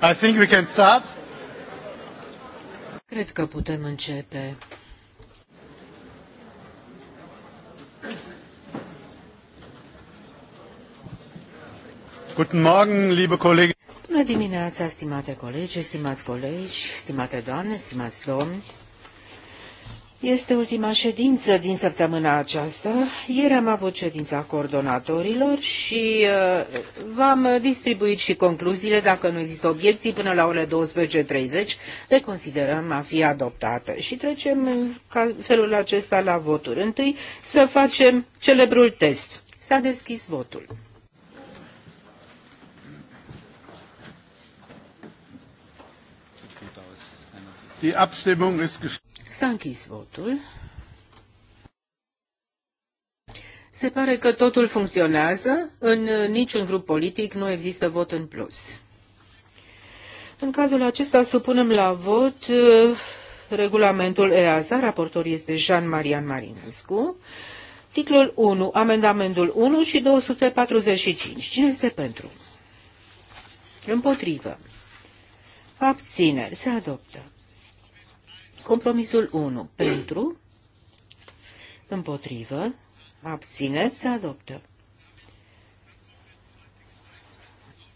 I think we can start. Cred că putem începe. Guten Morgen, liebe Kollegen. Bună dimineața, stimate colegi, stimați colegi, stimate doamne, stimați domni. Este ultima ședință din săptămâna aceasta. Ieri am avut ședința coordonatorilor și uh, v-am distribuit și concluziile. Dacă nu există obiecții până la orele 12.30, le considerăm a fi adoptate. Și trecem în uh, felul acesta la voturi. Întâi să facem celebrul test. S-a deschis votul. Die Abstimmung ist S-a închis votul. Se pare că totul funcționează, în niciun grup politic nu există vot în plus. În cazul acesta supunem la vot uh, regulamentul EASA, raportor este Jean-Marian Marinescu, titlul 1, amendamentul 1 și 245. Cine este pentru? Împotrivă. Abține. Se adoptă. Compromisul 1. Pentru, împotrivă, abțineri, se adoptă.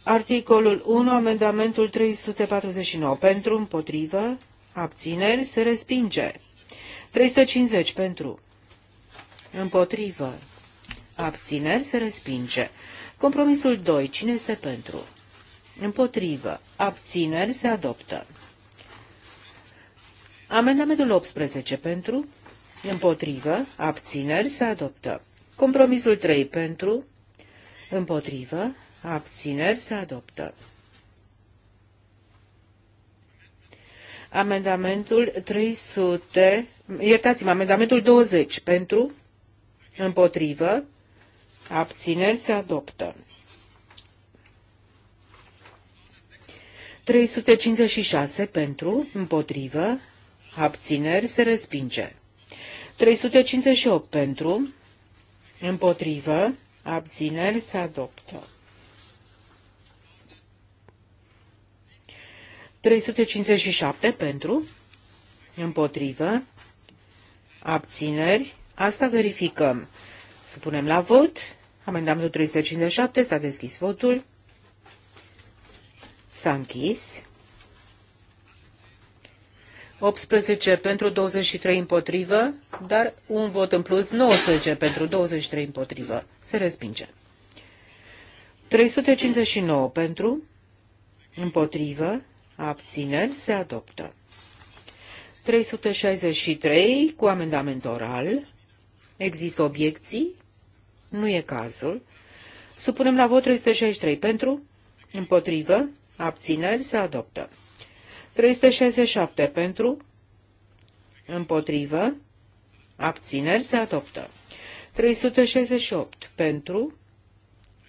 Articolul 1, amendamentul 349. Pentru, împotrivă, abțineri, se respinge. 350 pentru, împotrivă, abțineri, se respinge. Compromisul 2. Cine este pentru? Împotrivă. Abțineri se adoptă. Amendamentul 18 pentru, împotrivă, abțineri se adoptă. Compromisul 3 pentru, împotrivă, abțineri se adoptă. Amendamentul 300, iertați-mă, amendamentul 20 pentru, împotrivă, abțineri se adoptă. 356 pentru, împotrivă, abțineri, se respinge. 358 pentru, împotrivă, abțineri, se adoptă. 357 pentru, împotrivă, abțineri, asta verificăm. Să punem la vot. Amendamentul 357 s-a deschis votul. S-a închis. 18 pentru 23 împotrivă, dar un vot în plus, 19 pentru 23 împotrivă. Se respinge. 359 pentru, împotrivă, abțineri, se adoptă. 363 cu amendament oral. Există obiecții? Nu e cazul. Supunem la vot 363 pentru, împotrivă, abțineri, se adoptă. 367 pentru, împotrivă, abțineri se adoptă. 368 pentru,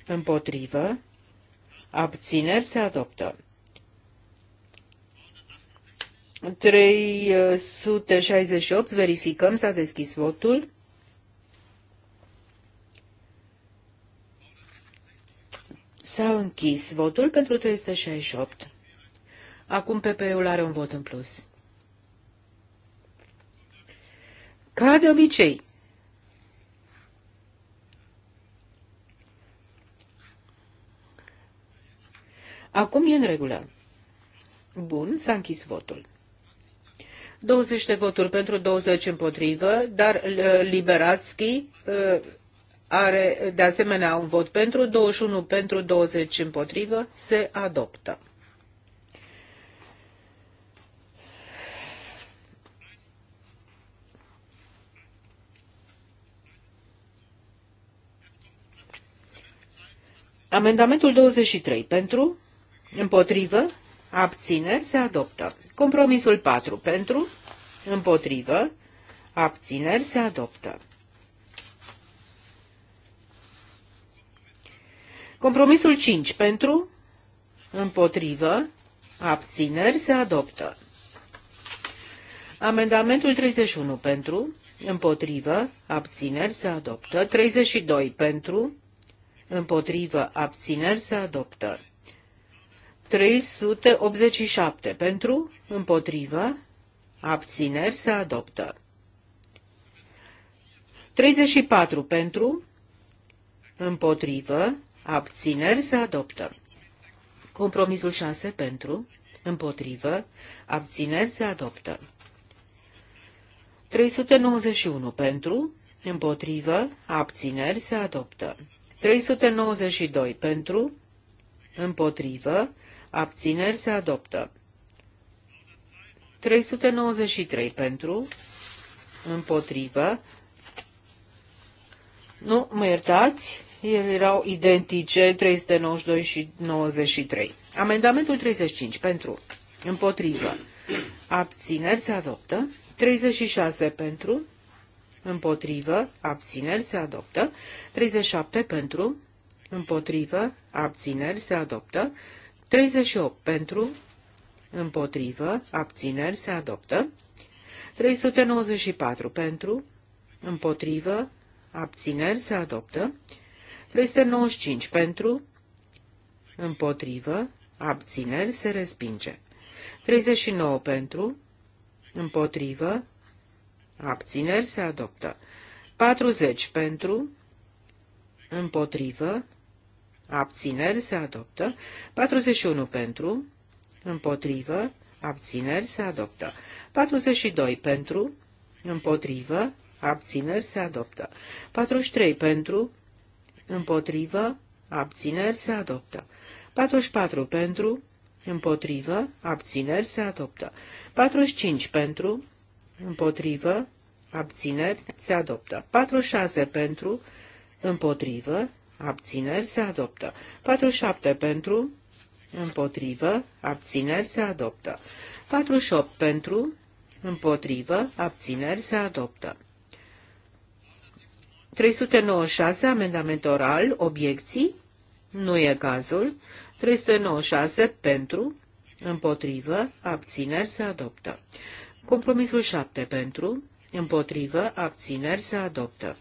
împotrivă, abțineri se adoptă. 368, verificăm, s-a deschis votul. S-a închis votul pentru 368. Acum PPE-ul are un vot în plus. Ca de obicei. Acum e în regulă. Bun, s-a închis votul. 20 de voturi pentru 20 împotrivă, dar uh, Liberatski uh, are de asemenea un vot pentru, 21 pentru 20 împotrivă, se adoptă. Amendamentul 23 pentru, împotrivă, abțineri se adoptă. Compromisul 4 pentru, împotrivă, abțineri se adoptă. Compromisul 5 pentru, împotrivă, abțineri se adoptă. Amendamentul 31 pentru, împotrivă, abțineri se adoptă. 32 pentru, împotrivă, abțineri, se adoptă. 387 pentru, împotrivă, abțineri, se adoptă. 34 pentru, împotrivă, abțineri, se adoptă. Compromisul 6 pentru, împotrivă, abțineri, se adoptă. 391 pentru, împotrivă, abțineri, se adoptă. 392 pentru, împotrivă, abțineri se adoptă. 393 pentru, împotrivă, nu, mă iertați, ele erau identice, 392 și 93. Amendamentul 35 pentru, împotrivă, abțineri se adoptă, 36 pentru, împotrivă, abțineri, se adoptă. 37 pentru, împotrivă, abțineri, se adoptă. 38 pentru, împotrivă, abțineri, se adoptă. 394 pentru, împotrivă, abțineri, se adoptă. 395 pentru, împotrivă, abțineri, se respinge. 39 pentru, împotrivă, Abțineri se adoptă. 40 pentru, împotrivă, abțineri se adoptă. 41 pentru, împotrivă, abțineri se adoptă. 42 pentru, împotrivă, abțineri se adoptă. 43 pentru, împotrivă, abțineri se adoptă. 44 pentru, împotrivă, abțineri se adoptă. 45 pentru, împotrivă, abțineri, se adoptă. 46 pentru, împotrivă, abțineri, se adoptă. 47 pentru, împotrivă, abțineri, se adoptă. 48 pentru, împotrivă, abțineri, se adoptă. 396, amendament oral, obiecții, nu e cazul. 396 pentru, împotrivă, abțineri, se adoptă. Compromisul 7 pentru, împotrivă, abțineri se adoptă.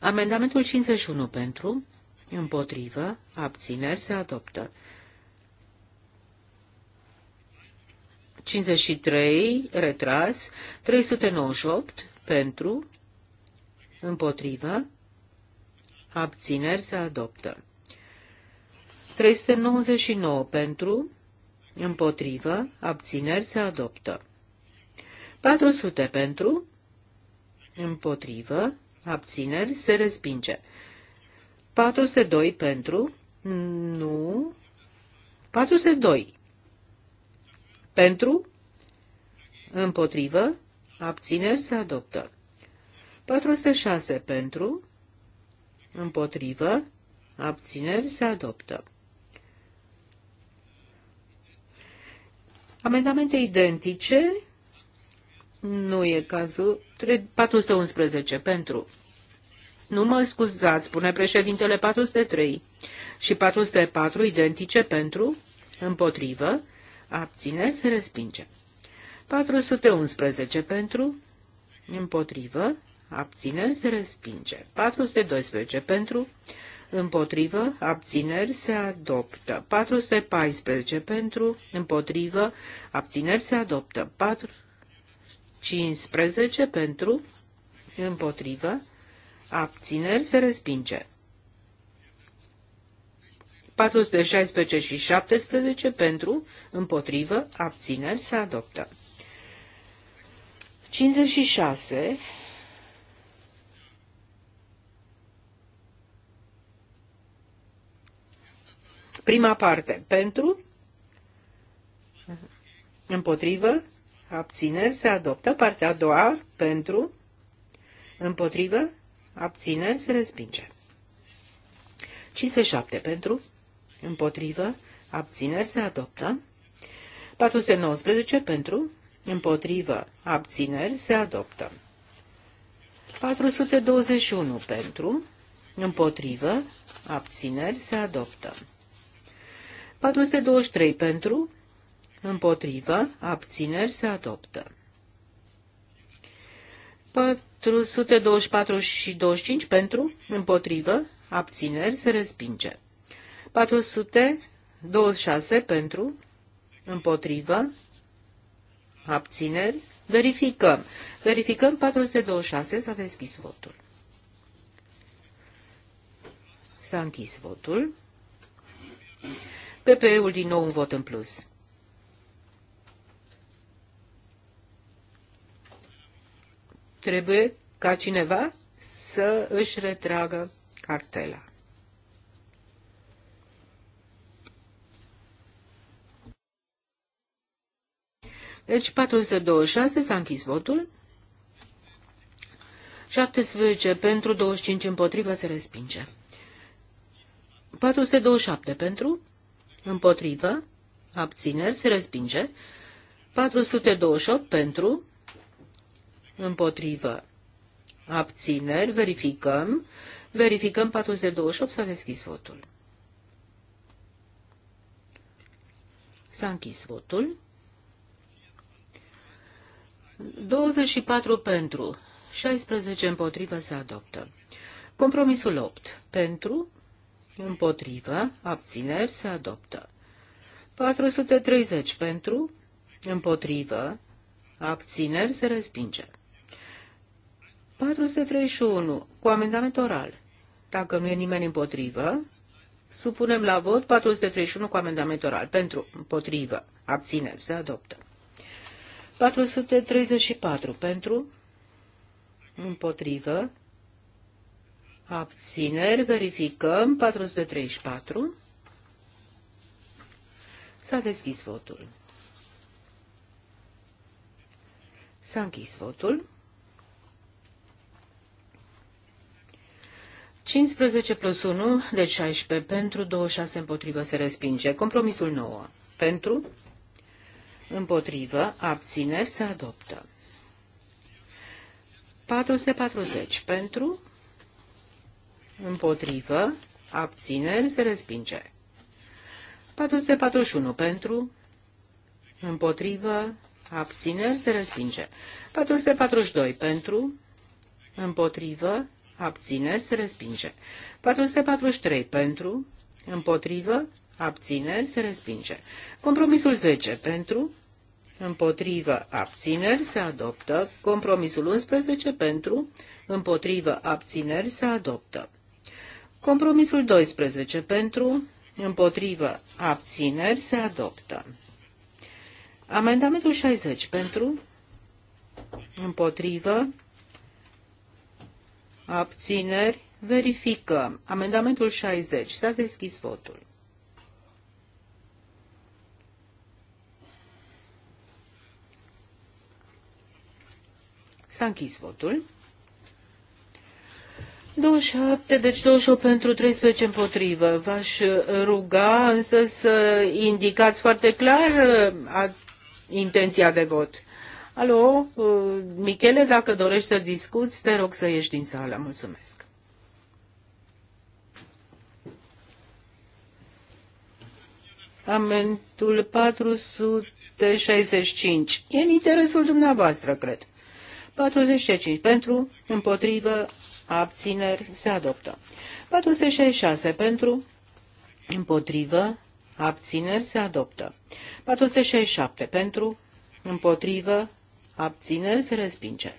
Amendamentul 51 pentru, împotrivă, abțineri se adoptă. 53, retras, 398, pentru, împotrivă, abțineri se adoptă. 399 pentru, împotrivă, abțineri se adoptă. 400 pentru, împotrivă, abțineri se respinge. 402 pentru, nu, 402 pentru, împotrivă, abțineri se adoptă. 406 pentru, împotrivă, abțineri se adoptă. Amendamente identice. Nu e cazul. 411 pentru. Nu mă scuzați, spune președintele 403 și 404 identice pentru, împotrivă, abține, se respinge. 411 pentru, împotrivă, abține, se respinge. 412 pentru, împotrivă, abțineri se adoptă. 414 pentru, împotrivă, abțineri se adoptă. 4, 15 pentru, împotrivă, abțineri se respinge. 416 și 17 pentru, împotrivă, abțineri se adoptă. 56 Prima parte. Pentru? Împotrivă? Abțineri se adoptă. Partea a doua. Pentru? Împotrivă? Abțineri se respinge. 57 pentru, împotrivă, abțineri se adoptă. 419 pentru, împotrivă, abțineri se adoptă. 421 pentru, împotrivă, abțineri se adoptă. 423 pentru, împotrivă, abțineri se adoptă. 424 și 25 pentru, împotrivă, abțineri se respinge. 426 pentru, împotrivă, abțineri, verificăm. Verificăm 426, s-a deschis votul. S-a închis votul. PPE-ul din nou un vot în plus. Trebuie ca cineva să își retragă cartela. Deci 426 s-a închis votul. 17 pentru, 25 împotrivă se respinge. 427 pentru, împotrivă, abțineri, se respinge. 428 pentru, împotrivă, abțineri, verificăm. Verificăm 428, s-a deschis votul. S-a închis votul. 24 pentru, 16 împotrivă se adoptă. Compromisul 8 pentru, împotrivă, abțineri, se adoptă. 430 pentru, împotrivă, abțineri, se respinge. 431 cu amendament oral. Dacă nu e nimeni împotrivă, supunem la vot 431 cu amendament oral. Pentru, împotrivă, abțineri, se adoptă. 434 pentru, împotrivă, abțineri, verificăm, 434. S-a deschis votul. S-a închis votul. 15 plus 1, deci 16 pentru, 26 împotrivă se respinge. Compromisul 9. Pentru, împotrivă, abțineri se adoptă. 440 pentru, împotrivă, abțineri, se respinge. 441 pentru, împotrivă, abțineri, se respinge. 442 pentru, împotrivă, abțineri, se respinge. 443 pentru, împotrivă, abțineri, se respinge. Compromisul 10 pentru, Împotrivă abțineri se adoptă. Compromisul 11 pentru. Împotrivă abțineri se adoptă. Compromisul 12 pentru, împotrivă, abțineri se adoptă. Amendamentul 60 pentru, împotrivă, abțineri, verifică. Amendamentul 60, s-a deschis votul. S-a închis votul. 27, deci 28 pentru 13 împotrivă. V-aș ruga însă să indicați foarte clar uh, a, intenția de vot. Alo, uh, Michele, dacă dorești să discuți, te rog să ieși din sală. Mulțumesc. Amentul 465. E în interesul dumneavoastră, cred. 45. Pentru, împotrivă, abțineri, se adoptă. 466 pentru, împotrivă, abțineri, se adoptă. 467 pentru, împotrivă, abțineri, se respinge.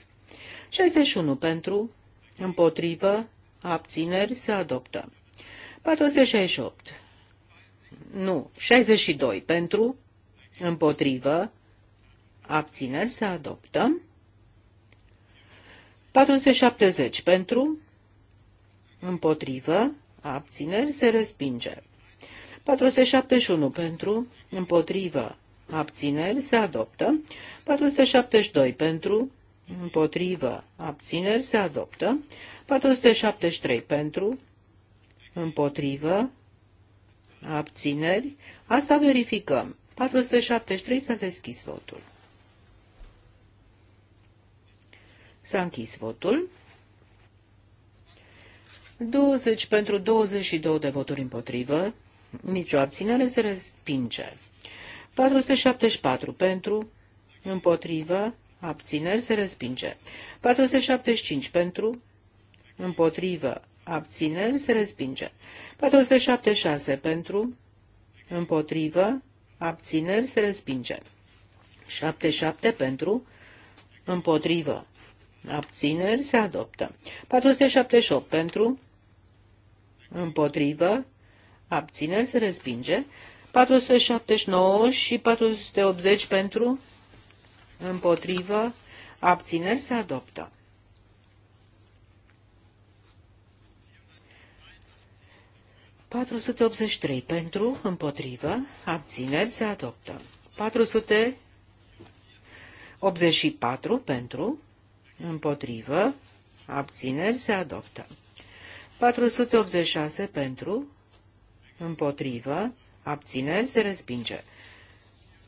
61 pentru, împotrivă, abțineri, se adoptă. 468, nu, 62 pentru, împotrivă, abțineri, se adoptă. 470 pentru, împotrivă, abțineri, se respinge. 471 pentru, împotrivă, abțineri, se adoptă. 472 pentru, împotrivă, abțineri, se adoptă. 473 pentru, împotrivă, abțineri. Asta verificăm. 473 s-a deschis votul. S-a închis votul. 20 pentru 22 de voturi împotrivă, nicio abținere se respinge. 474 pentru, împotrivă, abțineri se respinge. 475 pentru, împotrivă, abțineri se respinge. 476 pentru, împotrivă, abțineri se respinge. 77 pentru, împotrivă, abțineri, se adoptă. 478 pentru, împotrivă, abțineri, se respinge. 479 și 480 pentru, împotrivă, abțineri, se adoptă. trei pentru, împotrivă, abțineri, se adoptă. 484 pentru, împotrivă, abțineri se adoptă. 486 pentru, împotrivă, abțineri se respinge.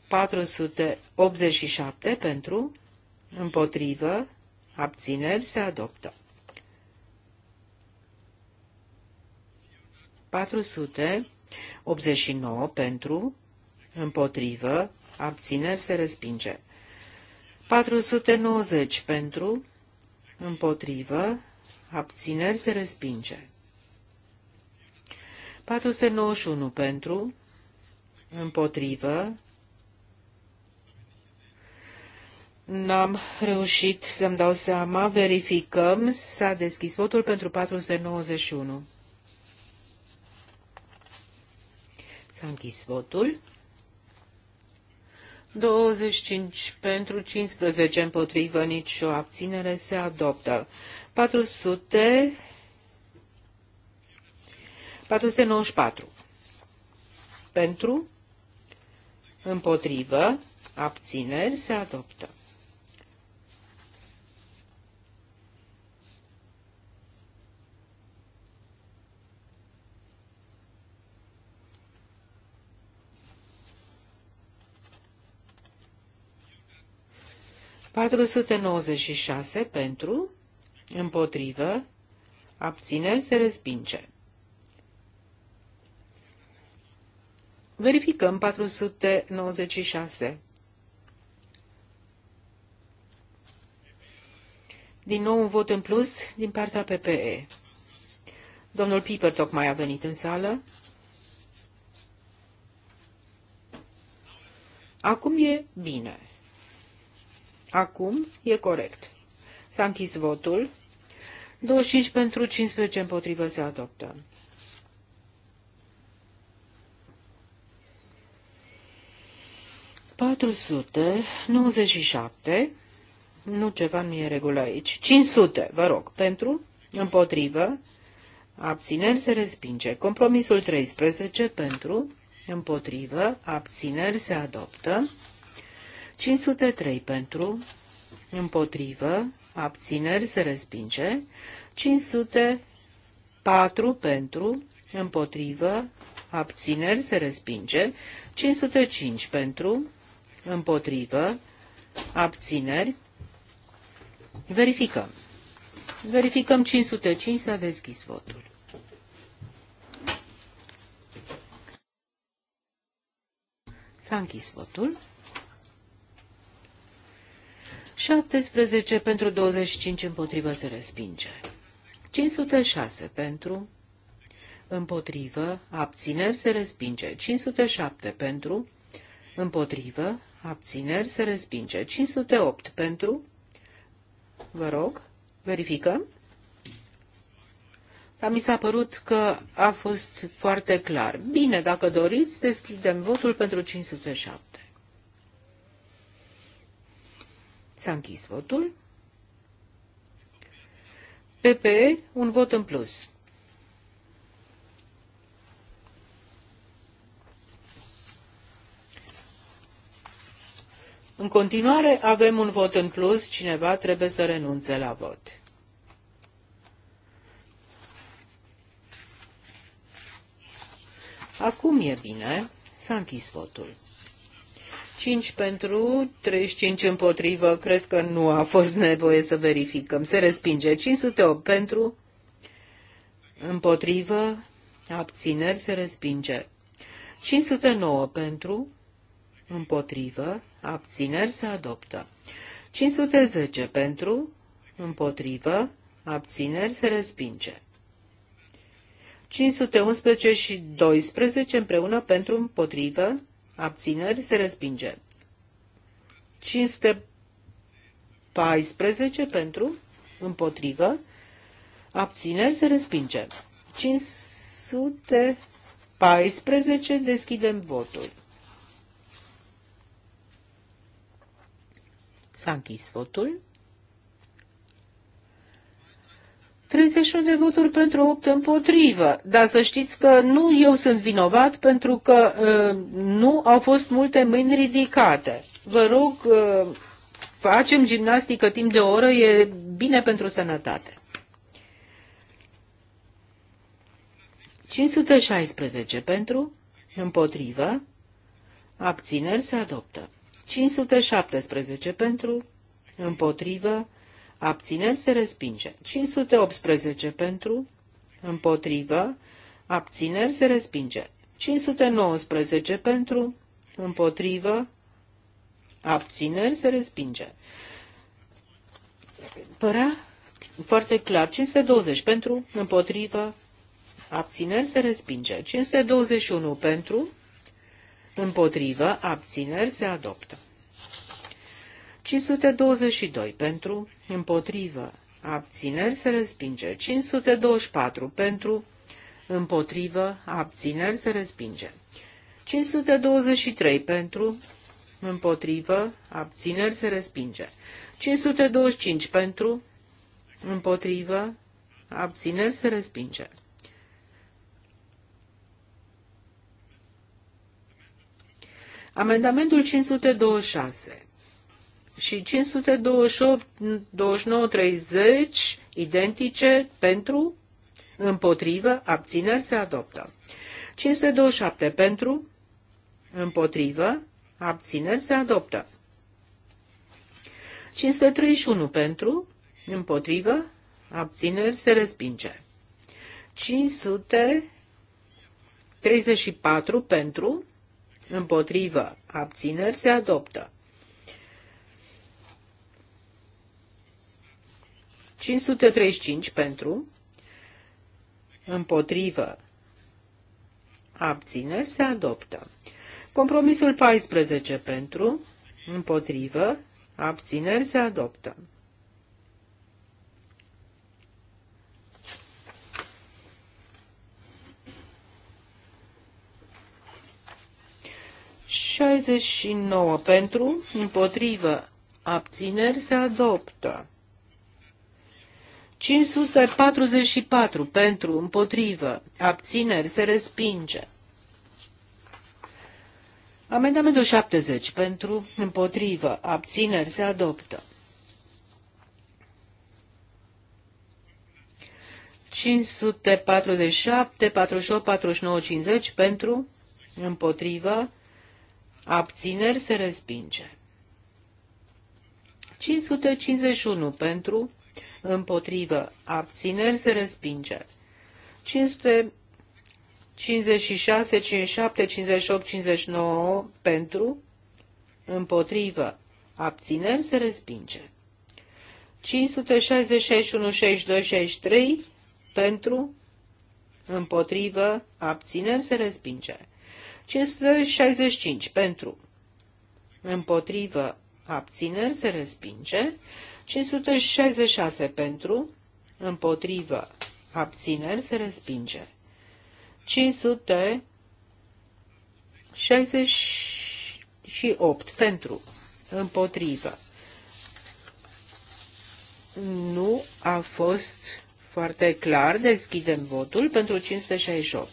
487 pentru, împotrivă, abțineri se adoptă. 489 pentru, împotrivă, abțineri se respinge. 490 pentru, împotrivă, abțineri se respinge. 491 pentru, împotrivă, N-am reușit să-mi dau seama, verificăm, s-a deschis votul pentru 491. S-a închis votul. 25 pentru 15 împotrivă, nici o abținere se adoptă. 400 494 pentru împotrivă, abțineri se adoptă. 496 pentru, împotrivă, abține, se respinge. Verificăm 496. Din nou un vot în plus din partea PPE. Domnul Piper tocmai a venit în sală. Acum e bine. Acum e corect. S-a închis votul. 25 pentru 15 împotrivă se adoptă. Patru sute nouăzeci șapte. Nu ceva nu e regulă aici. 500, vă rog, pentru, împotrivă, abțineri se respinge. Compromisul 13 pentru, împotrivă, abțineri se adoptă. 503 pentru, împotrivă, abțineri se respinge, 504 pentru, împotrivă, abțineri se respinge, 505 pentru, împotrivă, abțineri, verificăm. Verificăm 505, s-a deschis votul. S-a închis votul. 17 pentru 25 împotrivă se respinge. 506 pentru împotrivă, abțineri se respinge. 507 pentru împotrivă, abțineri se respinge. 508 pentru vă rog, verificăm. Dar mi s-a părut că a fost foarte clar. Bine, dacă doriți, deschidem votul pentru 507. S-a închis votul. PPE, un vot în plus. În continuare, avem un vot în plus, cineva trebuie să renunțe la vot. Acum e bine, s-a închis votul. 5 pentru, 35 împotrivă, cred că nu a fost nevoie să verificăm. Se respinge 508 pentru, împotrivă, abțineri, se respinge. 509 pentru, împotrivă, abțineri, se adoptă. 510 pentru, împotrivă, abțineri, se respinge. 511 și 12 împreună pentru împotrivă, abțineri, se respinge. 514 pentru, împotrivă, abțineri, se respinge. 514, deschidem votul. S-a închis votul. 31 de voturi pentru 8 împotrivă. Dar să știți că nu eu sunt vinovat pentru că uh, nu au fost multe mâini ridicate. Vă rog, uh, facem gimnastică timp de o oră, e bine pentru sănătate. 516 pentru, împotrivă, abțineri se adoptă. 517 pentru, împotrivă, abțineri se respinge. 518 pentru, împotrivă, abțineri se respinge. 519 pentru, împotrivă, abțineri se respinge. Părea foarte clar, 520 pentru, împotrivă, abțineri se respinge. 521 pentru, împotrivă, abțineri se adoptă. 522 pentru, împotrivă, abțineri se respinge. 524 pentru, împotrivă, abțineri se respinge. 523 pentru, împotrivă, abțineri se respinge. 525 pentru, împotrivă, abțineri se respinge. Amendamentul 526 și 528, 29, 30 identice pentru, împotrivă, abțineri se adoptă. 527 pentru, împotrivă, abțineri se adoptă. 531 pentru, împotrivă, abțineri se respinge. 534 pentru, împotrivă, abțineri se adoptă. 535 pentru, împotrivă, abțineri, se adoptă. Compromisul 14 pentru, împotrivă, abțineri, se adoptă. Șaizeci și nouă pentru, împotrivă, abțineri, se adoptă. 544 pentru, împotrivă, abțineri, se respinge. Amendamentul 70 pentru, împotrivă, abțineri, se adoptă. 547, 48, 49, 50 pentru, împotrivă, abțineri, se respinge. 551 pentru, împotrivă, abțineri se respinge. 556, 57, 58, 59 pentru, împotrivă, abțineri se respinge. 566, 61, 62, 63 pentru, împotrivă, abțineri se respinge. 565 pentru, împotrivă, abțineri se respinge. 566 pentru, împotrivă, abțineri, se respinge. 568 pentru, împotrivă. Nu a fost foarte clar. Deschidem votul pentru 568.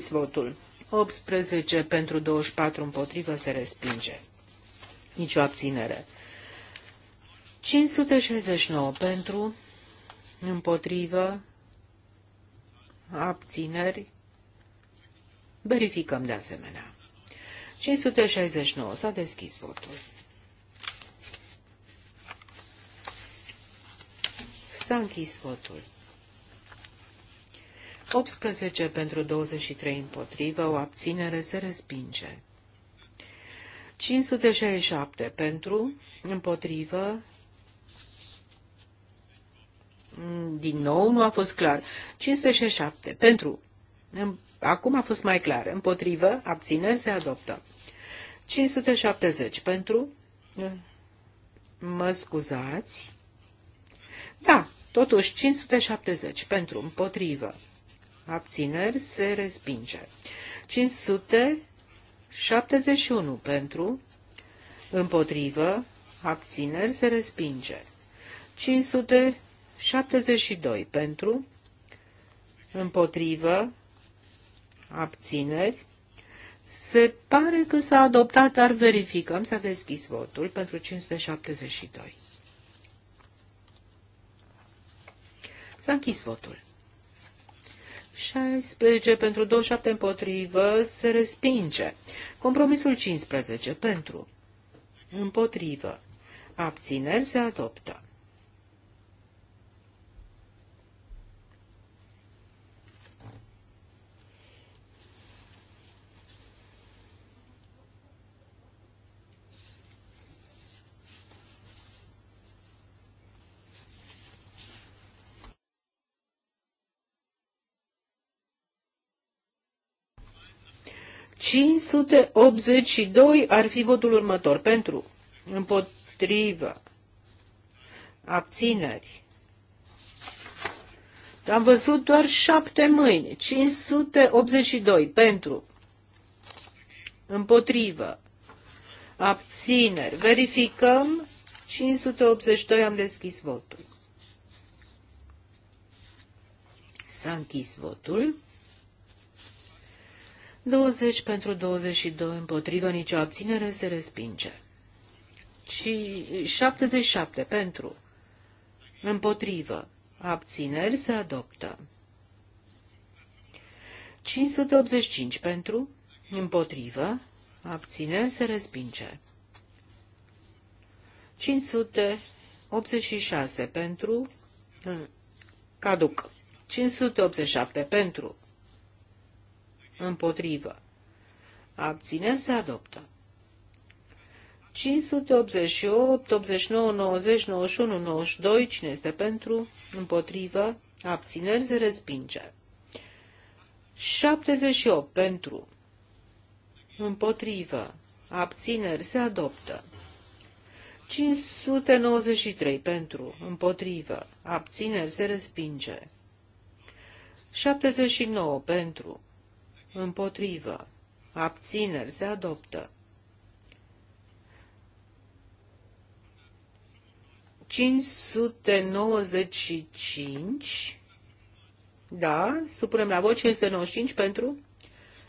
s votul. 18 pentru 24 împotrivă se respinge. Nicio abținere. 569 pentru, împotrivă, abțineri. Verificăm de asemenea. 569. S-a deschis votul. S-a închis votul. 18 pentru 23 împotrivă, o abținere se respinge. 567 pentru, împotrivă, din nou nu a fost clar. 567 pentru, acum a fost mai clar, împotrivă, abțineri se adoptă. 570 pentru, mă scuzați, da, totuși 570 pentru, împotrivă, abțineri se respinge. 571 pentru, împotrivă, abțineri se respinge. 572 pentru, împotrivă, abțineri. Se pare că s-a adoptat, dar verificăm, s-a deschis votul pentru 572. S-a închis votul. 16 pentru 27 împotrivă se respinge. Compromisul 15 pentru împotrivă. Abțineri se adoptă. 582 ar fi votul următor. Pentru, împotrivă, abțineri. Am văzut doar șapte mâini. 582 pentru, împotrivă, abțineri. Verificăm. 582 am deschis votul. S-a închis votul. 20 pentru 22 împotrivă, nicio abținere se respinge. Și 77 pentru împotrivă, abțineri se adoptă. 585 pentru împotrivă, abțineri se respinge. 586 pentru mm, caduc. 587 pentru Împotrivă. Abțineri se adoptă. 588, 89, 90, 91, 92, cine este pentru, împotrivă, abțineri se respinge. 78 pentru, împotrivă, abțineri se adoptă. 593 pentru, împotrivă, abțineri se respinge. 79 pentru, împotrivă, abțineri, se adoptă. 595, da, supunem la vot 595 pentru,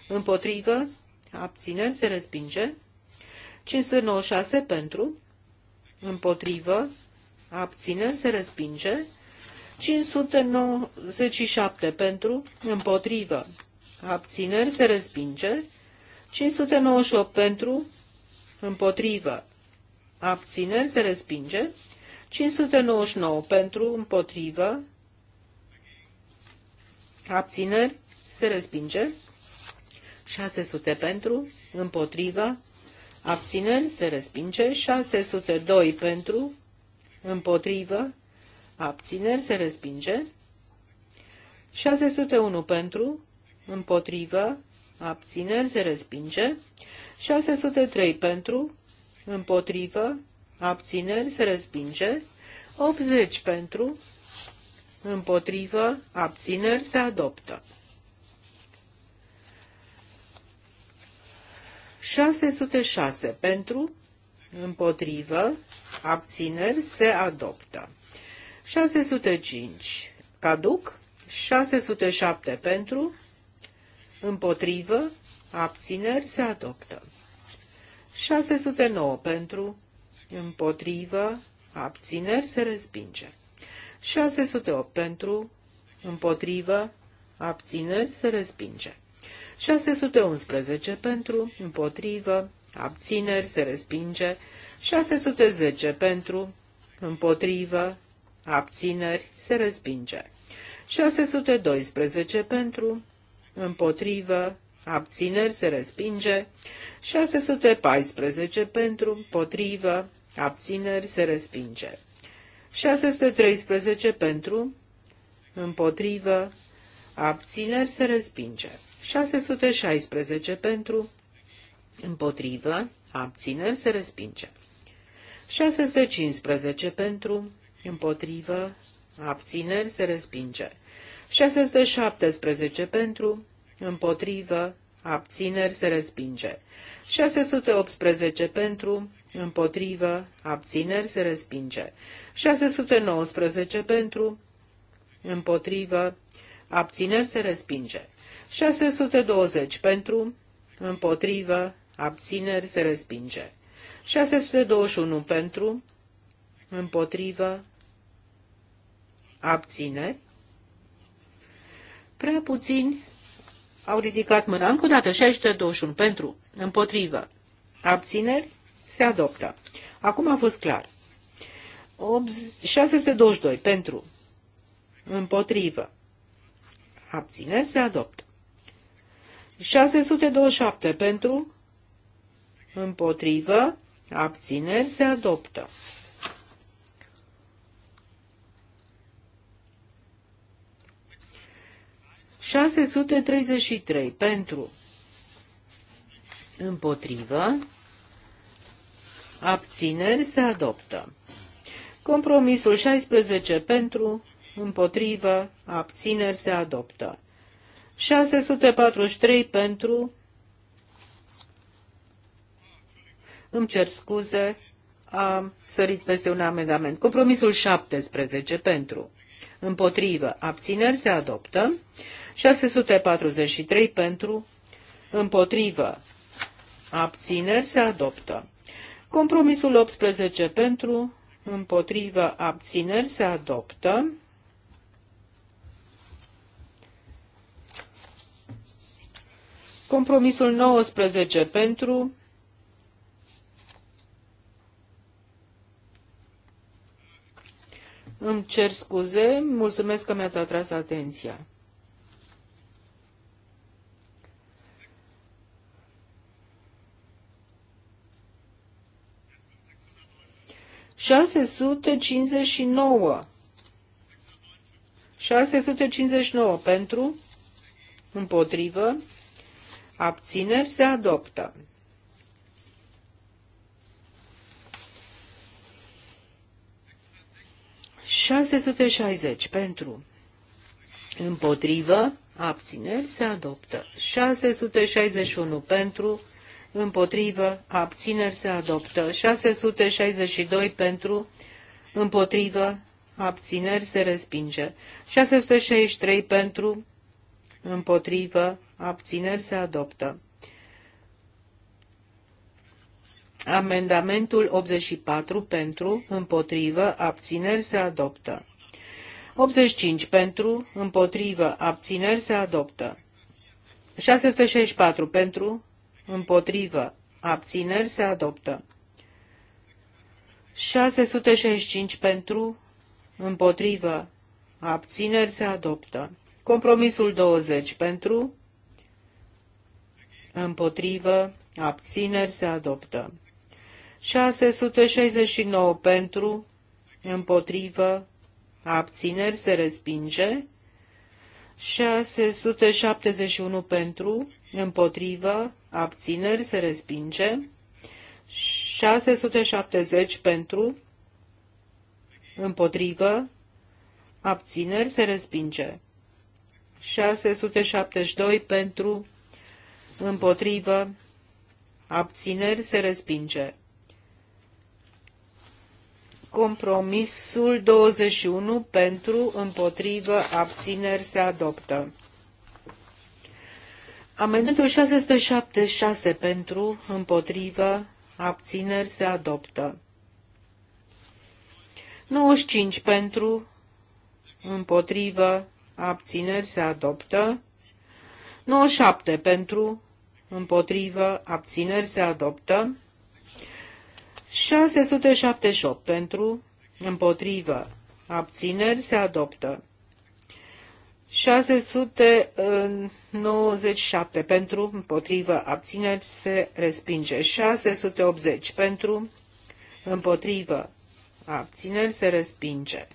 împotrivă, abțineri, se respinge. 596 pentru, împotrivă, abțineri, se respinge. 597 pentru, împotrivă, abțineri se respinge, 598 pentru, împotrivă, abțineri se respinge, 599 pentru, împotrivă, abțineri se respinge, 600 pentru, împotrivă, abțineri se respinge, 602 pentru, împotrivă, abțineri se respinge, 601 pentru, împotrivă, abțineri, se respinge. 603 pentru, împotrivă, abțineri, se respinge. 80 pentru, împotrivă, abțineri, se adoptă. 606 pentru, împotrivă, abțineri, se adoptă. 605 caduc, 607 pentru, Împotrivă. Abțineri se adoptă. 609 pentru. Împotrivă. Abțineri se respinge. 608 pentru. Împotrivă. Abțineri se respinge. 611 pentru, împotrivă, abțineri, se respinge. 610 pentru, împotrivă, abțineri, se respinge. 612 pentru, împotrivă, abțineri se respinge, 614 pentru, împotrivă, abțineri se respinge, 613 pentru, împotrivă, abțineri se respinge, 616 pentru, împotrivă, abțineri se respinge, 615 pentru, împotrivă, abțineri se respinge, 617 pentru, împotrivă, abțineri se respinge. 618 pentru, împotrivă, abțineri se respinge. 619 pentru, împotrivă, abțineri se respinge. 620 pentru, împotrivă, abțineri se respinge. 621 pentru, împotrivă, abțineri. Prea puțini au ridicat mâna. Încă o dată, 621 pentru, împotrivă. Abțineri se adoptă. Acum a fost clar. 622 pentru, împotrivă. Abțineri se adoptă. 627 pentru, împotrivă, abțineri se adoptă. 633 pentru împotrivă, abțineri se adoptă. Compromisul 16 pentru împotrivă, abțineri se adoptă. 643 pentru îmi cer scuze, am sărit peste un amendament. Compromisul 17 pentru împotrivă, abțineri se adoptă. 643 pentru, împotrivă, abțineri se adoptă. Compromisul 18 pentru, împotrivă, abțineri se adoptă. Compromisul 19 pentru, Îmi cer scuze, mulțumesc că mi-ați atras atenția. 659. 659 pentru, împotrivă, abțineri se adoptă. Șase șaizeci pentru, împotrivă, abțineri se adoptă. 661 pentru, împotrivă, abțineri se adoptă. 662 pentru, împotrivă, abțineri se respinge. 663 pentru, împotrivă, abțineri se adoptă. Amendamentul 84 pentru, împotrivă, abțineri se adoptă. 85 pentru, împotrivă, abțineri se adoptă. 664 pentru, împotrivă, abțineri se adoptă. 665 pentru, împotrivă, abțineri se adoptă. Compromisul 20 pentru, împotrivă, abțineri se adoptă. 669 pentru, împotrivă, abțineri se respinge. 671 pentru, împotrivă, abțineri se respinge, 670 pentru, împotrivă, abțineri se respinge, 672 pentru, împotrivă, abțineri se respinge. Compromisul 21 pentru, împotrivă, abțineri se adoptă. Amendamentul 676 pentru, împotrivă, abțineri se adoptă. 95 pentru, împotrivă, abțineri se adoptă. 97 pentru, împotrivă, abțineri se adoptă. 678 pentru, împotrivă, abțineri se adoptă. 697 pentru, împotrivă, abțineri, se respinge. 680 pentru, împotrivă, abțineri, se respinge.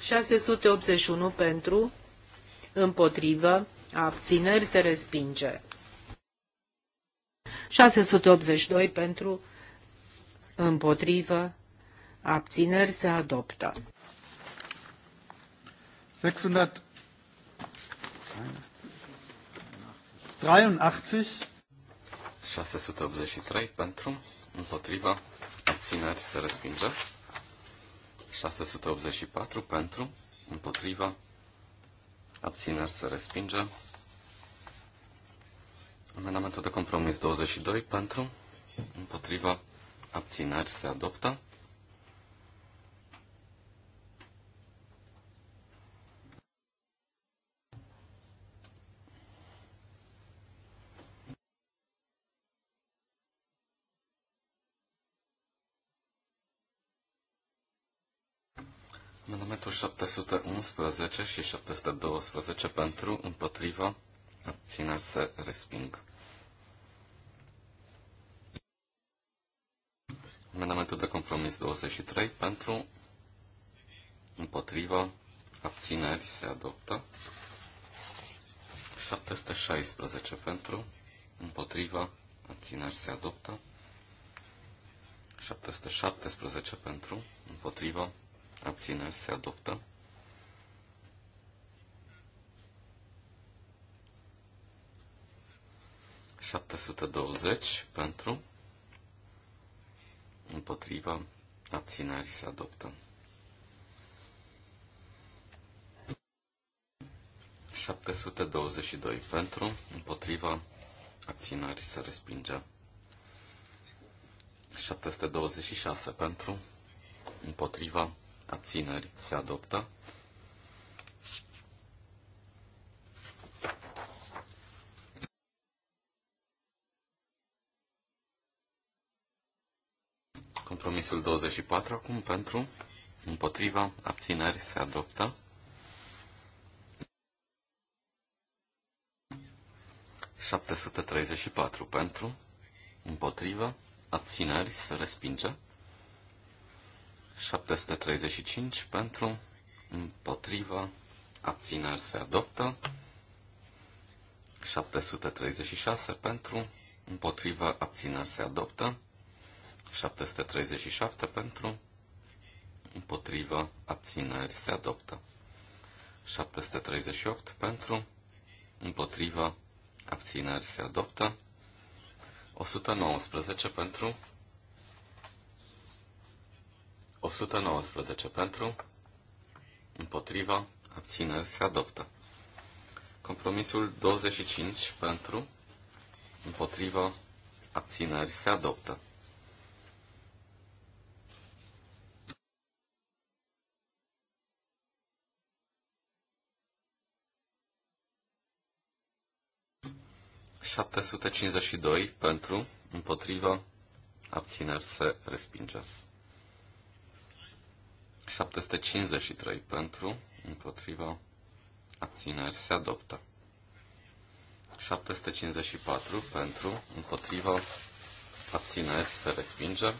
681 pentru, împotrivă, abțineri, se respinge. 682 pentru, împotrivă, abțineri, se adoptă. 683. 683 pentru, împotriva, abțineri se respinge. 684 pentru, împotriva, abțineri se respinge. Amendamentul de compromis 22 pentru, împotriva, abțineri se adoptă. Amendamentul 711 și 712 pentru, împotriva, abține se resping. Amendamentul de compromis 23 pentru, împotriva, abțineri se adoptă. 716 pentru, împotriva, abțineri se adoptă. 717 pentru, împotriva, abțineri se adoptă. ...720 pentru, împotriva, abținerii se adoptă. 722 pentru, împotriva, abținerii se respinge. 726 pentru, împotriva, abțineri se adoptă. Compromisul 24 acum pentru, împotriva, abțineri se adoptă. ...734 pentru, împotriva, abțineri se respinge. 735 pentru, împotriva, abțineri se adoptă. 736 pentru, împotriva, abțineri se adoptă. 737 pentru, împotriva, abțineri se adoptă. 738 pentru, împotriva, abțineri se adoptă. 119 pentru, 119 pentru, împotriva, abțineri se adoptă. Compromisul 25 pentru, împotriva, abțineri se adoptă. doi pentru, împotriva, abțineri se respinge. 753 pentru, împotriva, abțineri se adoptă. 754 pentru, împotriva, abțineri se respinge.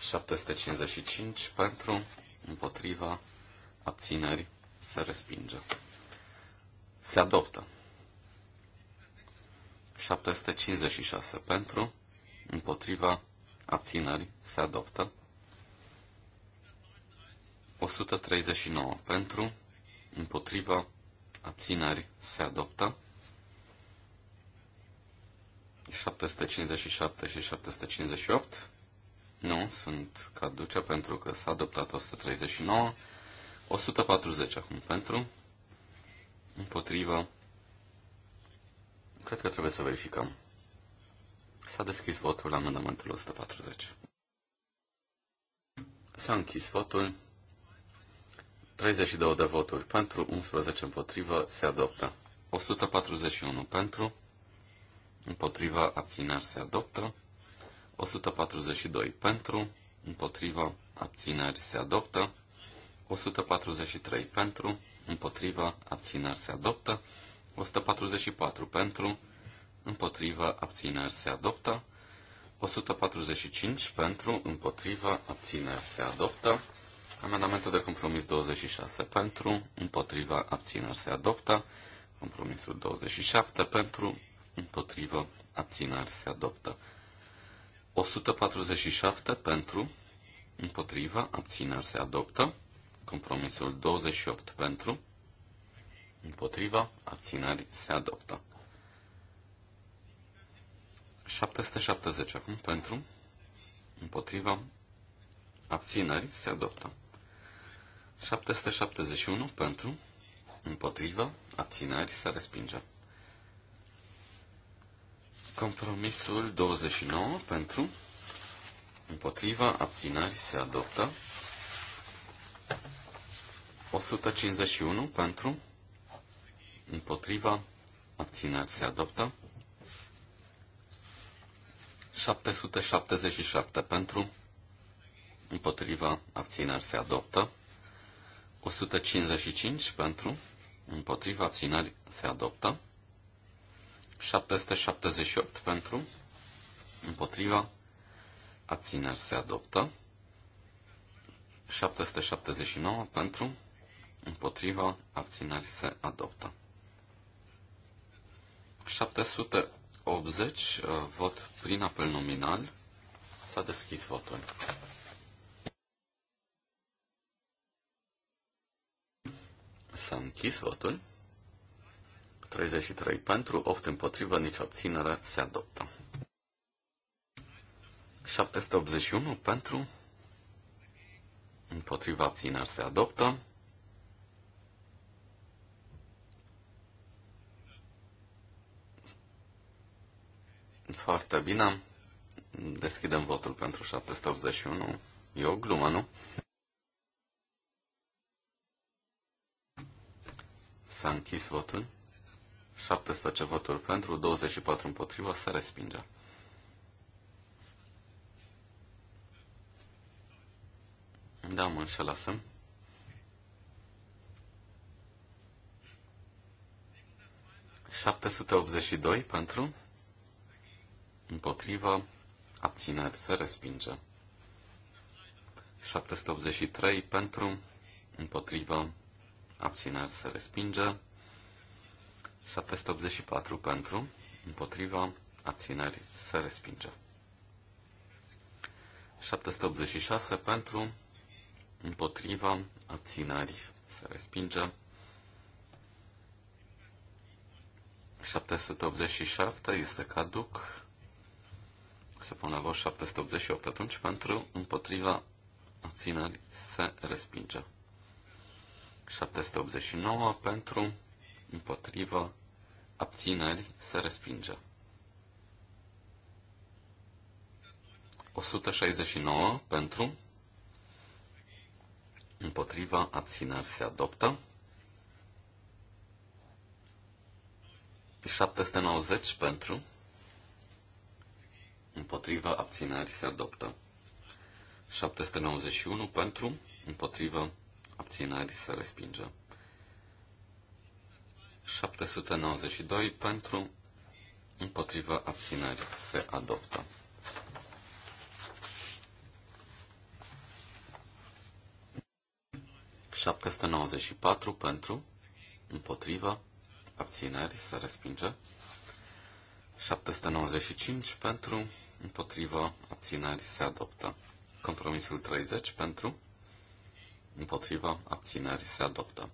755 pentru, împotriva, abțineri se respinge. Se adoptă. 756 pentru, împotriva, abțineri se adoptă. 139 pentru, împotriva, abțineri se adoptă. 757 și 758 nu sunt caduce pentru că s-a adoptat 139. 140 acum pentru, împotriva, cred că trebuie să verificăm. S-a deschis votul la amendamentul 140. S-a închis votul. 32 de voturi pentru, 11 împotrivă, se adoptă. 141 pentru, împotriva, abțineri, se adoptă. 142 pentru, împotriva, abțineri, se adoptă. 143 pentru, împotriva, abțineri, se adoptă. 144 pentru, împotriva, abțineri, se adoptă. 145 pentru, împotriva, abțineri, se adoptă. Amendamentul de compromis 26 pentru, împotriva, abțineri se adoptă. Compromisul 27 pentru, împotriva, abțineri se adoptă. 147 pentru, împotriva, abțineri se adoptă. Compromisul 28 pentru, împotriva, abțineri se adoptă. 770 acum pentru, împotriva, abțineri se adoptă. 771 pentru, împotrivă, abținerii se respinge. Compromisul 29 pentru, împotrivă, abținerii se adoptă. 151 pentru, împotriva, abținerii se adoptă. 777 pentru, împotriva, abțineri, se adoptă. 155 pentru, împotriva abținări se adoptă. 778 pentru, împotriva abținări se adoptă. 779 pentru, împotriva abținări se adoptă. 780 uh, vot prin apel nominal. S-a deschis votul. S-a închis votul. 33 pentru, 8 împotrivă, nici abținere se adoptă. 781 pentru, împotriva abțineri se adoptă. 100. Foarte bine. Deschidem votul pentru 781. E o glumă, nu? S-a închis votul. 17 voturi pentru, 24 împotrivă, se respinge. Da, mă înșelasem. 782 pentru, împotrivă, abțineri, se respinge. 783 pentru, împotrivă, abțineri se respinge. 784 pentru, împotriva, abțineri se respinge. 786 pentru, împotriva, abțineri se respinge. 787 este caduc. Se pune la vot 788 atunci pentru, împotriva, abțineri se respinge. 789 pentru, împotrivă, abțineri, se respinge. 169 pentru, împotriva, abțineri, se adoptă. 790 pentru, împotriva, abțineri, se adoptă. 791 pentru, împotriva, abțineri se respinge. 792 pentru, împotriva abțineri se adoptă. patru pentru, împotriva, abțineri, se respinge. 795 pentru, împotriva, abțineri, se adoptă. Compromisul 30 pentru, împotriva, abținerii se adoptă.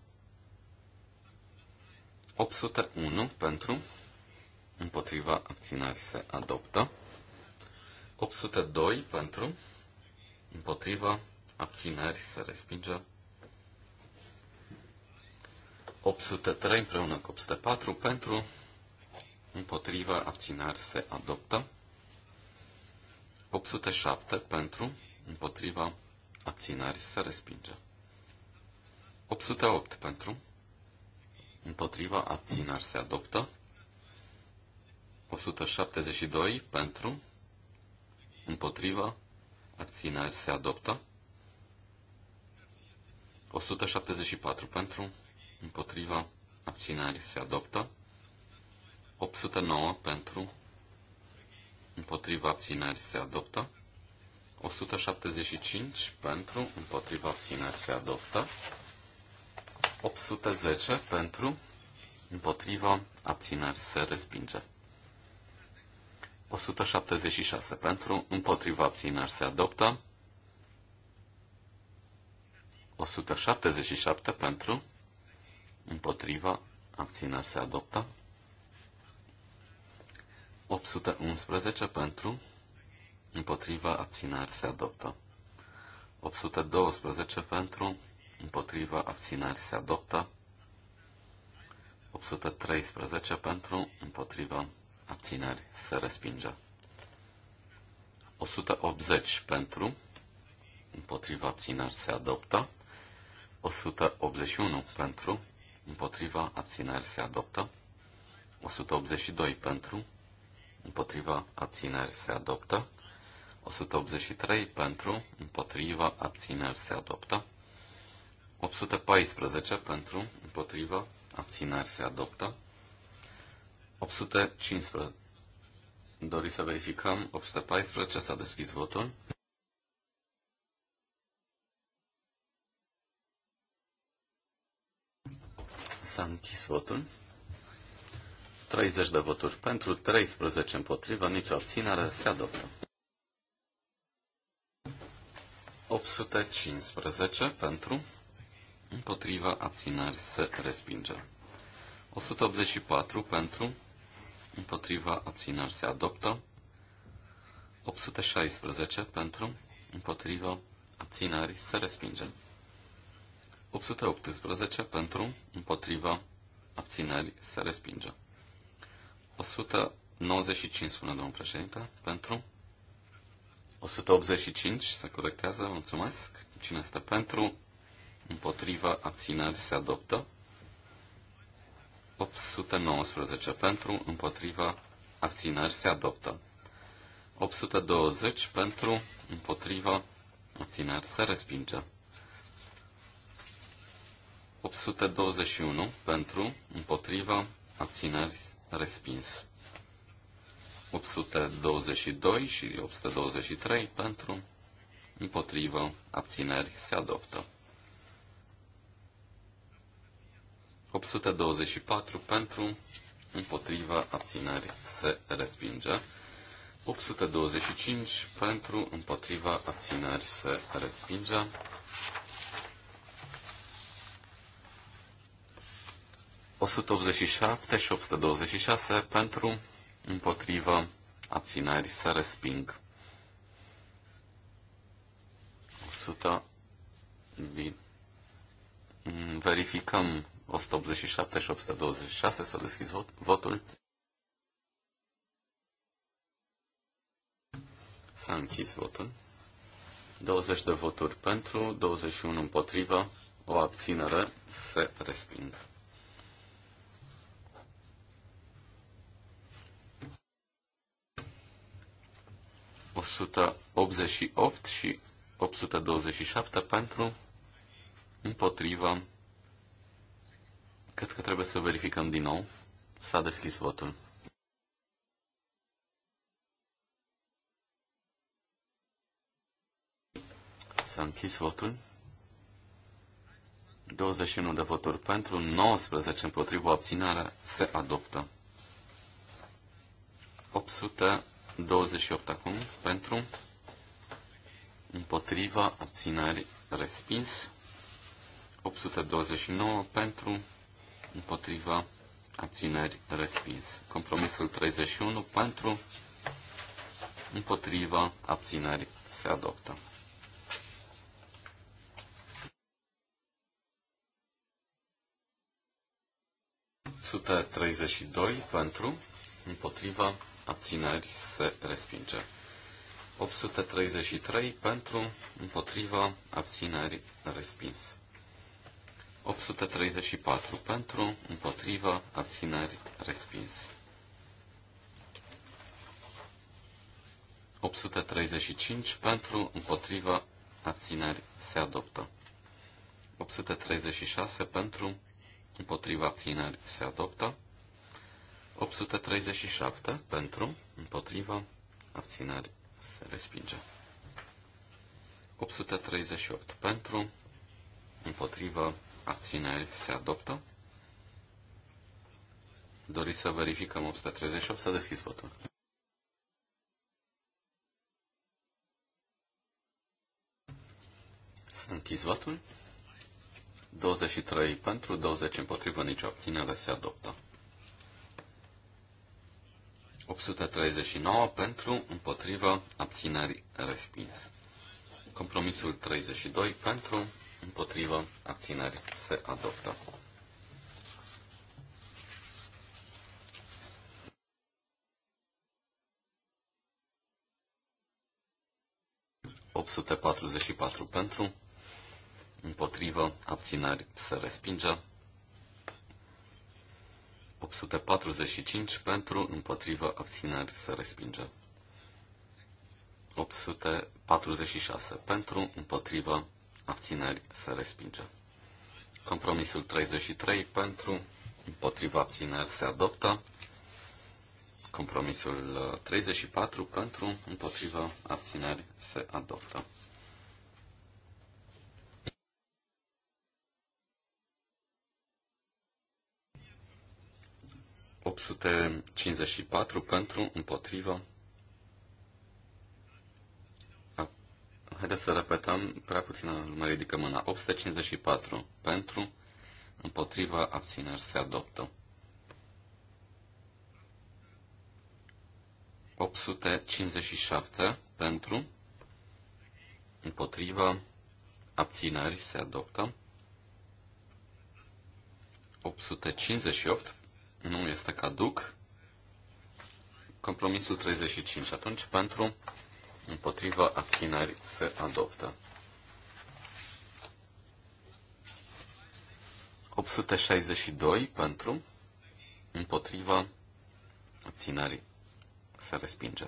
801 pentru, împotriva, abținerii se adoptă. 802 pentru, împotriva, abținerii se respinge. 803 împreună cu 804 pentru, împotriva, abținerii se adoptă. 807 pentru, împotriva, abținerii se respinge. 808 pentru. Împotriva abțineri se adoptă. 172 pentru. Împotriva abțineri se adoptă. 174 pentru. Împotriva abțineri se adoptă. 809 pentru. Împotriva abțineri se adoptă. 175 pentru. Împotriva abțineri se adoptă. 810 pentru, împotrivă, abțineri se respinge. 176 pentru, împotriva abțineri se adoptă. 177 pentru, împotriva abțineri se adoptă. 811 pentru, împotriva abțineri se adoptă. 812 pentru, împotriva acționării se adoptă. 813 pentru, împotriva acționării se respinge. 180 pentru, împotriva acționării se adoptă. 181 pentru, împotriva acționării se adoptă. 182 pentru, împotriva acționării se adoptă. 183 pentru, împotriva abțineri se adoptă. 814 pentru, împotriva, abțineri se adoptă. 815. Dori să verificăm. 814 s-a deschis votul. S-a închis votul. 30 de voturi pentru, 13 împotriva, nicio abținere, se adoptă. 815 pentru, împotriva abținări se respinge. 184 pentru, împotriva abținări se adoptă. 816 pentru, împotriva abținări se respinge. 818 pentru, împotriva abținări se respinge. 195 spune domnul președinte, pentru, 185 se corectează, mulțumesc. Cine este pentru? împotriva abținerii se adoptă. 819 pentru, împotriva abțineri se adoptă. 820 pentru, împotriva abțineri se respinge. 821 pentru, împotriva abțineri respins. 822 și 823 pentru, împotriva abțineri se adoptă. 824 pentru, împotriva abțineri se respinge. 825 pentru, împotriva abțineri se respinge. ...187 și 826 pentru, împotriva, abțineri, se resping. 100, mm, Verificăm 187 și 826. Să deschizi vot, votul. S-a închis votul. 20 de voturi pentru, 21 împotrivă, o abținere se resping. ...188 și 827 pentru, împotriva, Cred că trebuie să verificăm din nou. S-a deschis votul. S-a închis votul. 21 de voturi pentru, 19 împotriva abținere, se adoptă. 828 acum pentru, împotriva abținere, respins. 829 pentru, împotriva, abțineri, respins. Compromisul 31 pentru, împotriva, abțineri, se adoptă. Sute 32 pentru, împotriva, abțineri, se respinge. 833 pentru, împotriva, abțineri, respins. 834 pentru, împotriva, abțineri, respins. 835 pentru, împotriva, abțineri, se adoptă. 836 pentru, împotriva, abțineri, se adoptă. 837 pentru, împotriva, abțineri, se respinge. 838 pentru, împotriva, abțineri se adoptă. Doriți să verificăm 838, să a deschis votul. s închis votul. 23 pentru, 20 împotrivă, nicio abținere se adoptă. 839 pentru, împotrivă, abțineri, respins. Compromisul 32 pentru, împotrivă, abțineri, se adoptă. patru pentru, împotrivă, abțineri, se respinge. 845 pentru, împotrivă, abțineri, se respinge. 846 pentru, împotrivă, abțineri se respinge. Compromisul 33 pentru, împotriva abțineri se adoptă. Compromisul 34 uh, pentru, împotriva abțineri se adoptă. patru pentru, împotriva Haideți să repetăm, prea puțin mă ridică mâna. 854 pentru, împotriva, abțineri, se adoptă. 857 pentru, împotriva, abțineri, se adoptă. 858 nu este caduc. Compromisul 35 atunci pentru împotriva abțineri se adoptă. 862 pentru, împotriva abținării se respinge.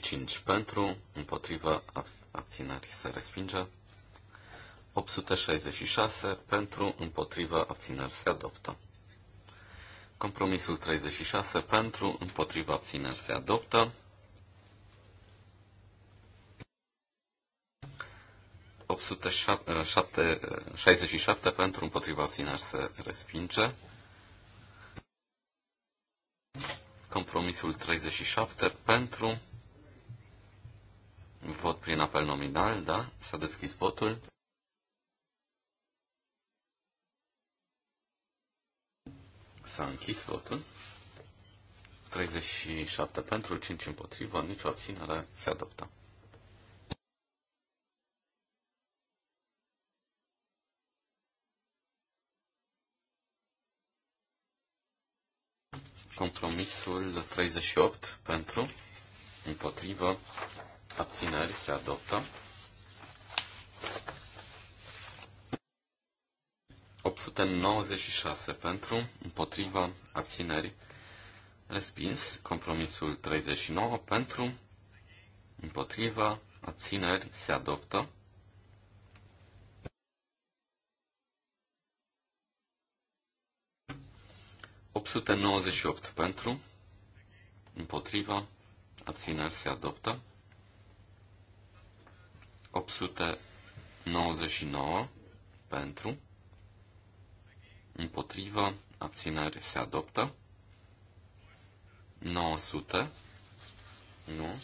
cinci pentru, împotriva abținării se respinge. 866 pentru, împotriva abținării se adoptă. Compromisul 36 pentru, împotriva abțineri se adoptă. 67 pentru, împotriva abțineri se respinge. Compromisul 37 pentru, vot prin apel nominal, da? S-a deschis votul. S-a închis votul. 37 pentru, 5 împotrivă, nicio abținere se adoptă. Compromisul 38 pentru, împotrivă, abțineri se adoptă. 896 pentru, împotriva abțineri respins. Compromisul 39 pentru, împotriva abțineri se adoptă. opt pentru, împotriva, abțineri se adoptă. 899 pentru, împotrivă, abțineri se adoptă. 900, nu,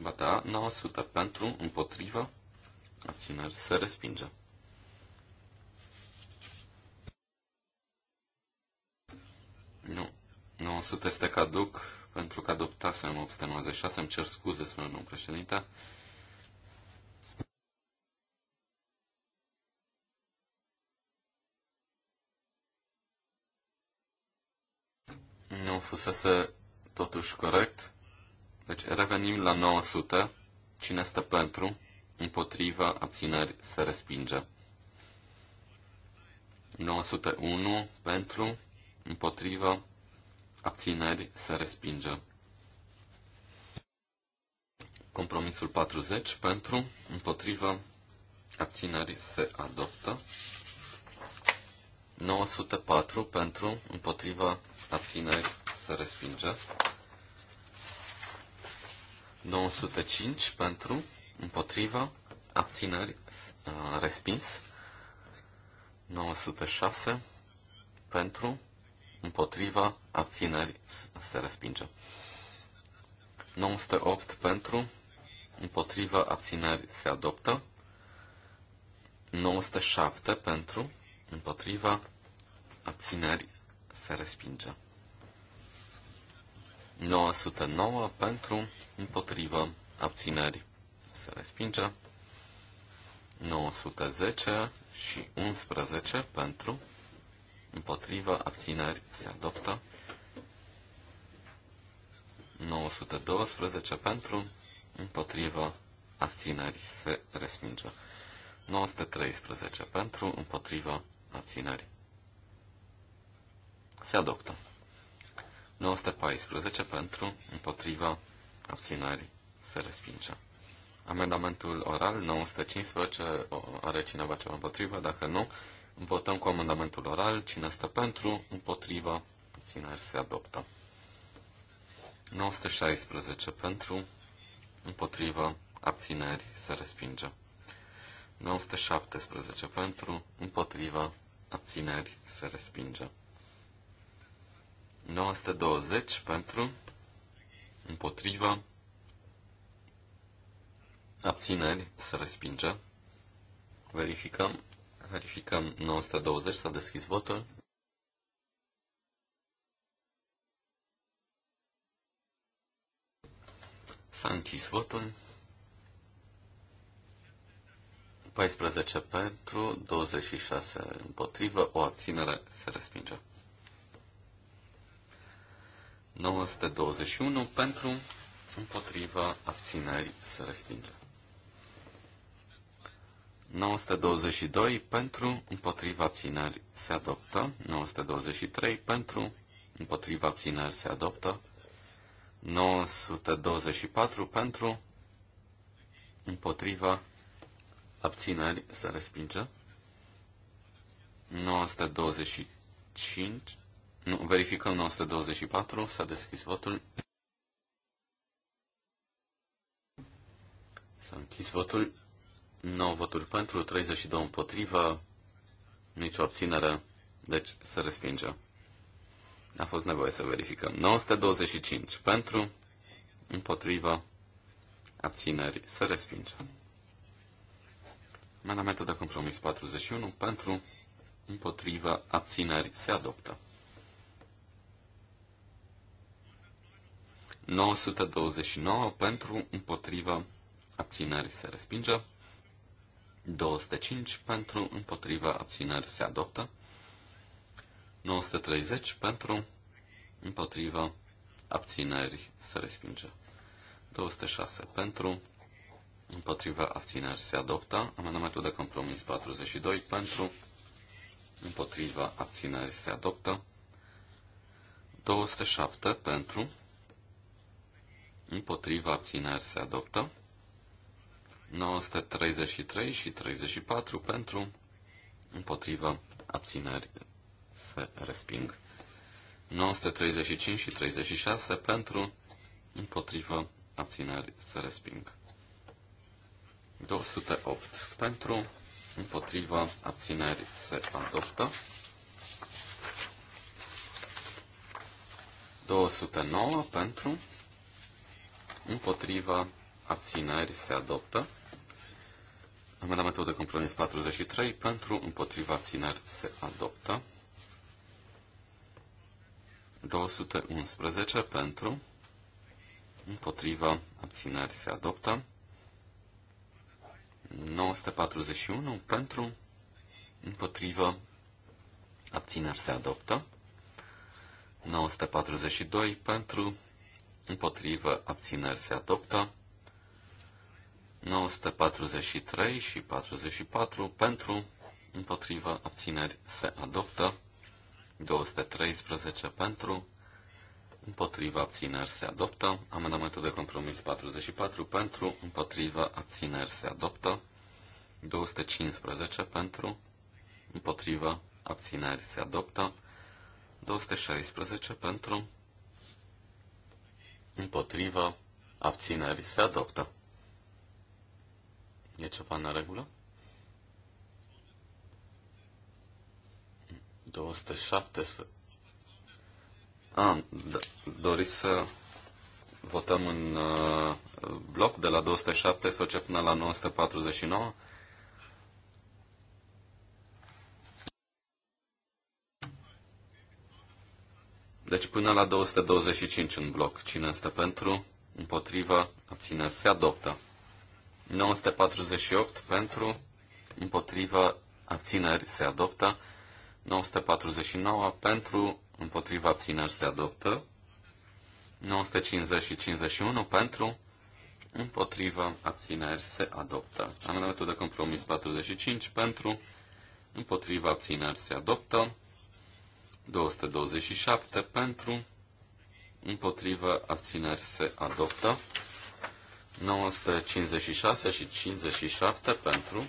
ba da, 900 pentru, împotrivă, abțineri se respinge. Nu, 900 este caduc pentru că adoptasem 896, îmi cer scuze, spune domnul președinte. fusese totuși corect. Deci revenim la 900. Cine este pentru, împotriva, abțineri, se respinge. 901 pentru, împotriva, abțineri, se respinge. Compromisul 40 pentru, împotriva, abțineri, se adoptă. 904 pentru, împotriva, abțineri, Uh, se respinge. 905 pentru, împotriva, abțineri, respins. 906 pentru, împotriva, abțineri, se respinge. 908 pentru, împotriva, abțineri, se adoptă. 907 pentru, împotriva, abțineri, se respinge. 909 pentru, împotrivă, abțineri se respinge. 910 și 11 pentru, împotrivă, abțineri se adoptă. 912 pentru, împotrivă, abțineri se respinge. 913 pentru, împotrivă, abțineri se adoptă. 914 pentru, împotriva, abținerii, se respinge. Amendamentul oral 915 are cineva ceva împotriva, dacă nu, votăm cu amendamentul oral, cine stă pentru, împotriva, abținerii, se adoptă. 916 pentru, împotriva, abținerii, se respinge. 917 pentru, împotriva, abțineri, se respinge. 920 pentru, împotriva, abțineri, se respinge. Verificăm, verificăm 920, s-a deschis votul. S-a închis votul. 14 pentru, 26 împotrivă, o abținere se respinge. 921 pentru, împotriva, abțineri, se respinge. 922 pentru, împotriva, abțineri, se adoptă. 923 pentru, împotriva, abțineri, se adoptă. 924 pentru, împotriva, abțineri, se respinge. 925 nu, verificăm 924, s-a deschis votul. S-a închis votul. 9 voturi pentru, 32 împotriva, nicio abținere, deci se respinge. A fost nevoie să verificăm. 925 pentru, împotriva, abțineri, se respinge. Amendamentul de compromis 41 pentru, împotriva, abțineri, se adoptă. 929 pentru, împotriva, abțineri se respinge. 205 pentru, împotriva, abțineri se adoptă. 930 pentru, împotriva, abțineri se respinge. 206 pentru, împotriva, abțineri se adoptă. Amendamentul de compromis 42 pentru, împotriva, abțineri se adoptă. 207 pentru, împotriva abțineri se adoptă. 933 și 34 pentru, împotriva abțineri se resping. 935 și 36 pentru, împotriva abțineri se resping. 208 pentru, împotriva abțineri se adoptă. 209 pentru, împotriva, abțineri se adoptă. Amendamentul de compromis 43 pentru, împotriva, abțineri se adoptă. 211 pentru, împotriva, abțineri se adoptă. 941 pentru, împotriva, abțineri se adoptă. 942 pentru, împotrivă, abțineri se adoptă. 943 și 44 pentru, împotrivă, abțineri se adoptă. 213 pentru, împotriva abțineri se adoptă. Amendamentul de compromis 44 pentru, împotriva abțineri se adoptă. 215 pentru, împotriva abțineri se adoptă. 216 pentru, împotrivă, abțineri, se adoptă. E ceva în regulă? 217. Am, dorit doriți să votăm în uh, bloc de la 217 până la 949? Deci până la 225 în bloc. Cine este pentru? Împotriva? Abține? Se adoptă. 948 pentru? Împotriva? Abțineri. Se adoptă. 949 pentru? Împotriva? Abțineri. Se adoptă. 950 și 51 pentru? Împotriva? Abțineri. Se adoptă. Amendamentul de compromis 45 pentru? Împotriva? Abțineri. Se adoptă. 227 pentru, împotrivă, abțineri se adoptă. 956 și 57 pentru,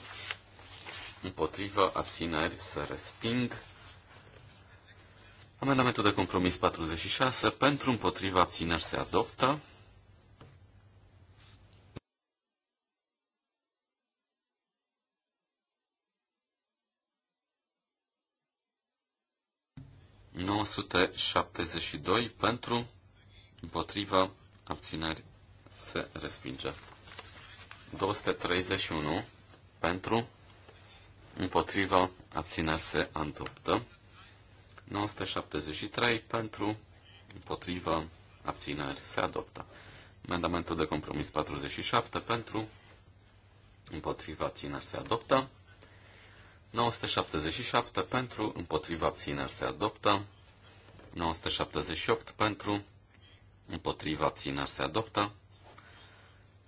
împotrivă, abțineri se resping. Amendamentul de compromis 46 pentru, împotriva, abțineri se adoptă. 972 pentru, împotriva, abțineri, se respinge. 231 pentru, împotriva, abțineri, se adoptă. 973 pentru, împotriva, abțineri, se adoptă. Amendamentul de compromis 47 pentru, împotriva, abțineri, se adoptă. 977 pentru, împotriva abțineri se adoptă. 978 pentru, împotriva abțineri se adoptă.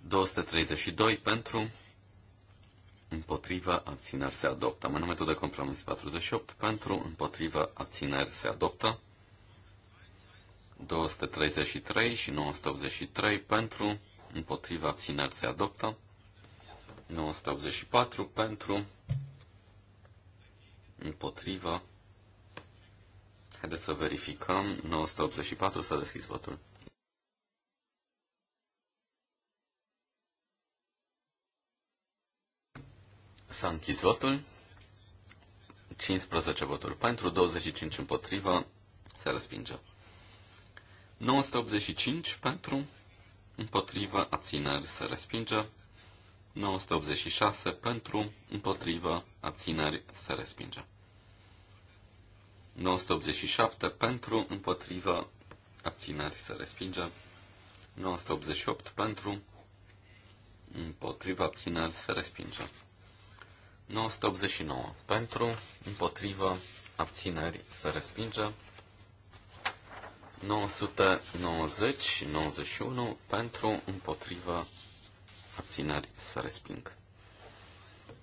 232 pentru, împotriva abțineri se adoptă. Amendamentul de compromis 48 pentru, împotriva abțineri se adoptă. 233 și 983 pentru, împotriva abțineri se adoptă. 984 pentru, împotrivă. Haideți să verificăm. 984 s-a deschis votul. S-a închis votul. 15 voturi pentru, 25 împotrivă, se respinge. 985 pentru, împotrivă, abțineri, se respinge. 986 pentru, împotrivă, abțineri, se respinge. 987 pentru, împotrivă, abțineri, se respinge. 988 pentru, împotrivă, abțineri, se respinge. 989 pentru, împotrivă, abțineri, se respinge. 990 și 91 pentru, împotrivă, abținări să resping.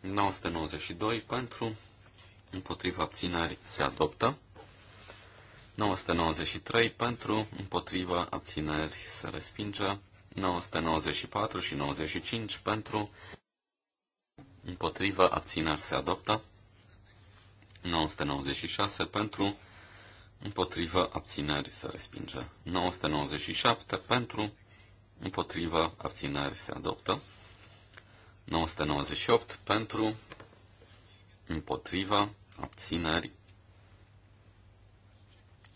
992 pentru, împotriva abținări se adoptă. 993 pentru, împotriva abținări se respinge. 994 și 95 pentru, împotriva abținări se adoptă. 996 pentru, împotriva abținări se respinge. 997 pentru, împotriva, abținerii se adoptă. 998 pentru, împotriva, abținerii.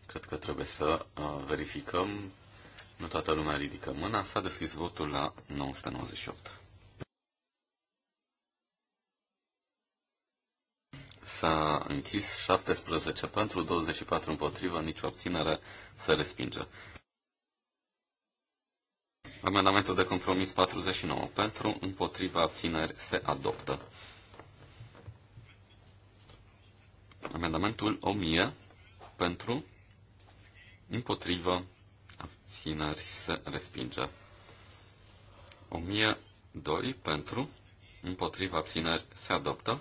Cred că trebuie să uh, verificăm. Nu toată lumea ridică mâna. S-a deschis votul la 998. S-a închis 17 pentru, 24 împotriva, nicio abținere se respinge. Amendamentul de compromis 49 pentru, împotriva abțineri se adoptă. Amendamentul 1000 pentru, împotriva abțineri se respinge. 1002 pentru, împotriva abțineri se adoptă.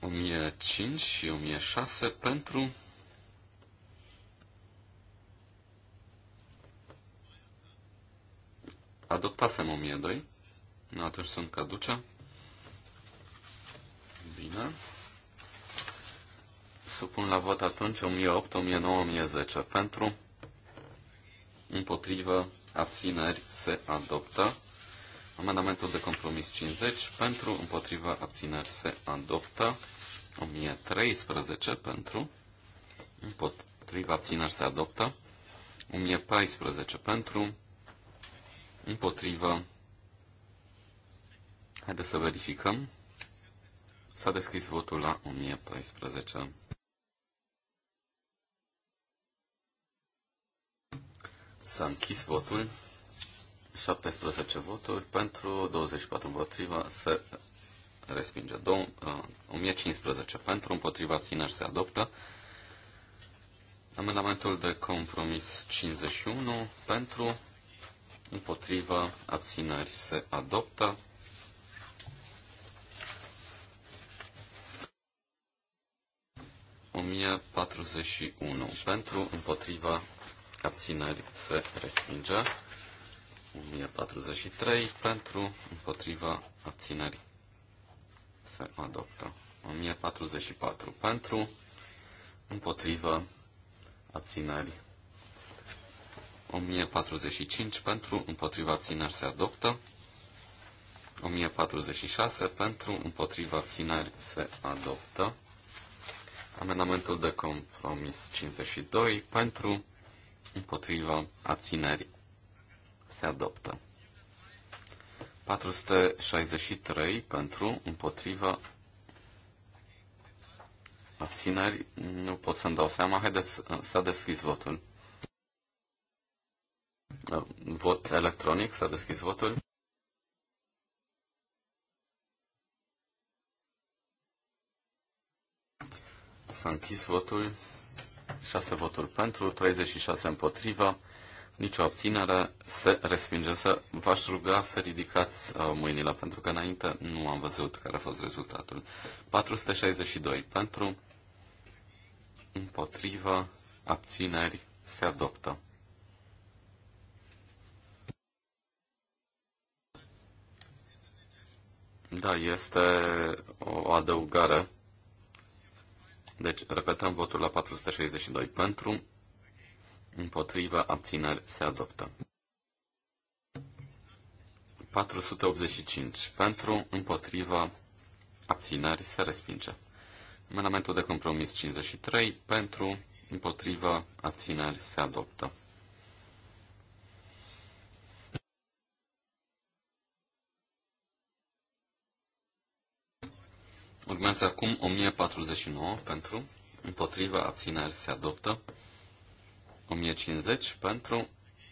1005 și 1006 pentru, Adoptasem 1002. Atunci sunt caduce. Bine. Supun la vot atunci 1008, 1009, 1010. Pentru, împotrivă, abțineri se adoptă. Amendamentul de compromis 50 pentru, împotrivă, abțineri se adoptă. 1013 pentru, împotriva abțineri se adoptă. 1014 pentru, împotrivă. Haideți să verificăm. S-a deschis votul la 1014. S-a închis votul. 17 voturi pentru, 24 împotrivă, se respinge. 1015 uh, pentru, împotriva, abțineri, se adoptă. Amendamentul de compromis 51 pentru, împotriva, abțineri se adoptă. pentru, împotriva, abțineri se respinge. 1043 pentru, împotriva, abțineri se adoptă. 1044 pentru, împotriva, abțineri 1045 pentru, împotriva țineri se adoptă. 1046 pentru, împotriva țineri se adoptă. Amendamentul de compromis 52 pentru, împotriva abțineri se adoptă. 463 pentru, împotriva abțineri, nu pot să-mi dau seama, haideți, uh, s-a deschis votul. Vot electronic, s-a deschis votul. S-a închis votul. 6 voturi pentru, 36 împotriva, nicio abținere, se respinge. să v-aș ruga să ridicați uh, mâinile, pentru că înainte nu am văzut care a fost rezultatul. 462 pentru, împotriva, abțineri, se adoptă. Da, este o adăugare. Deci, repetăm votul la 462 pentru, împotriva, abțineri, se adoptă. 485 pentru, împotriva, abțineri, se respinge. Amendamentul de compromis 53 pentru, împotriva, abțineri, se adoptă. Urmează acum 1049 pentru, împotriva, abțineri se adoptă. 1050 pentru,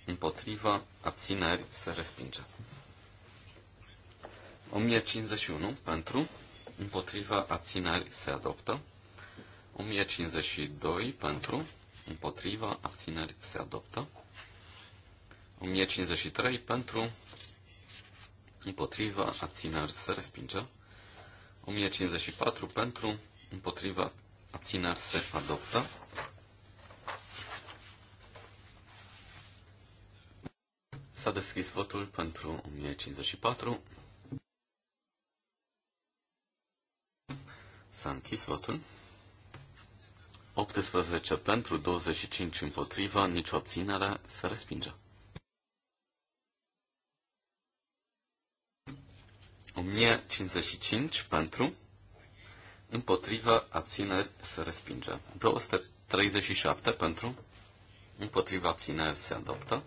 împotriva, abțineri se respinge. 1051 pentru, împotriva, abțineri se adoptă. 1052 pentru, împotriva, abțineri se adoptă. 1053 pentru, împotriva, abțineri se respinge. 1054 pentru, împotriva, abțineri se adoptă. S-a deschis votul pentru 1054. S-a închis votul. 18 pentru, 25 împotriva, nicio abținere, se respinge. 1055 pentru, împotrivă, abțineri se respinge. 237 pentru, împotrivă, abțineri se adoptă.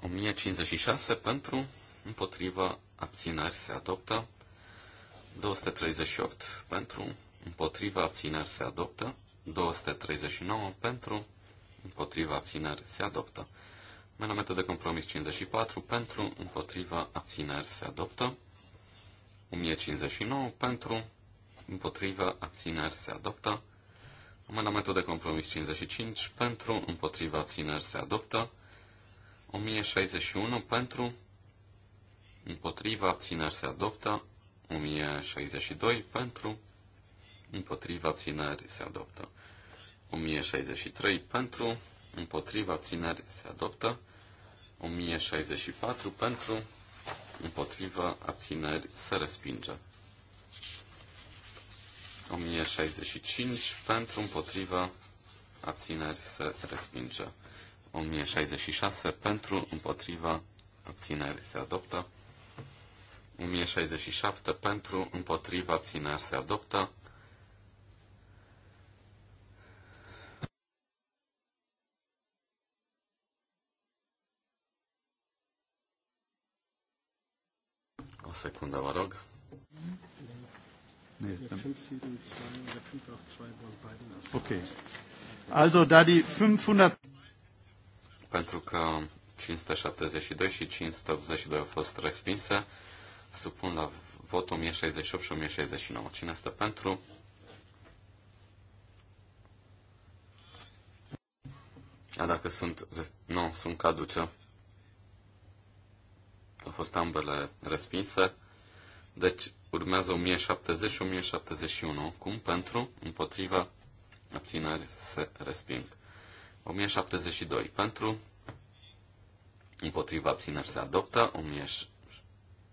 1056 pentru, împotrivă, abțineri se adoptă. 238 pentru, împotrivă, abțineri se adoptă. 239 pentru, împotrivă, abțineri se adoptă. Amendamente de compromis 54 pentru, împotriva, abțineri se adoptă. 1059 pentru, împotriva, abțineri se adoptă. Amendamentul de compromis 55 pentru, împotriva, abțineri se adoptă. 1061 pentru, împotriva, abțineri se adoptă. 1062 pentru, împotriva, abțineri se adoptă. 1063 pentru, împotriva, abțineri se adoptă. 1064 pentru, împotrivă, abțineri, se respinge. 1065 pentru, împotrivă, abțineri, se respinge. 1066 pentru, împotrivă, abțineri, se adoptă. 1067 pentru, împotrivă, abțineri, se adoptă. O secundă, vă rog. Ok. Also, da die 500... Pentru că 572 și 582 au fost respinse, supun la votul 1068 și 1069. Cine este pentru? A, dacă sunt... Nu, sunt caduce fost ambele respinse. Deci urmează 1070 și 1071. Cum? Pentru, împotriva, abțineri se resping. 1072. Pentru, împotriva, abțineri se adoptă. 1000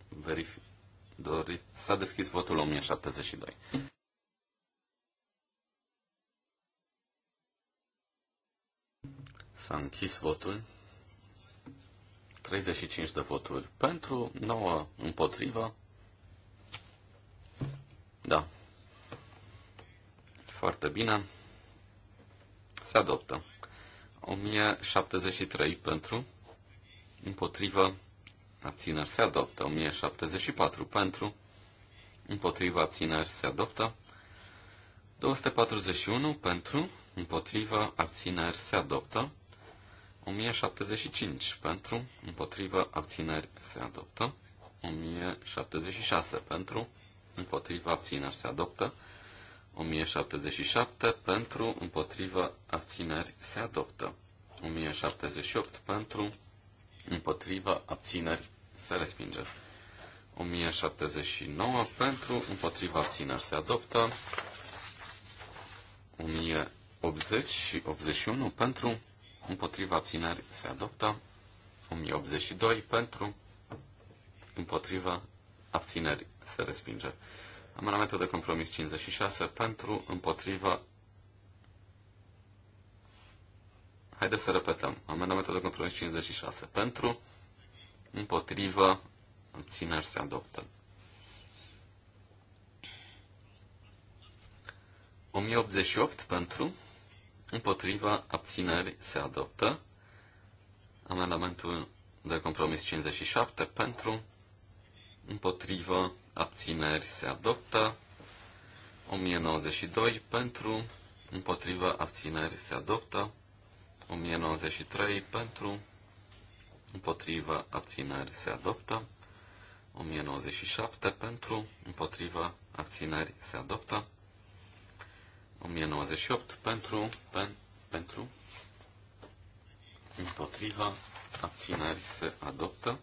verific. Dorit. S-a deschis votul 1072. S-a închis votul. 35 de voturi pentru, 9 împotriva. Da. Foarte bine. Se adoptă. 1073 pentru, împotriva, abțineri se adoptă. 1074 pentru, împotriva, abțineri se adoptă. 241 pentru, împotriva, abțineri se adoptă. 1075 pentru, împotriva abțineri se adoptă. 1076 pentru, împotriva abțineri se adoptă. 1077 pentru, împotriva abțineri se adoptă. 1078 pentru, împotriva abțineri se respinge. 1079 pentru, împotriva abțineri se adoptă. 1080 și 81 pentru, împotriva abțineri se adoptă, 1082 pentru, împotriva abțineri se respinge. Amendamentul de compromis 56 pentru, împotriva. Haideți să repetăm. Amendamentul de compromis 56 pentru, împotriva, abțineri se adoptă. 1088 pentru, împotriva, abțineri, se adoptă. Amendamentul de compromis 57 pentru, împotriva, abțineri, se adoptă. 1092 pentru, împotriva, abțineri, se adoptă. 1093 pentru, împotriva, abțineri, se adoptă. 1097 pentru, împotriva, abțineri, se adoptă. 1098 pentru, pen, pentru, împotriva, abțineri se adoptă.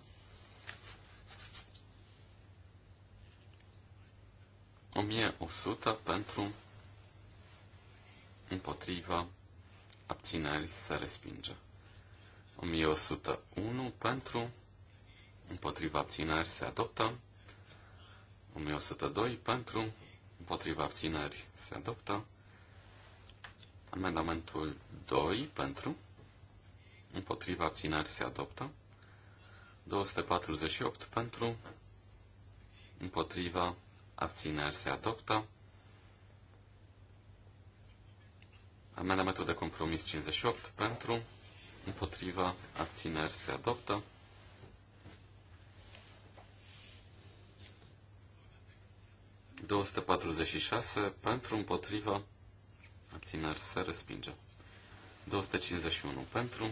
1100 pentru, împotriva, abțineri se respinge. unu pentru, împotriva abțineri se adoptă. doi pentru, împotriva abțineri se adoptă. Amendamentul 2 pentru, împotriva țineri se adoptă. 248 pentru, împotriva abțineri se adoptă. Amendamentul de compromis 58 pentru, împotriva abțineri se adoptă. ...246 pentru împotriva abțineri se respinge. 251 pentru,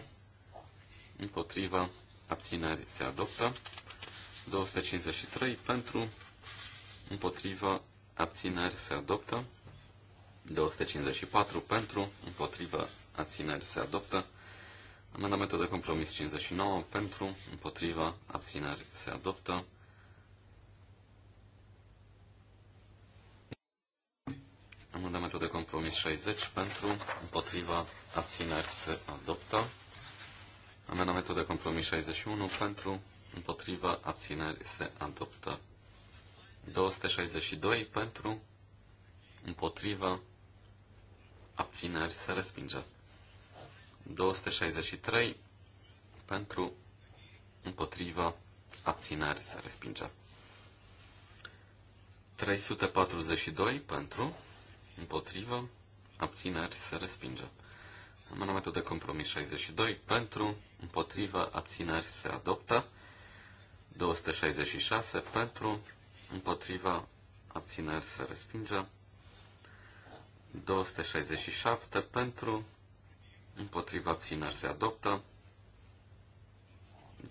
împotriva, abțineri se adoptă. 253 pentru, împotriva, abțineri se adoptă. 254 pentru, împotriva, abțineri se adoptă. Amendamentul de compromis 59 pentru, împotriva, abțineri se adoptă. Amendamentul de compromis 60 pentru, împotriva, abțineri se adoptă. Amendamentul de compromis 61 pentru, împotriva, abțineri se adoptă. 262 pentru, împotriva, abțineri se respinge. 263 pentru, împotriva, abțineri se respinge. 342 pentru, împotrivă, abțineri se respinge. Amendamentul de compromis 62 pentru, împotrivă, abțineri se adoptă. 266 pentru, împotriva, abțineri se respinge. 267 pentru, împotriva, abțineri se adoptă.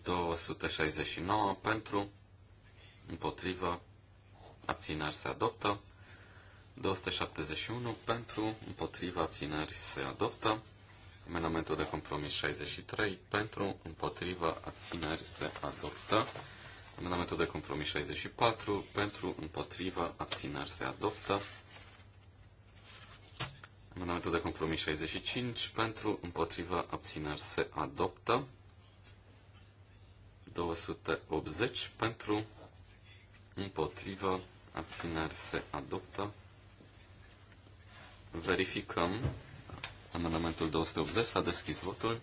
269 pentru, împotriva, abțineri se adoptă. 271 pentru, împotriva țineri se adoptă. Amendamentul de compromis 63 pentru, împotriva abțineri se adoptă. Amendamentul de compromis 64 pentru, împotriva abțineri se adoptă. Amendamentul de compromis 65 pentru, împotriva abțineri se adoptă. 280 pentru, împotriva abțineri se adoptă. Verificăm amendamentul 280. S-a deschis votul.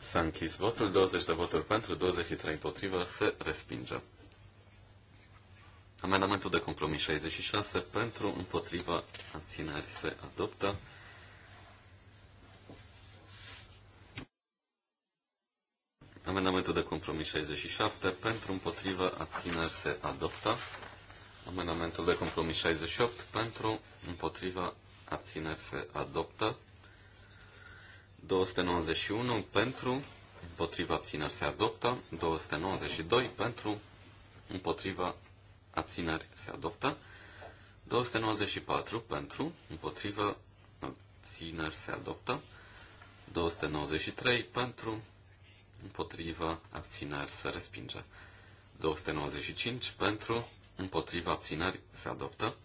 S-a închis votul, 20 de voturi pentru, 23 împotrivă, se respinge. Amendamentul de compromis 66 pentru, împotriva, abțineri se adoptă. Amendamentul de compromis 67 pentru, împotriva, abțineri se adoptă. Amendamentul de compromis 68 pentru, împotriva, abțineri se adoptă. 291 pentru, împotriva, abțineri se adoptă. 292 pentru, împotriva, abțineri se adoptă. 294 pentru, împotriva, abțineri se adoptă. 293 pentru, împotriva, abțineri se respinge. 295 pentru, împotriva abțineri se adoptă.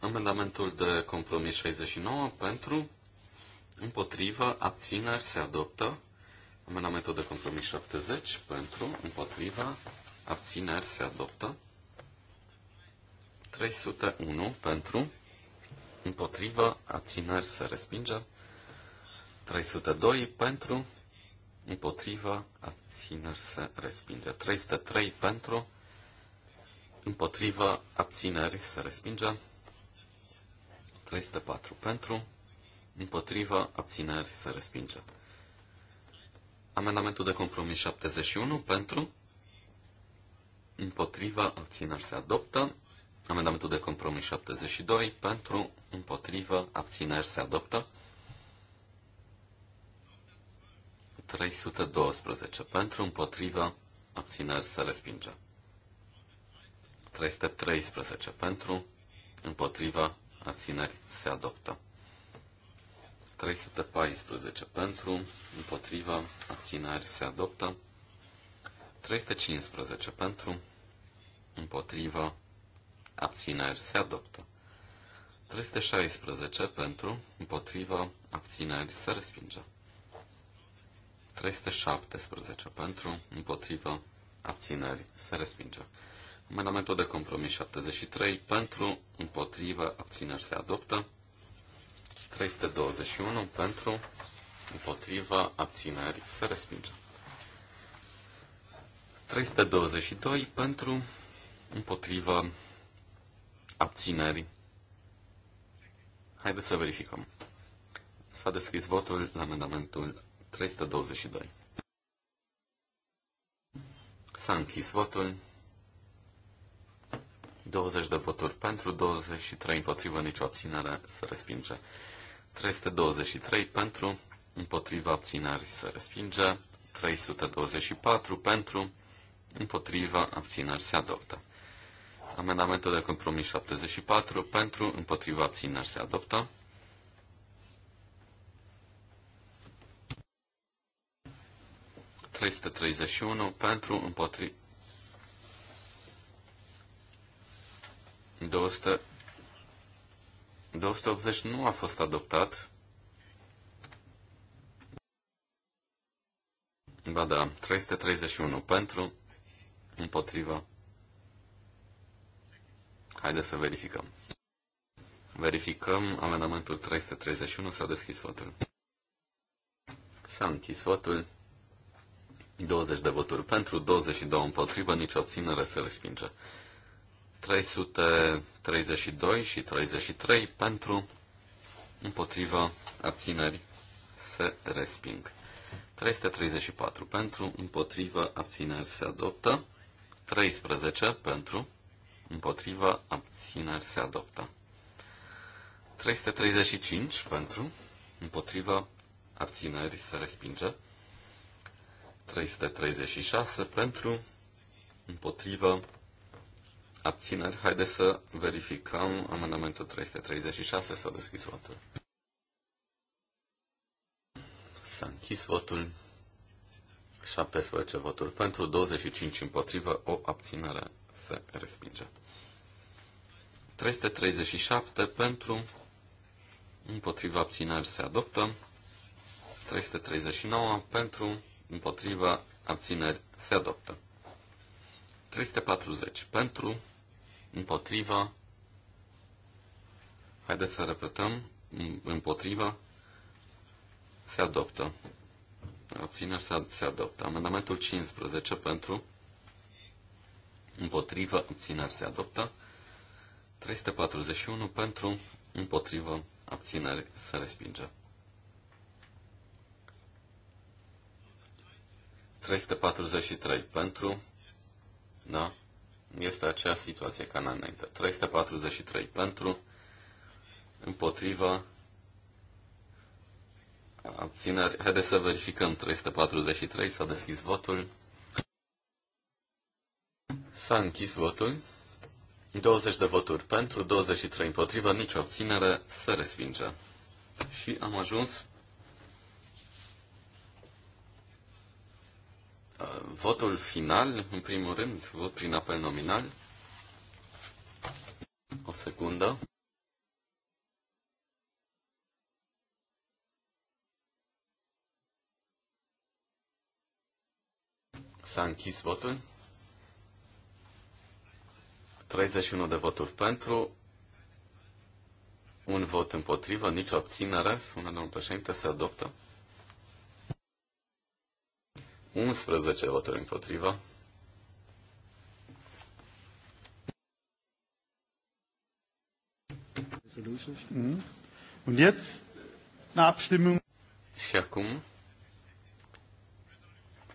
Amendamentul de compromis 69 pentru, împotriva abțineri se adoptă. Amendamentul de compromis 70 pentru, împotriva abțineri se adoptă. 301 pentru, împotriva abțineri se respinge. 302 pentru, împotriva, abțineri se respinge. 303 pentru, împotriva, abțineri se respinge. 304 pentru, împotriva, abțineri se respinge. Amendamentul de compromis 71 pentru, împotriva, abțineri se adoptă. Amendamentul de compromis 72 pentru, împotriva, abțineri se adoptă. 312. Pentru, împotriva, abțineri se respinge. 313. Pentru, împotriva, abțineri se adoptă. 314. Pentru, împotriva, abțineri se adoptă. 315. Pentru, împotriva, abțineri se adoptă. 316. Pentru, împotriva, abțineri se respinge. 317 pentru, împotrivă, abțineri, se respinge. Amendamentul de compromis 73 pentru, împotrivă, abțineri, se adoptă. 321 pentru, împotrivă, abțineri, se respinge. 322 pentru, împotrivă, abțineri. Haideți să verificăm. S-a deschis votul la amendamentul 322. S-a închis votul. 20 de voturi pentru, 23 împotrivă, nicio abținere se respinge. 323 pentru, împotriva abținerii, se respinge. 324 pentru, împotriva abținerii, se adoptă. Amendamentul de compromis 74 pentru, împotriva abținerii, se adoptă. 331 pentru împotri 200 280 nu a fost adoptat. Ba da, 331 pentru, împotriva. Haideți să verificăm. Verificăm amendamentul 331, s-a deschis votul. S-a închis votul. 20 de voturi pentru, 22 împotrivă, nicio abținere se respinge. 332 și 33 pentru, împotriva, abțineri, se resping. 334 pentru, împotriva, abțineri, se adoptă. 13 pentru, împotriva, abțineri, se adoptă. 335 pentru, împotriva, abțineri, se respinge. 336 pentru, împotrivă, abțineri. Haideți să verificăm amendamentul 336, s-a deschis votul. S-a închis votul. 17 voturi pentru, 25 împotrivă, o abținere se respinge. 337 pentru, împotriva abțineri se adoptă, 339 pentru, împotriva, abțineri, se adoptă. 340 pentru, împotriva, haideți să repetăm, împotriva, se adoptă. Abțineri se, se adoptă. Amendamentul 15 pentru, împotriva, abțineri se adoptă. 341 pentru, împotriva, abțineri se respinge. 343 pentru, da, este acea situație ca înainte. 343 pentru, împotriva, abțineri. Haideți să verificăm 343, s-a deschis votul. S-a închis votul. 20 de voturi pentru, 23 împotrivă, nicio abținere, se respinge. Și am ajuns Votul final, în primul rând, vot prin apel nominal. O secundă. S-a închis votul. 31 de voturi pentru, un vot împotrivă, nicio abținere. Spune domnul președinte, se adoptă. 11 voturi împotriva. Mm. Und jetzt eine Abstimmung. Și acum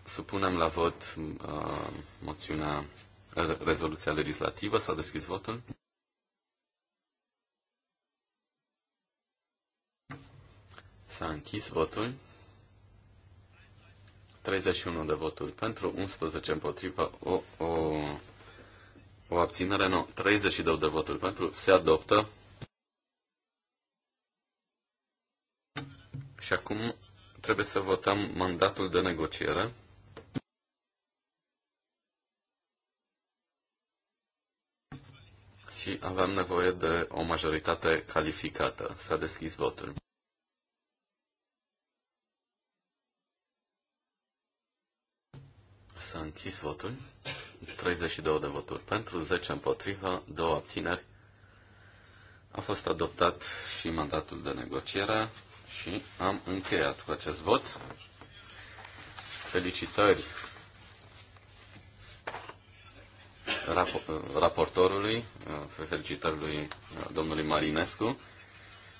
supunem la vot uh, moțiunea, rezoluția legislativă. S-a deschis votul. S-a închis votul. 31 de voturi pentru, 11 împotrivă, o, o, o abținere, nu, 32 de voturi pentru, se adoptă. Și acum trebuie să votăm mandatul de negociere. Și avem nevoie de o majoritate calificată. S-a deschis votul. S-a închis votul. 32 de voturi pentru, 10 împotrivă, 2 abțineri. A fost adoptat și mandatul de negociere și am încheiat cu acest vot. Felicitări rap- raportorului, felicitări lui domnului Marinescu.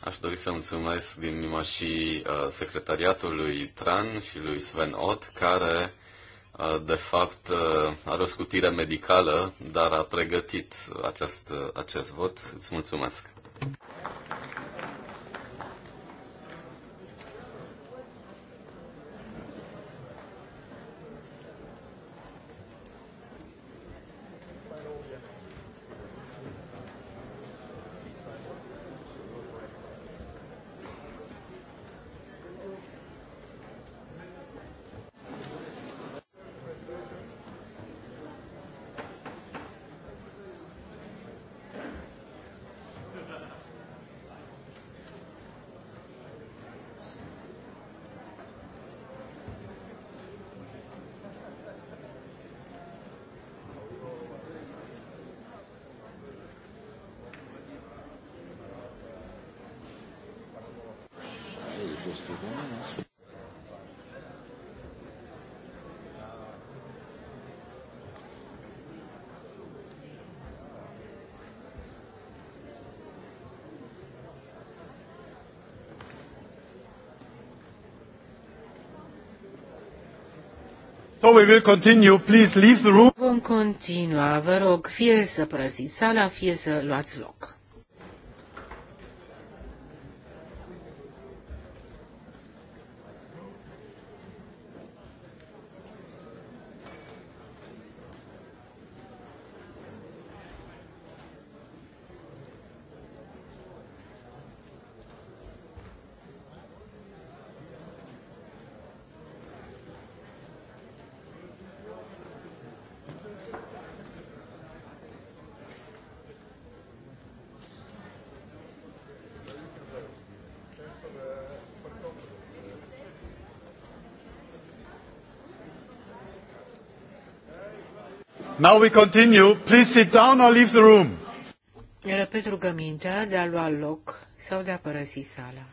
Aș dori să mulțumesc din inima și uh, secretariatului TRAN și lui Sven Ott, care de fapt, are o scutire medicală, dar a pregătit acest, acest vot. Îți mulțumesc! So we will continue. Please leave the room. Vom continua. Vă rog, fie să părăsiți sala, fie să luați loc. Now we continue. Please sit down or leave the room. Repet rugămintea de a lua loc sau de a părăsi sala.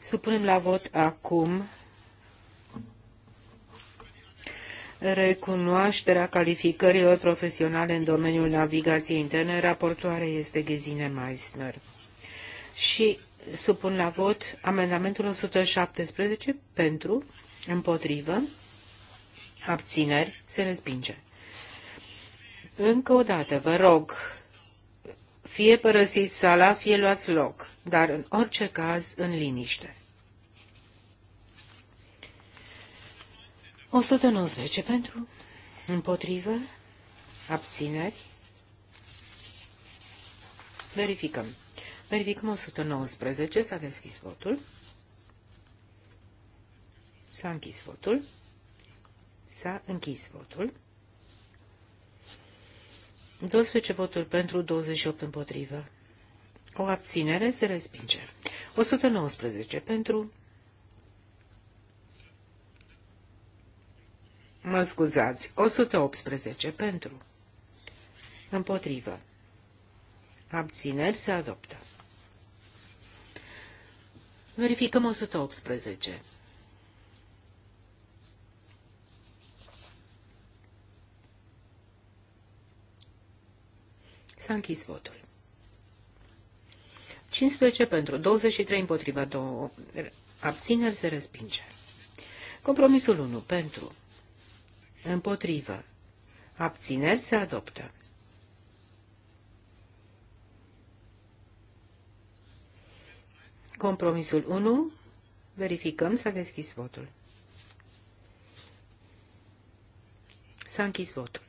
Supunem la vot acum recunoașterea calificărilor profesionale în domeniul navigației interne. Raportoare este Ghezine Meissner. Și supun la vot amendamentul 117 pentru, împotrivă, abțineri, se respinge. Încă o dată, vă rog, fie părăsiți sala, fie luați loc, dar în orice caz în liniște. 119 pentru, împotrivă, abțineri. Verificăm. Verificăm 119, s-a deschis votul. S-a închis votul. S-a închis votul. 12 voturi pentru, 28 împotrivă. O abținere se respinge. 119 pentru. Mă scuzați, 118 pentru. Împotrivă. Abțineri se adoptă. Verificăm 118. S-a închis votul. 15 pentru, 23 împotriva, 2 abțineri se respinge. Compromisul 1 pentru, împotrivă, abțineri se adoptă. Compromisul 1, verificăm, s-a deschis votul. S-a închis votul.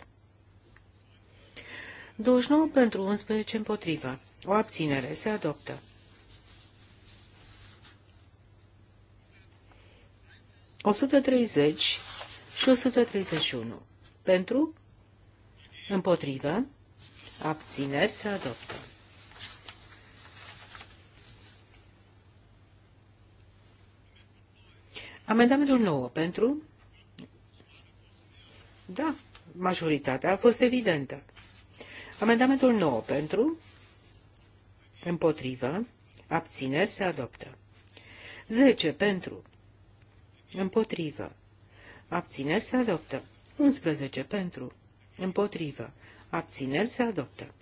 29 pentru 11 împotrivă. O abținere. Se adoptă. 130 și 131. Pentru, împotrivă, abțineri se adoptă. Amendamentul 9 pentru? Da, majoritatea a fost evidentă. Amendamentul 9 pentru, împotrivă, abțineri se adoptă. 10 pentru, împotrivă, abțineri se adoptă. 11 pentru, împotrivă, abțineri se adoptă.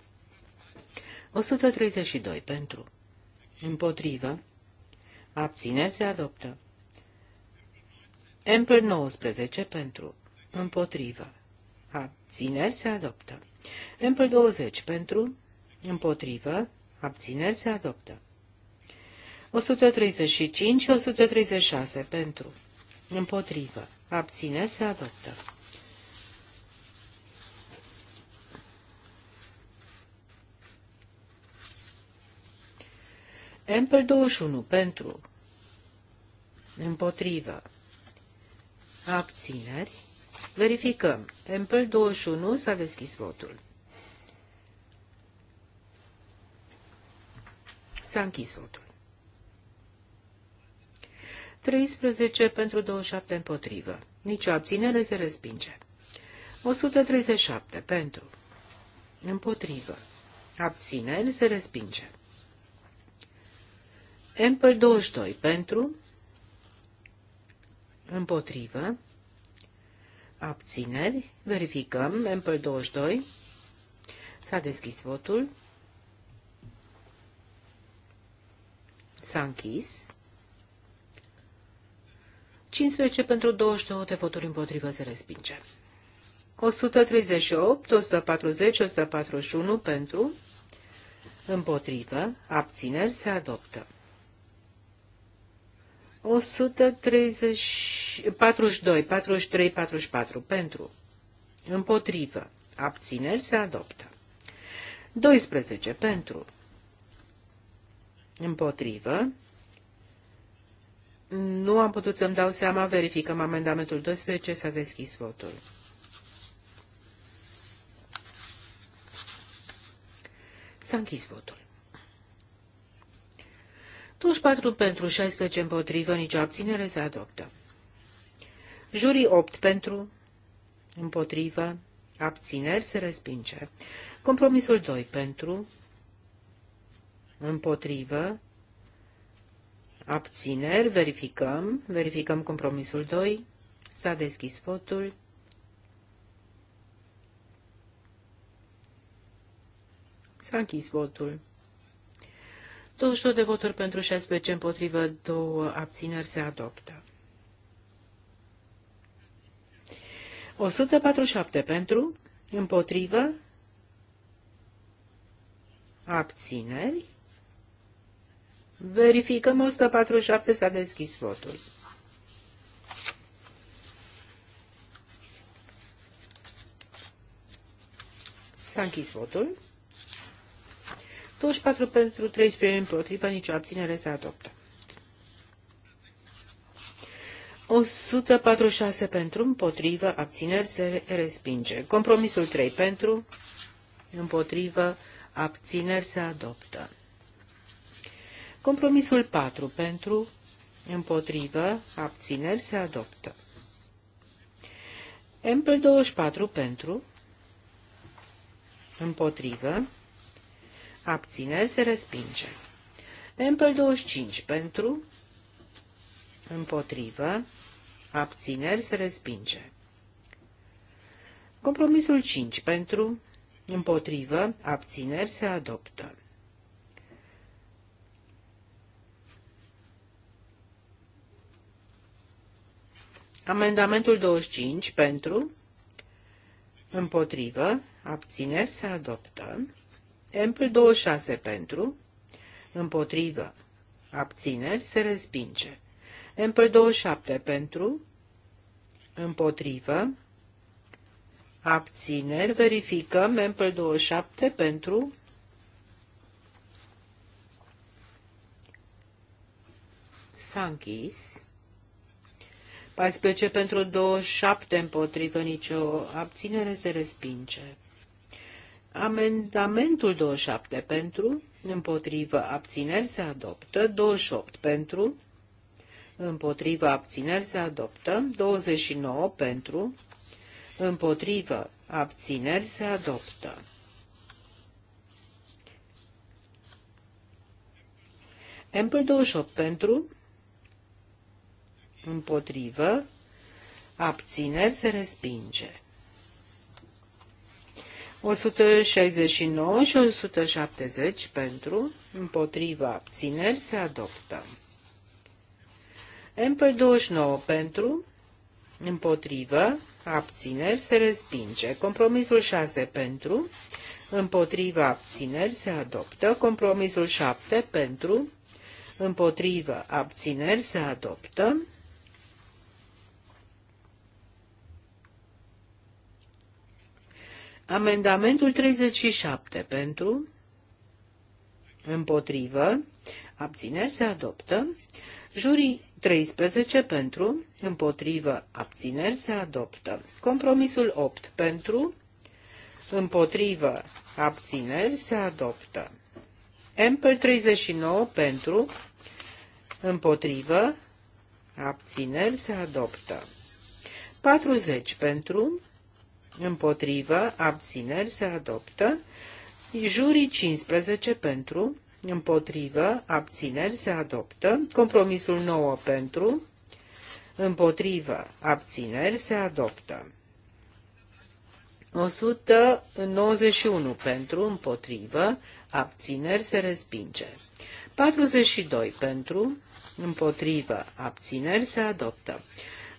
132 pentru, împotrivă, abțineri se adoptă. Emple 19 pentru, împotrivă, abțineri se adoptă. Ample 20 pentru, împotrivă, abțineri se adoptă. 135 și 136 pentru, împotrivă, abțineri se adoptă. 21 pentru, împotrivă, abțineri Verificăm. Empel 21 s-a deschis votul. S-a închis votul. 13 pentru 27 împotrivă. Nici o abținere se respinge. 137 pentru. Împotrivă. Abțineri se respinge. Ample 22 pentru. Împotrivă abțineri. Verificăm. Ample 22. S-a deschis votul. S-a închis. 15 pentru 22 de voturi împotrivă se respinge. 138, 140, 141 pentru, împotrivă, abțineri se adoptă. 132, 43, 44 pentru, împotrivă, abțineri se adoptă. 12 pentru, împotrivă, nu am putut să-mi dau seama, verificăm amendamentul 12, s-a deschis votul. S-a închis votul. 24 pentru, 16 împotrivă, nicio abținere se adoptă. Jurii 8 pentru, împotrivă, abțineri se respinge. Compromisul 2 pentru, împotrivă, abțineri, verificăm, verificăm compromisul 2, s-a deschis votul. S-a închis votul. 22 de voturi pentru 16 împotrivă, două abțineri se adoptă. 147 pentru, împotrivă, abțineri. Verificăm 147 s-a deschis votul. S-a închis votul. 24 pentru 13 împotriva, nicio abținere se adoptă. 146 pentru, împotrivă, abțineri se respinge. Compromisul 3 pentru, împotrivă, abțineri se adoptă. Compromisul 4 pentru, împotrivă, abțineri se adoptă. Empl 24 pentru, împotrivă, abține, se respinge. Ample 25 pentru, împotrivă, abțineri, se respinge. Compromisul 5 pentru, împotrivă, abțineri, se adoptă. Amendamentul 25 pentru, împotrivă, abțineri, se adoptă. Empl 26 pentru, împotrivă, abțineri, se respinge. Empl 27 pentru, împotrivă, abțineri, verificăm Empl 27 pentru, s-a închis. 14 pentru 27 împotrivă, nicio abținere se respinge. Amendamentul 27 pentru, împotrivă abțineri se adoptă, 28 pentru, împotrivă abțineri se adoptă, 29 pentru, împotrivă abțineri se adoptă. Ample 28 pentru, împotrivă, abțineri se respinge. 169 și 170 pentru, împotriva abțineri se adoptă. mp 29 pentru, împotrivă, abțineri se respinge. Compromisul 6 pentru, împotriva abțineri se adoptă. Compromisul 7 pentru, împotrivă, abțineri se adoptă. Amendamentul 37 pentru, împotrivă, abțineri se adoptă. Jurii 13 pentru, împotrivă, abțineri se adoptă. Compromisul 8 pentru, împotrivă, abțineri se adoptă. Ample 39 pentru, împotrivă, abțineri se adoptă. 40 pentru, împotrivă, abțineri se adoptă. Jurii 15 pentru, împotrivă, abțineri se adoptă. Compromisul 9 pentru, împotrivă, abțineri se adoptă. 191 pentru, împotrivă, abțineri se respinge. 42 pentru, împotrivă, abțineri se adoptă.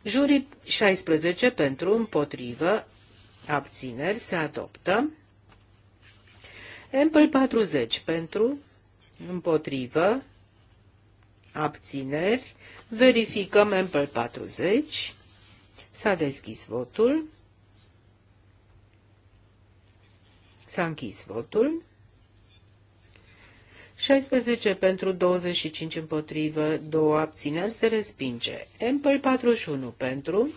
Jurii 16 pentru, împotrivă, abțineri se adoptă. Ample 40 pentru, împotrivă, abțineri. Verificăm Ample 40. S-a deschis votul. S-a închis votul. 16 pentru 25 împotrivă, 2 abțineri se respinge. Ample 41 pentru,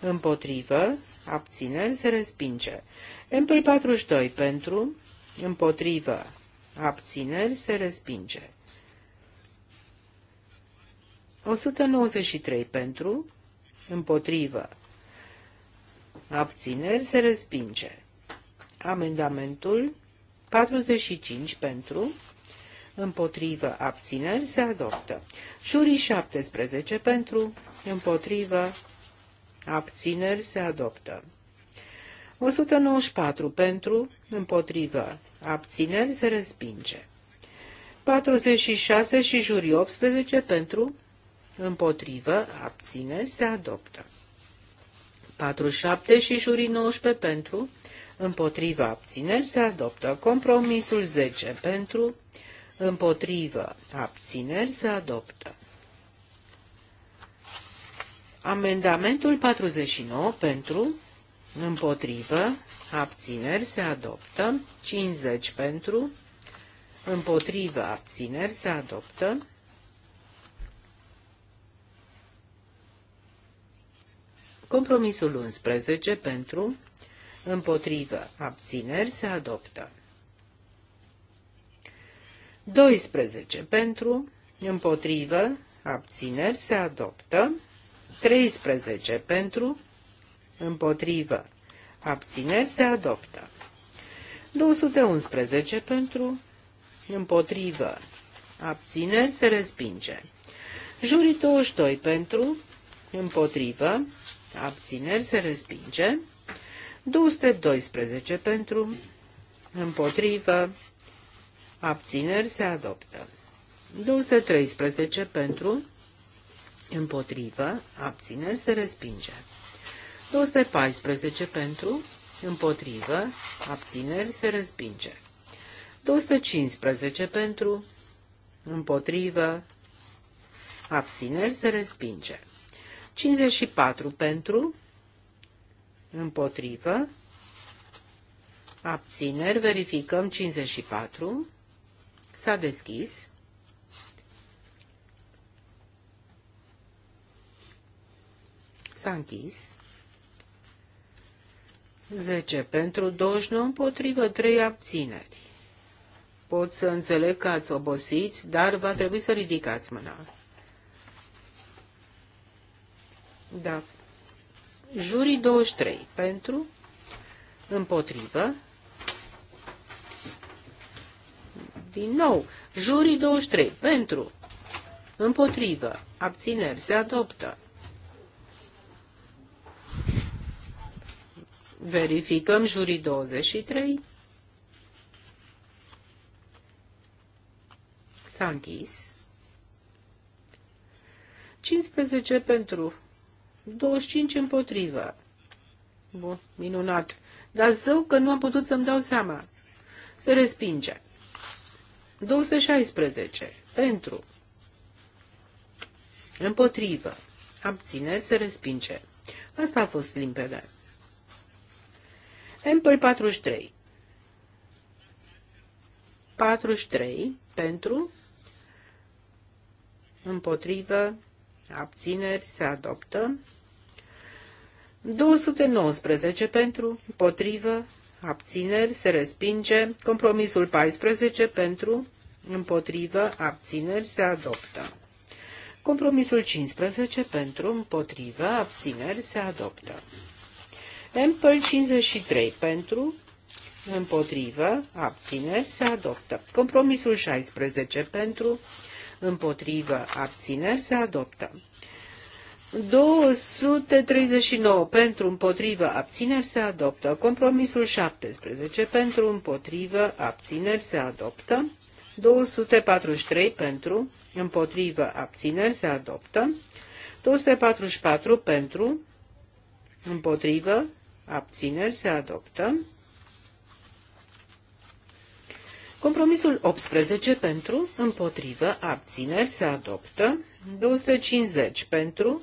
împotrivă, abțineri, se respinge. Empl 42 pentru, împotrivă, abțineri, se respinge. 193 pentru, împotrivă, abțineri, se respinge. Amendamentul 45 pentru, împotrivă abțineri se adoptă. Jurii 17 pentru, împotrivă abțineri se adoptă. 194 pentru, împotrivă, abțineri se respinge. 46 și juri 18 pentru, împotrivă, abțineri se adoptă. 47 și juri 19 pentru, împotrivă, abțineri se adoptă. Compromisul 10 pentru, împotrivă abțineri se adoptă. Amendamentul 49 pentru, împotrivă, abțineri se adoptă, 50 pentru, împotrivă, abțineri se adoptă, Compromisul 11 pentru, împotrivă, abțineri se adoptă. 12 pentru, împotrivă, abțineri se adoptă. 13 pentru, împotrivă, abțineri se adoptă. 211 pentru, împotrivă, abțineri se respinge. Jurii 22 pentru, împotrivă, abțineri se respinge. 212 pentru, împotrivă, abțineri se adoptă. 213 pentru, împotrivă, abțineri, se respinge. 214 pentru, împotrivă, abțineri, se respinge. 215 pentru, împotrivă, abțineri, se respinge. 54 pentru, împotrivă, abțineri, verificăm 54, s-a deschis, S-a închis. 10 pentru 29 împotrivă 3 abțineri. Pot să înțeleg că ați obosit, dar va trebui să ridicați mâna. Da. Jurii 23 pentru împotrivă. Din nou, jurii 23 pentru împotrivă, abțineri, se adoptă. Verificăm jurii 23. S-a închis. 15 pentru. 25 împotrivă. Bun, minunat. Dar zău că nu am putut să-mi dau seama. Se respinge. 216. Pentru. Împotrivă. Abține, se respinge. Asta a fost limpede. Ample 43. 43 pentru, împotrivă, abțineri, se adoptă. 219 pentru, împotrivă, abțineri, se respinge. Compromisul 14 pentru, împotrivă, abțineri, se adoptă. Compromisul 15 pentru, împotrivă, abțineri, se adoptă. Empel 53 pentru, împotrivă, abțineri, se adoptă. Compromisul 16 pentru, împotrivă, abțineri, se adoptă. 239 pentru împotrivă abțineri se adoptă. Compromisul 17 pentru împotrivă abțineri se adoptă. 243 pentru împotrivă abțineri se adoptă. 244 pentru împotrivă abțineri, se adoptă. Compromisul 18 pentru, împotrivă, abțineri, se adoptă. 250 pentru,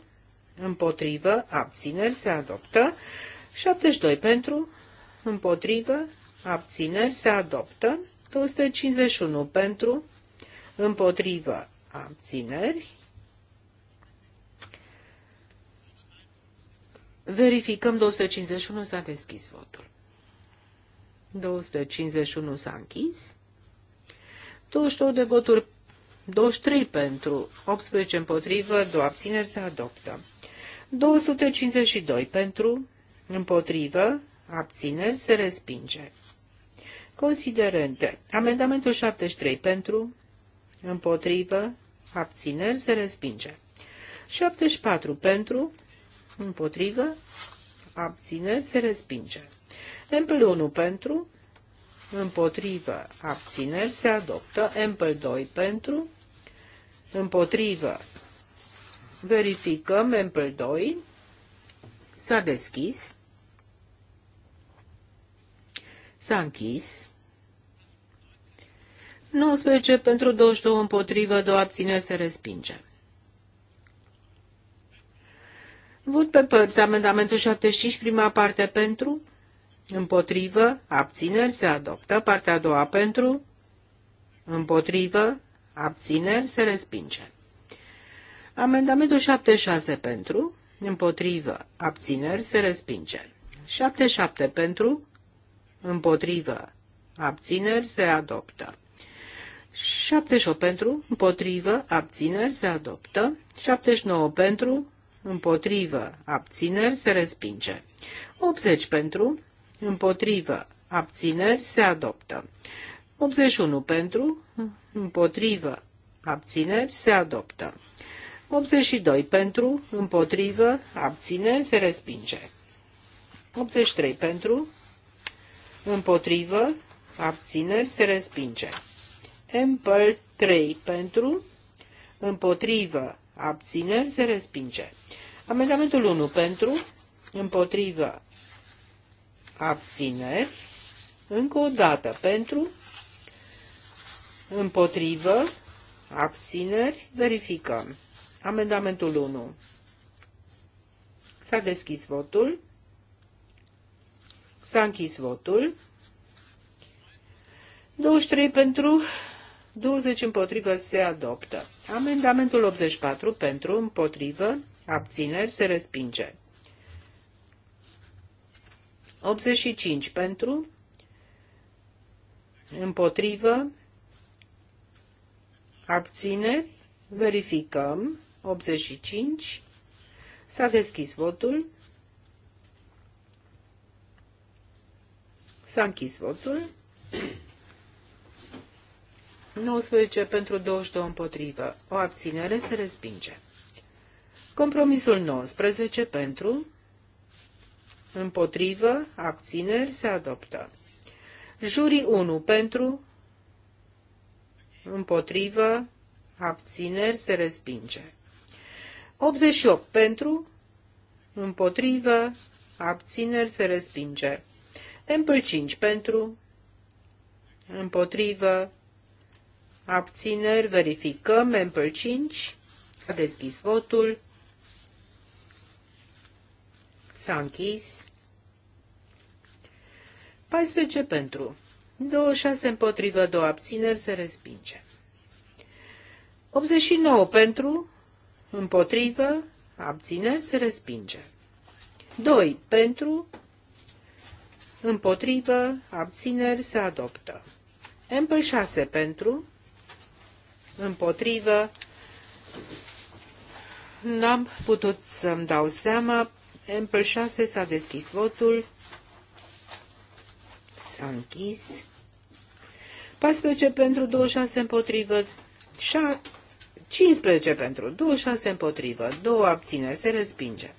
împotrivă, abțineri, se adoptă. 72 pentru, împotrivă, abțineri, se adoptă. 251 pentru, împotrivă, abțineri, Verificăm 251 s-a deschis votul. 251 s-a închis. 22 de voturi, 23 pentru, 18 împotrivă, 2 abțineri se adoptă. 252 pentru, împotrivă, abțineri se respinge. Considerente. Amendamentul 73 pentru, împotrivă, abțineri se respinge. 74 pentru, împotrivă, abțineri, se respinge. Empel 1 pentru, împotrivă, abțineri, se adoptă. Empel 2 pentru, împotrivă, verificăm. Empel 2 s-a deschis, s-a închis. 19 pentru 22 împotrivă, 2 abțineri, se respinge. Vot pe părți. Amendamentul 75, prima parte pentru, împotrivă, abțineri, se adoptă. Partea a doua pentru, împotrivă, abțineri, se respinge. Amendamentul 76 pentru, împotrivă, abțineri, se respinge. 77 pentru, împotrivă, abțineri, se adoptă. 78 pentru, împotrivă, abțineri, se adoptă. 79 pentru, împotrivă, abțineri, se respinge. 80 pentru, împotrivă, abțineri, se adoptă. 81 pentru, împotrivă, abțineri, se adoptă. 82 pentru, împotrivă, abțineri, se respinge. 83 pentru, împotrivă, abțineri, se respinge. Ample 3 pentru, împotrivă, abțineri, se respinge. Amendamentul 1 pentru, împotrivă, abțineri, încă o dată pentru, împotrivă, abțineri, verificăm. Amendamentul 1. S-a deschis votul. S-a închis votul. 23 pentru, 20 împotrivă se adoptă. Amendamentul 84 pentru, împotrivă, abțineri, se respinge. 85 pentru, împotrivă, abțineri, verificăm, 85, s-a deschis votul, s-a închis votul, 19 pentru 22 împotrivă, o abținere se respinge. Compromisul 19 pentru, împotrivă, abțineri, se adoptă. Jurii 1 pentru, împotrivă, abțineri, se respinge. 88 pentru, împotrivă, abțineri, se respinge. Empl 5 pentru, împotrivă, abțineri, verificăm, Empl 5, a deschis votul, S-a închis. 14 pentru. 26 împotrivă, 2 abțineri, se respinge. 89 pentru, împotrivă, abțineri, se respinge. 2 pentru, împotrivă, abțineri, se adoptă. MP6 pentru, împotrivă, n-am putut să-mi dau seama, Ample 6 s-a deschis votul. S-a închis. 14 pentru 26 împotrivă. 15 pentru 26 împotrivă. 2 abține. Se respinge.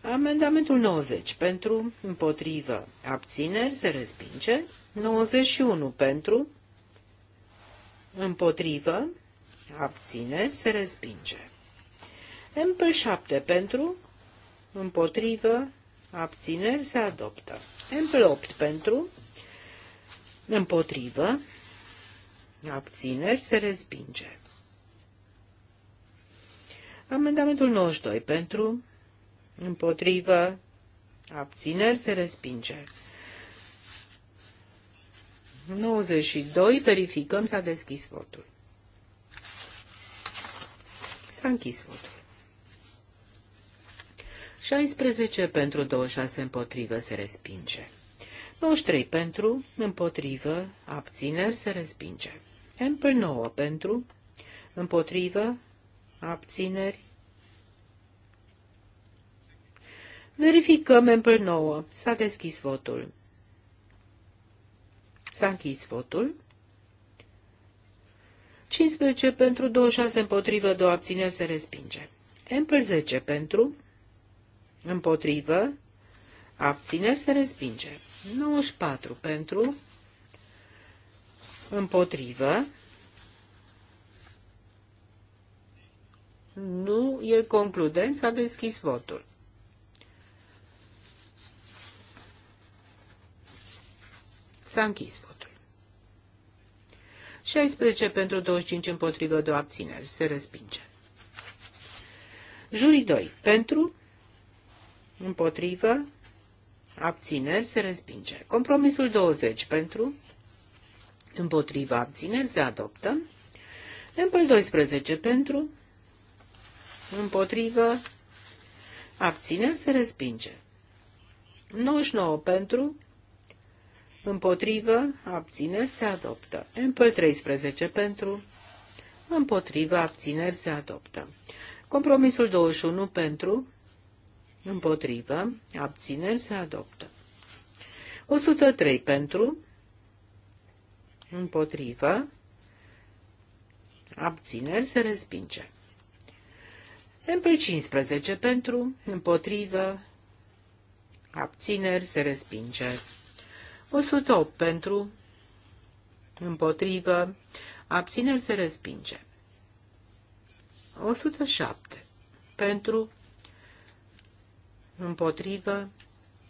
Amendamentul 90 pentru împotrivă. Abțineri. Se respinge. 91 pentru împotrivă. Abțineri. Se respinge. MP7 pentru împotrivă, abțineri se adoptă. MP8 pentru, împotrivă, abțineri se respinge. Amendamentul 92 pentru, împotrivă, abțineri se respinge. 92, verificăm, s-a deschis votul. S-a închis votul. 16 pentru 26 împotrivă se respinge. 23 pentru, împotrivă, abțineri se respinge. Ample 9 pentru, împotrivă, abțineri. Verificăm Ample 9. S-a deschis votul. S-a închis votul. 15 pentru, 26 împotrivă, 2 abțineri se respinge. Ample 10 pentru, Împotrivă. Abțineri se respinge. 94 pentru. Împotrivă. Nu e concludent, s-a deschis votul. S-a închis votul. 16 pentru 25 împotrivă, 2 abțineri. Se respinge. Jurii 2. Pentru, Împotrivă. Abțineri se respinge. Compromisul 20 pentru. împotrivă, abțineri se adoptă. Empel 12 pentru. Împotrivă. Abțineri se respinge. 99 pentru. Împotrivă. Abțineri se adoptă. Empel 13 pentru. Împotrivă. Abțineri se adoptă. Compromisul 21 pentru împotrivă, abțineri se adoptă. 103 pentru, împotrivă, abțineri se respinge. MP15 pentru, împotrivă, abțineri se respinge. 108 pentru, împotrivă, abțineri se respinge. 107 pentru, împotrivă,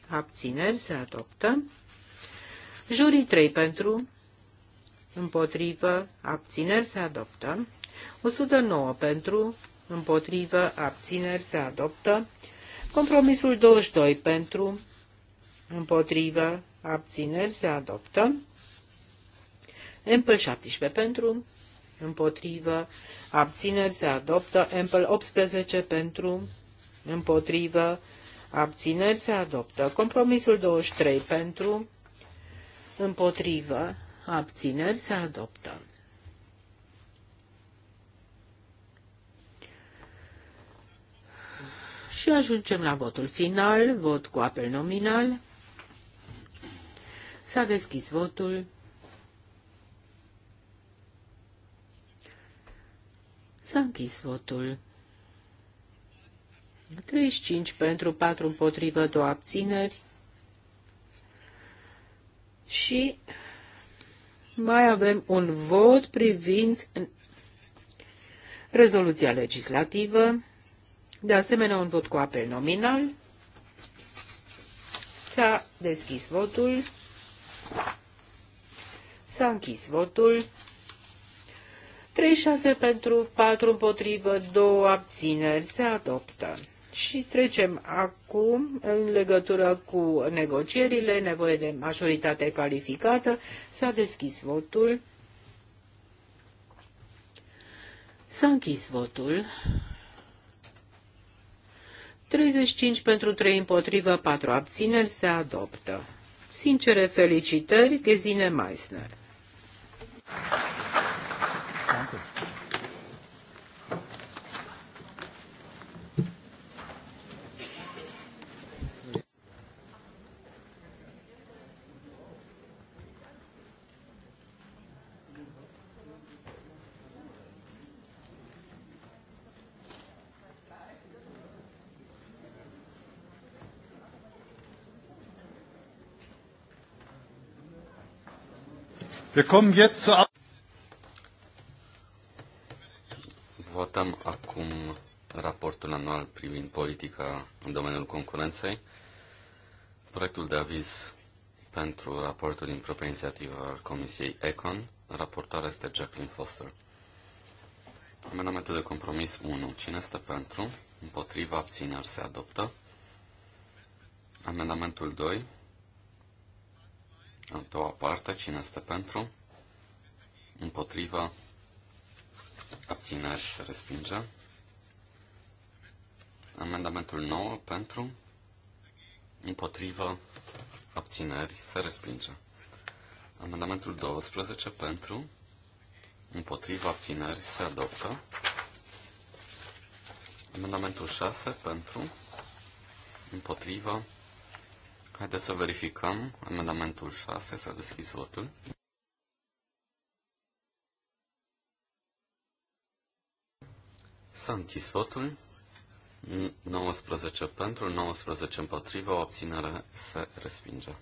abțineri, se adoptă. Jurii 3 pentru, împotrivă, abțineri, se adoptă. 109 pentru, împotrivă, abțineri, se adoptă. Compromisul 22 pentru, împotrivă, abțineri, se adoptă. Empel 17 pentru, împotrivă, abțineri se adoptă, Empel 18 pentru, împotrivă, abțineri se adoptă. Compromisul 23 pentru, împotrivă, abțineri se adoptă. Și ajungem la votul final, vot cu apel nominal. S-a deschis votul. S-a închis votul. 35 pentru 4 împotrivă 2 abțineri și mai avem un vot privind rezoluția legislativă, de asemenea un vot cu apel nominal. S-a deschis votul, s-a închis votul, 36 pentru, 4 împotrivă, 2 abțineri, se adoptă. Și trecem acum, în legătură cu negocierile, nevoie de majoritate calificată, s-a deschis votul. S-a închis votul. 35 pentru 3 împotrivă, 4 abțineri se adoptă. Sincere felicitări, Gesine Meissner. Wir kommen jetzt zur Votăm acum raportul anual privind politica în domeniul concurenței, proiectul de aviz pentru raportul din propria inițiativă al Comisiei ECON. Raportoarea este Jacqueline Foster. Amendamentul de compromis 1. Cine este pentru? Împotriva abțineri se adoptă. Amendamentul 2. A doua parte, cine este pentru? Împotriva. Abțineri se respinge. Amendamentul 9 pentru. Împotriva. Abțineri se respinge. Amendamentul 12 pentru. Împotriva abțineri se adoptă. Amendamentul 6 pentru. Împotriva Haideți să verificăm. Amendamentul 6 s-a deschis votul. S-a închis votul. 19 pentru, 19 împotriva, o obținere se respinge.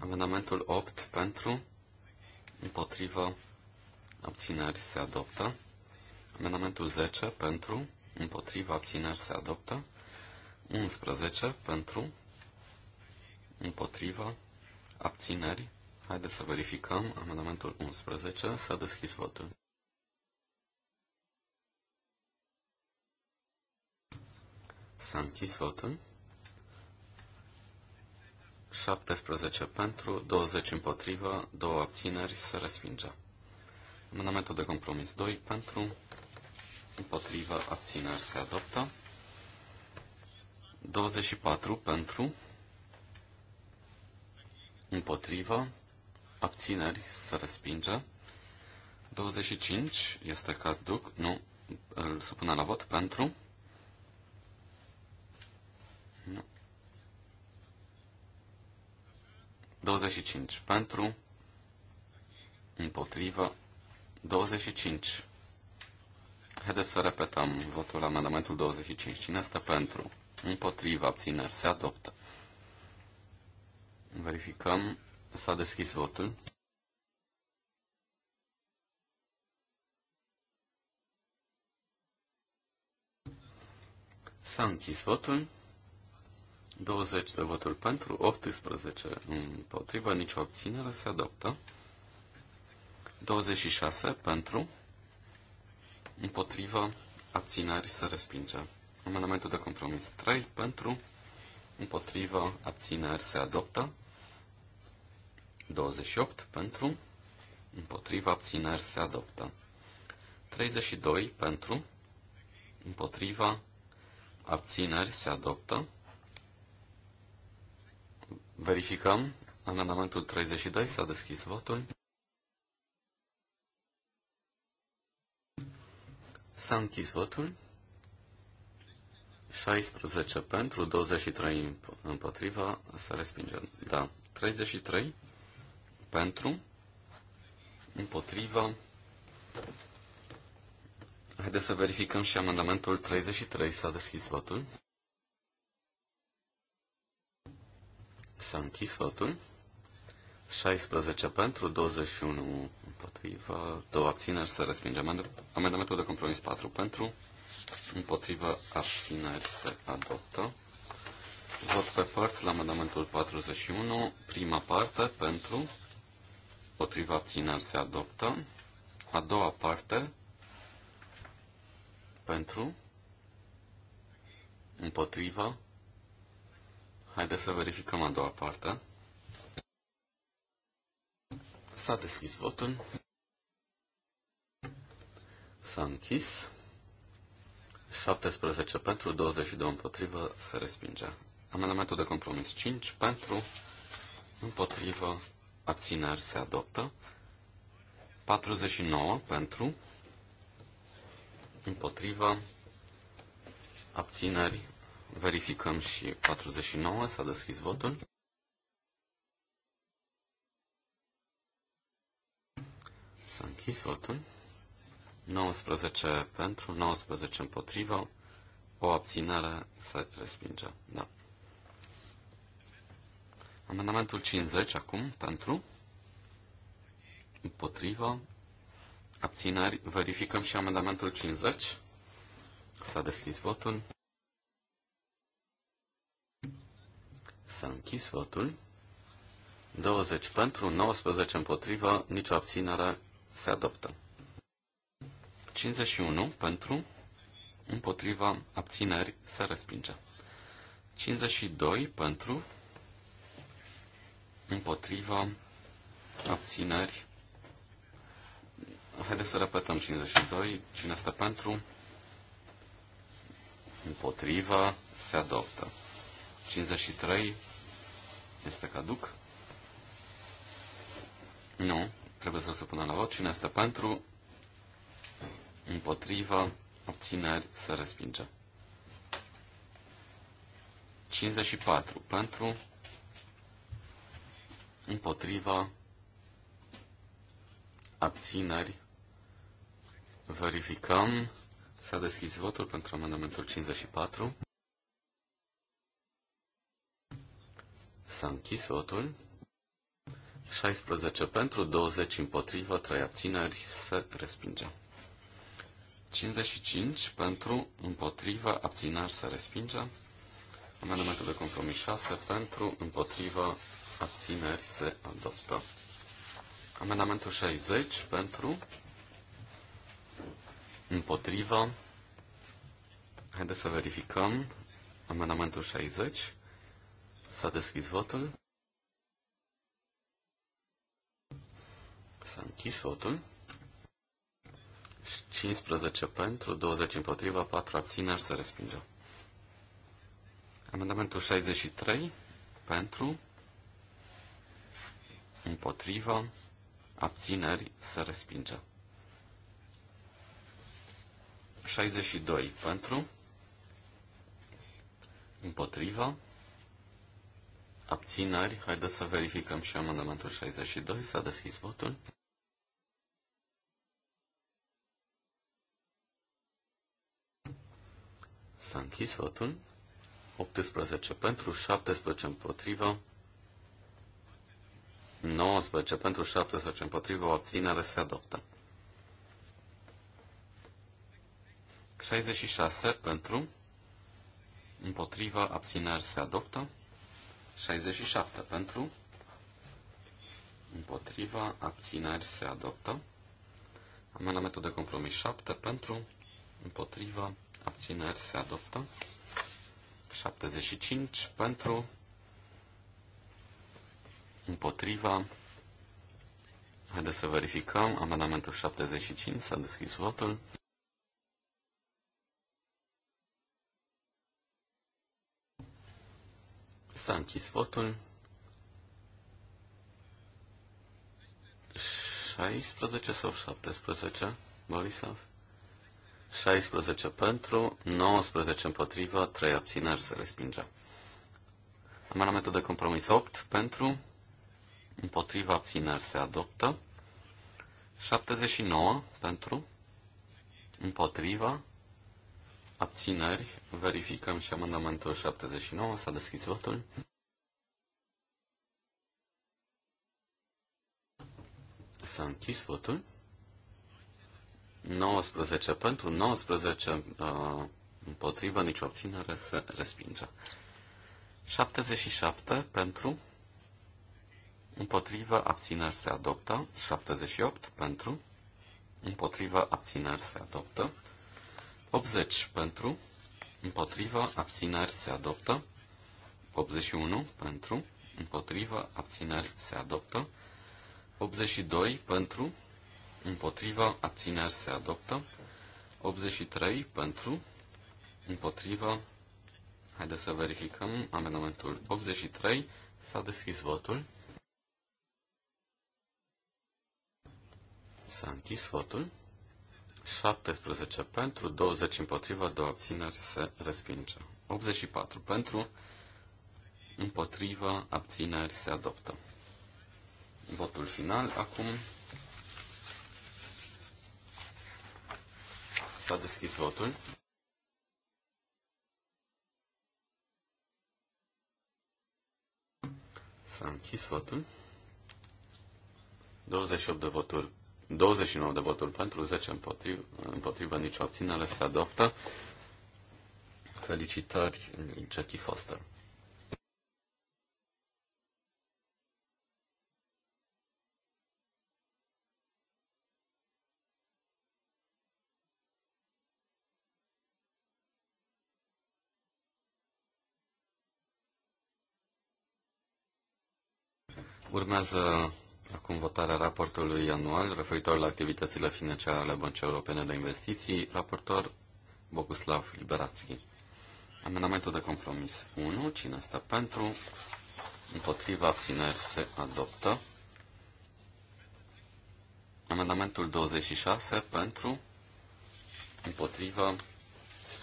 Amendamentul 8 pentru, împotrivă, abțineri se adoptă. Amendamentul 10 pentru, împotriva abțineri se adoptă. 11 pentru, împotriva abțineri. Haideți să verificăm amendamentul 11. S-a deschis votul. S-a închis votul. 17 pentru, 20 împotriva, 2 abțineri, se respinge. Amendamentul de compromis 2 pentru, împotrivă, abțineri se adoptă. 24 pentru, împotrivă, abțineri se respinge. 25 este duc nu, îl supune la vot pentru. Nu. 25 pentru, împotrivă, 25 Haideți să repetăm votul la amendamentul 25. Cine este pentru? Împotriva, abțineri, se adoptă. Verificăm. S-a deschis votul. S-a închis votul. 20 de voturi pentru, 18 împotriva, nicio obținere, se adoptă. 26 pentru, împotrivă, abțineri se respinge. Amendamentul de compromis 3 pentru, împotrivă, abțineri se adoptă. 28 pentru, împotriva abțineri se adoptă. 32 pentru, împotriva abțineri se adoptă. Verificăm. Amendamentul 32 s-a deschis votul. S-a închis votul. 16 pentru, 23 împotriva, să respingem. Da. 33 pentru, împotriva. Haideți să verificăm și amendamentul 33. S-a deschis votul. S-a închis votul. 16 pentru, 21 împotrivă, două abțineri, se respinge. Amendamentul de compromis 4 pentru, împotrivă, abțineri, se adoptă. Vot pe părți la amendamentul 41, prima parte pentru, împotriva abțineri, se adoptă. A doua parte pentru, împotriva, haideți să verificăm a doua parte. S-a deschis votul. S-a închis. 17 pentru, 22 împotrivă, se respinge. Amendamentul de compromis 5 pentru, împotrivă, abțineri se adoptă. 49 pentru, împotrivă, abțineri, verificăm și 49, s-a deschis votul. S-a închis votul. 19 pentru, 19 împotrivă, o abținere se respinge. Da. Amendamentul 50 acum, pentru, împotrivă, abțineri. Verificăm și amendamentul 50. S-a deschis votul. S-a închis votul. 20 pentru, 19 împotrivă, nicio abținere se adoptă. 51 pentru, împotriva abțineri se respinge. 52 pentru, împotriva abțineri. Haideți să repetăm 52. Cine este pentru? Împotriva se adoptă. 53 este caduc? Nu. Trebuie să se pună la vot. Cine este pentru? Împotrivă? Obțineri? Se respinge. 54. Pentru. Împotrivă? Abțineri. Verificăm. S-a deschis votul pentru amendamentul 54. S-a închis votul. 16 pentru, 20 împotrivă, 3 abțineri, se respinge. 55 pentru, împotrivă, abțineri, se respinge. Amendamentul de compromis 6 pentru, împotrivă, abțineri, se adoptă. Amendamentul 60 pentru, împotrivă, haideți să verificăm, amendamentul 60, s-a deschis votul. S-a închis votul. 15 pentru, 20 împotriva, 4 abțineri se respinge. Amendamentul 63 pentru, împotriva, abțineri se respinge. 62 pentru, împotriva, abțineri. Haideți să verificăm și amendamentul 62. S-a deschis votul. S-a închis votul. 18 pentru, 17 împotrivă. 19 pentru, 17 împotrivă. o abținere se adoptă. 66 pentru, împotrivă, abțineri se adoptă. 67 pentru, împotrivă, abțineri se adoptă. Amendamentul de compromis 7 pentru, împotriva, Țineri se adoptă. 75 pentru, împotriva. Haideți să verificăm. Amendamentul 75 s-a deschis votul. S-a închis votul. 16 sau 17, Borisov? 16 pentru, 19 împotrivă, 3 abțineri se respinge. Amendamentul de compromis 8 pentru, împotriva abțineri se adoptă. 79 pentru, împotriva, abțineri, verificăm și amendamentul 79, s-a deschis votul. S-a închis votul. 19 pentru, 19 uh, împotrivă, nicio obținere se respinge. 77 pentru, împotrivă, abțineri se adoptă. 78 pentru, împotrivă, abțineri se adoptă. 80 pentru, împotrivă, abțineri se adoptă. 81 pentru, împotrivă, abțineri se adoptă. 82 pentru, împotriva, abțineri se adoptă. 83 pentru, împotriva, haideți să verificăm amendamentul 83, s-a deschis votul. S-a închis votul. 17 pentru, 20 împotriva, 2 abțineri se respinge. 84 pentru, împotriva, abțineri se adoptă. Votul final acum S-a deschis votul. S-a închis votul. 28 de voturi, 29 de voturi pentru, 10 împotriva, împotrivă nicio abținere se adoptă. Felicitări, Jackie Foster. Urmează acum votarea raportului anual referitor la activitățile financiare ale Băncii Europene de Investiții, raportor Boguslav Liberațchi. Amendamentul de compromis 1. Cine stă pentru? Împotriva abțineri se adoptă. Amendamentul 26 pentru, Împotriva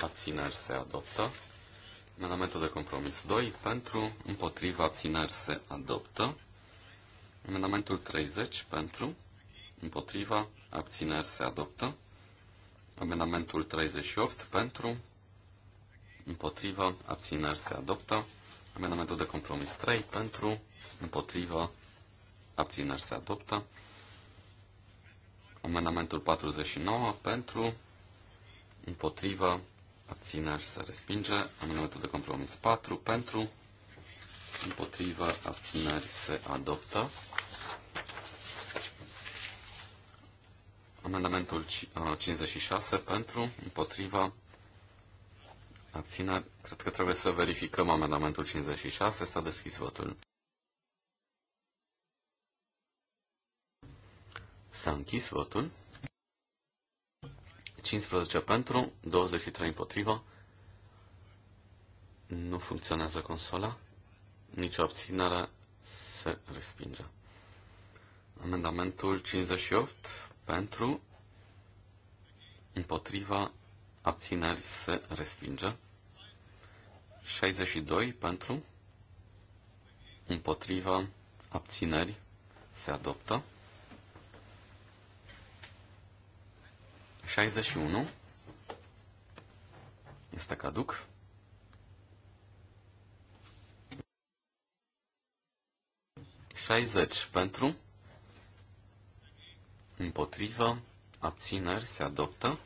abțineri se adoptă. Amendamentul de compromis 2 pentru, împotriva abțineri se adoptă. Amendamentul 30 pentru, împotriva, abțineri se adoptă. Amendamentul 38 pentru, împotriva, abțineri se adoptă. Amendamentul de compromis 3 pentru, împotriva, abțineri se adoptă. Amendamentul 49 pentru, împotriva, abțineri se respinge. Amendamentul de compromis 4 pentru, împotriva, abțineri se adoptă. Amendamentul 56 pentru, împotriva, abțineri. Cred că trebuie să verificăm amendamentul 56. S-a deschis votul. S-a închis votul. 15 pentru, 23 împotriva. Nu funcționează consola. Nici o abținere se respinge. Amendamentul 58 pentru, împotriva, abțineri se respinge. 62 pentru, împotriva, abțineri se adoptă. 61 este caduc. Șaizeci pentru împotrivă, abțineri se adoptă.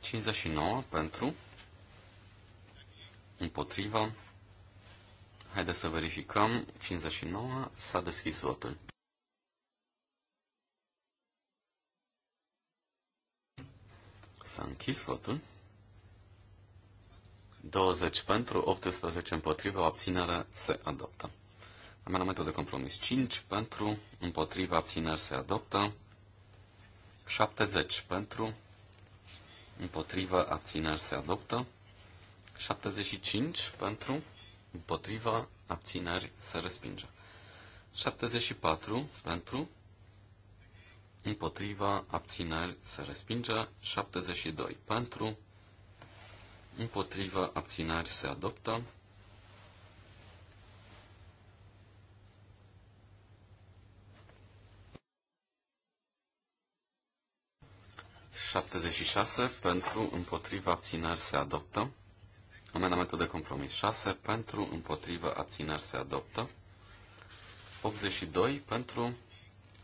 59 pentru, împotrivă. Haideți să verificăm. 59 s-a deschis votul. S-a închis votul. 20 pentru, 18 împotrivă, abținere se adoptă. Amendamentul de compromis 5 pentru, împotriva abțineri se adoptă. 70 pentru, împotrivă, abțineri se adoptă. 75 pentru, împotrivă, abțineri se respinge. 74 pentru, împotriva, abțineri se respinge. 72 pentru, împotriva, abțineri se adoptă. 76 pentru împotriva abțineri se adoptă. Amendamentul de compromis 6 pentru împotriva abțineri se adoptă. 82 pentru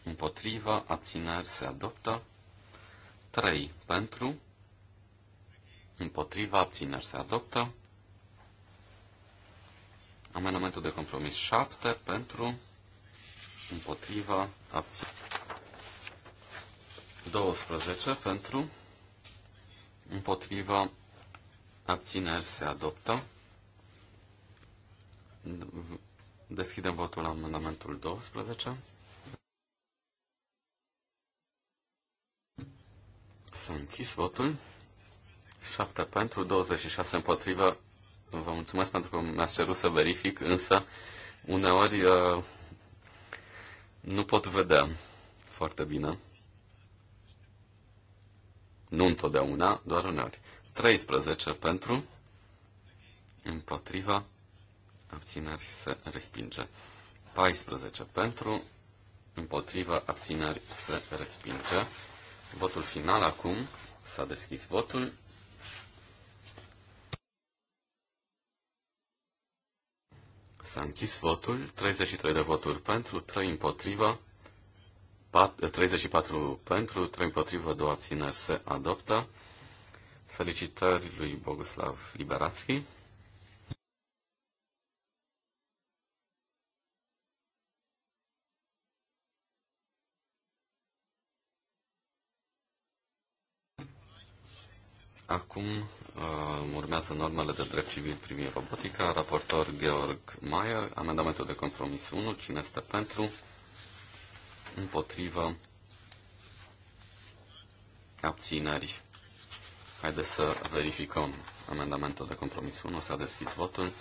împotriva abțineri se adoptă. 3 pentru împotriva abțineri se adoptă. Amendamentul de compromis 7 pentru împotriva abțineri. 12 pentru, împotriva, abțineri se adoptă. Deschidem votul la amendamentul 12. S-a închis votul. 7 pentru, 26 împotrivă. Vă mulțumesc pentru că mi-ați cerut să verific, însă uneori uh, nu pot vedea foarte bine. Nu întotdeauna, doar uneori. 13 pentru, împotriva, abțineri se respinge. 14 pentru, împotriva, abțineri se respinge. Votul final acum, s-a deschis votul. S-a închis votul, 33 de voturi pentru, 3 împotriva, 34 pentru, 3 împotrivă, 2 abțineri se adoptă. Felicitări lui Boguslav Liberațchi. Acum uh, urmează normele de drept civil privind robotica. Raportor Georg Mayer, amendamentul de compromis 1. Cine este pentru? împotrivă, abțineri. Haideți să verificăm amendamentul de compromis 1. S-a deschis votul.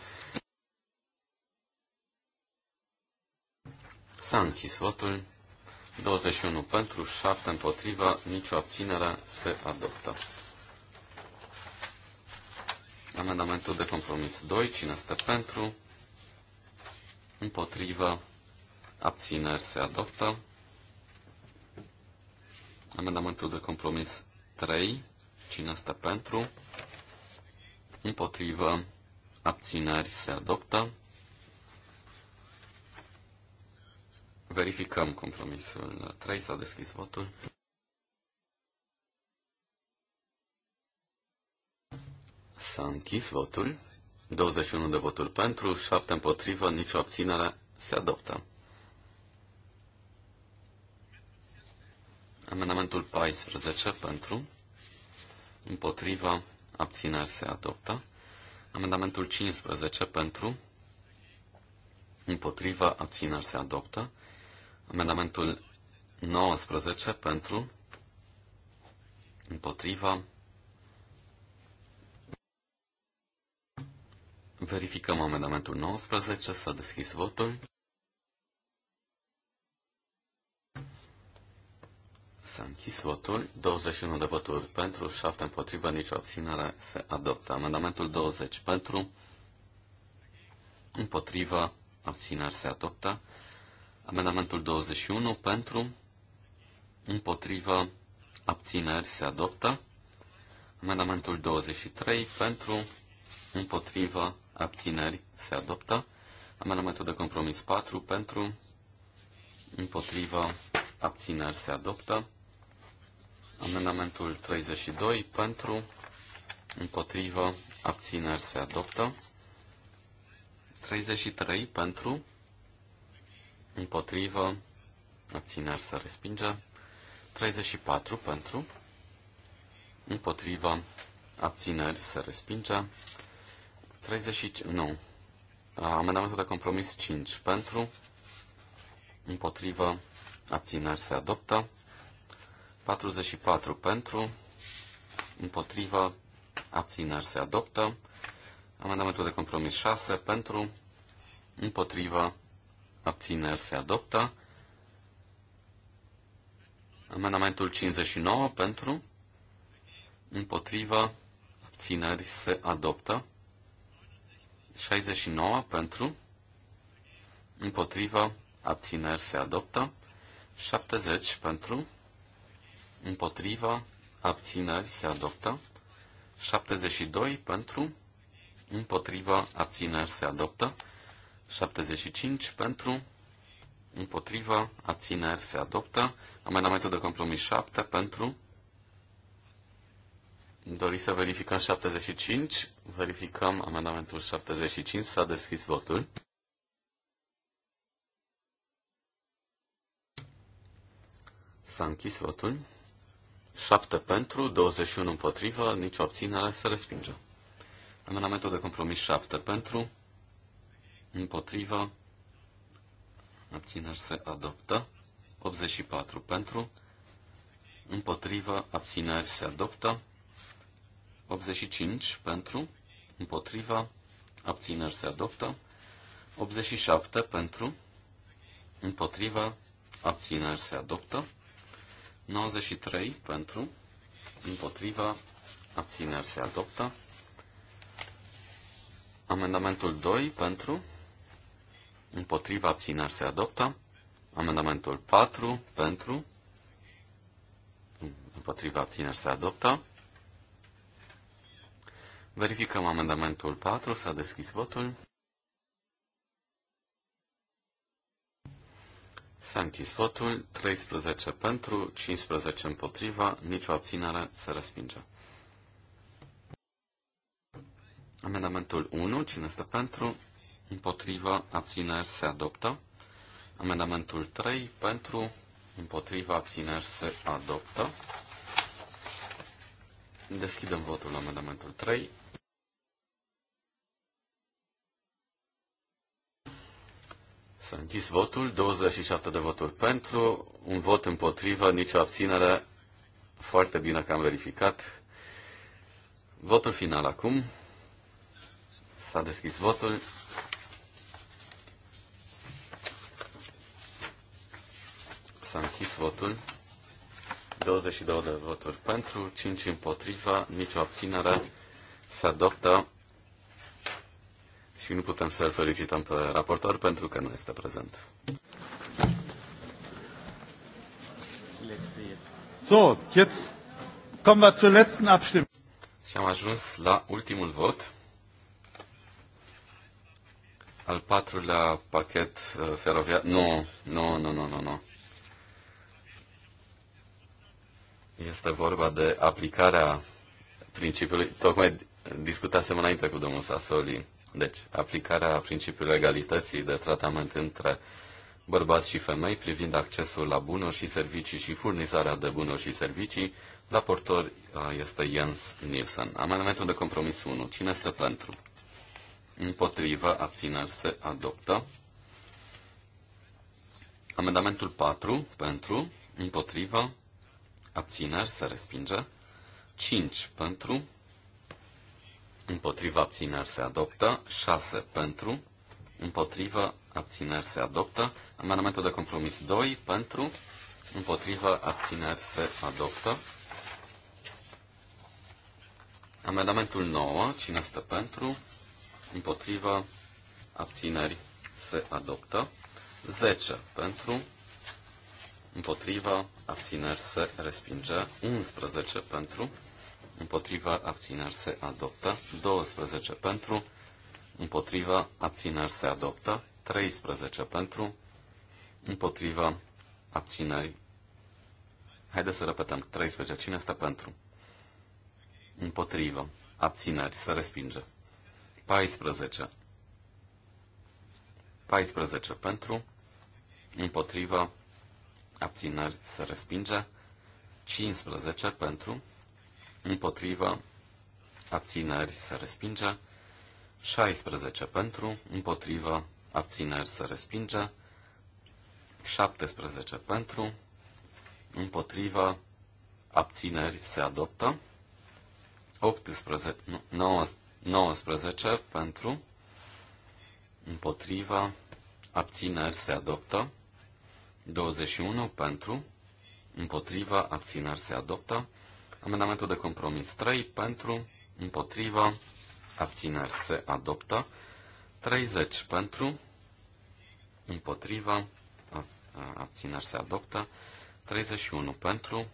S-a închis votul. 21 pentru, 7 împotrivă, nicio abținere se adoptă. Amendamentul de compromis 2. Cine este pentru? Împotrivă. Abțineri se adoptă. Amendamentul de compromis 3. Cine este pentru? Împotrivă. Abțineri se adoptă. Verificăm compromisul 3. S-a deschis votul. S-a închis votul. 21 de voturi pentru, 7 împotrivă, nicio abținere se adoptă. Amendamentul 14 pentru, împotriva, abțineri se adoptă. Amendamentul 15 pentru, împotriva, abțineri se adoptă. Amendamentul 19 pentru, împotriva. Verificăm amendamentul 19, s-a deschis votul. S-a închis votul, 21 de voturi pentru, 7 împotrivă, nicio abținere se adoptă. Amendamentul 20 pentru, împotrivă, abținere se adoptă. Amendamentul 21 pentru, împotrivă, abțineri se adoptă. Amendamentul 23 pentru, împotrivă, abțineri se adoptă. Amendamentul de compromis 4 pentru, împotrivă, abțineri se adoptă. Amendamentul 32 pentru, împotrivă, abțineri se adoptă. 33 pentru, împotrivă, abțineri se respinge. 34 pentru, împotrivă, abțineri se respinge. 35, nu. Amendamentul de compromis 5 pentru, împotrivă, abțineri se adoptă. 44 pentru, împotrivă, abțineri se adoptă. Amendamentul de compromis 6 pentru, împotrivă, abțineri se adoptă. Amendamentul 59 pentru, împotrivă, abțineri se adoptă. 69 pentru, împotrivă, abțineri se adoptă. 70 pentru, împotriva, abțineri se adoptă. 72 pentru, împotriva, abțineri se adoptă. 75 pentru, împotriva, abțineri se adoptă. Amendamentul de compromis 7 pentru, Dori să verificăm 75? Verificăm amendamentul 75. S-a deschis votul. S-a închis votul. 7 pentru, 21 împotrivă, nicio obținere se respinge. Amendamentul de compromis 7 pentru, împotrivă, abțineri se adoptă, 84 pentru, împotrivă, abțineri se adoptă, 85 pentru, împotriva, abțineri se adoptă, 87 pentru, împotriva, abțineri se adoptă, 93 pentru, împotriva, abțineri se adoptă. Amendamentul 2 pentru, împotriva, abțineri se adoptă. Amendamentul 4 pentru, împotriva, abțineri se adoptă. Verificăm amendamentul 4, s-a deschis votul. S-a închis votul, 13 pentru, 15 împotriva, nicio abținere se respinge. Amendamentul 1, cine este pentru, împotriva, abțineri se adoptă. Amendamentul 3, pentru, împotriva, abțineri se adoptă. Deschidem votul la amendamentul 3. S-a închis votul, 27 de voturi pentru, un vot împotrivă, nicio abținere. Foarte bine că am verificat. Votul final acum. S-a deschis votul. S-a închis votul. 22 de voturi pentru, 5 împotriva, nicio abținere. Se adoptă și nu putem să-l felicităm pe raportor pentru că nu este prezent. So, jetzt kommen wir zur letzten Abstimmung. Și am ajuns la ultimul vot. Al patrulea pachet uh, feroviar. Nu, nu, nu, nu, nu, nu. Este vorba de aplicarea principiului. Tocmai discutasem înainte cu domnul Sasoli deci, aplicarea principiului egalității de tratament între bărbați și femei privind accesul la bunuri și servicii și furnizarea de bunuri și servicii, raportor uh, este Jens Nielsen. Amendamentul de compromis 1. Cine este pentru? Împotrivă, abțineri se adoptă. Amendamentul 4. Pentru, împotrivă, abțineri se respinge. 5. Pentru, împotriva abțineri se adoptă, 6 pentru, împotriva abțineri se adoptă, amendamentul de compromis 2 pentru, împotriva abțineri se adoptă, amendamentul 9, cine este pentru, împotriva abțineri se adoptă, 10 pentru, împotriva abțineri se respinge, 11 pentru, împotriva abțineri se adoptă, 12 pentru, împotriva abțineri se adoptă, 13 pentru, împotriva abțineri. Haideți să repetăm, 13, cine este pentru? Împotriva, abțineri, se respinge. 14, 14 pentru, împotriva, abțineri, se respinge. 15 pentru, împotrivă, abțineri se respinge, 16 pentru, împotrivă, abțineri se respinge, 17 pentru, împotrivă, abțineri se adoptă, 18, 19 pentru, împotrivă, abțineri se adoptă, 21 pentru, împotrivă, abțineri se adoptă, Amendamentul de compromis 3 pentru, împotriva, abțineri se adoptă. 30 pentru, împotriva, abțineri se adoptă. 31 pentru,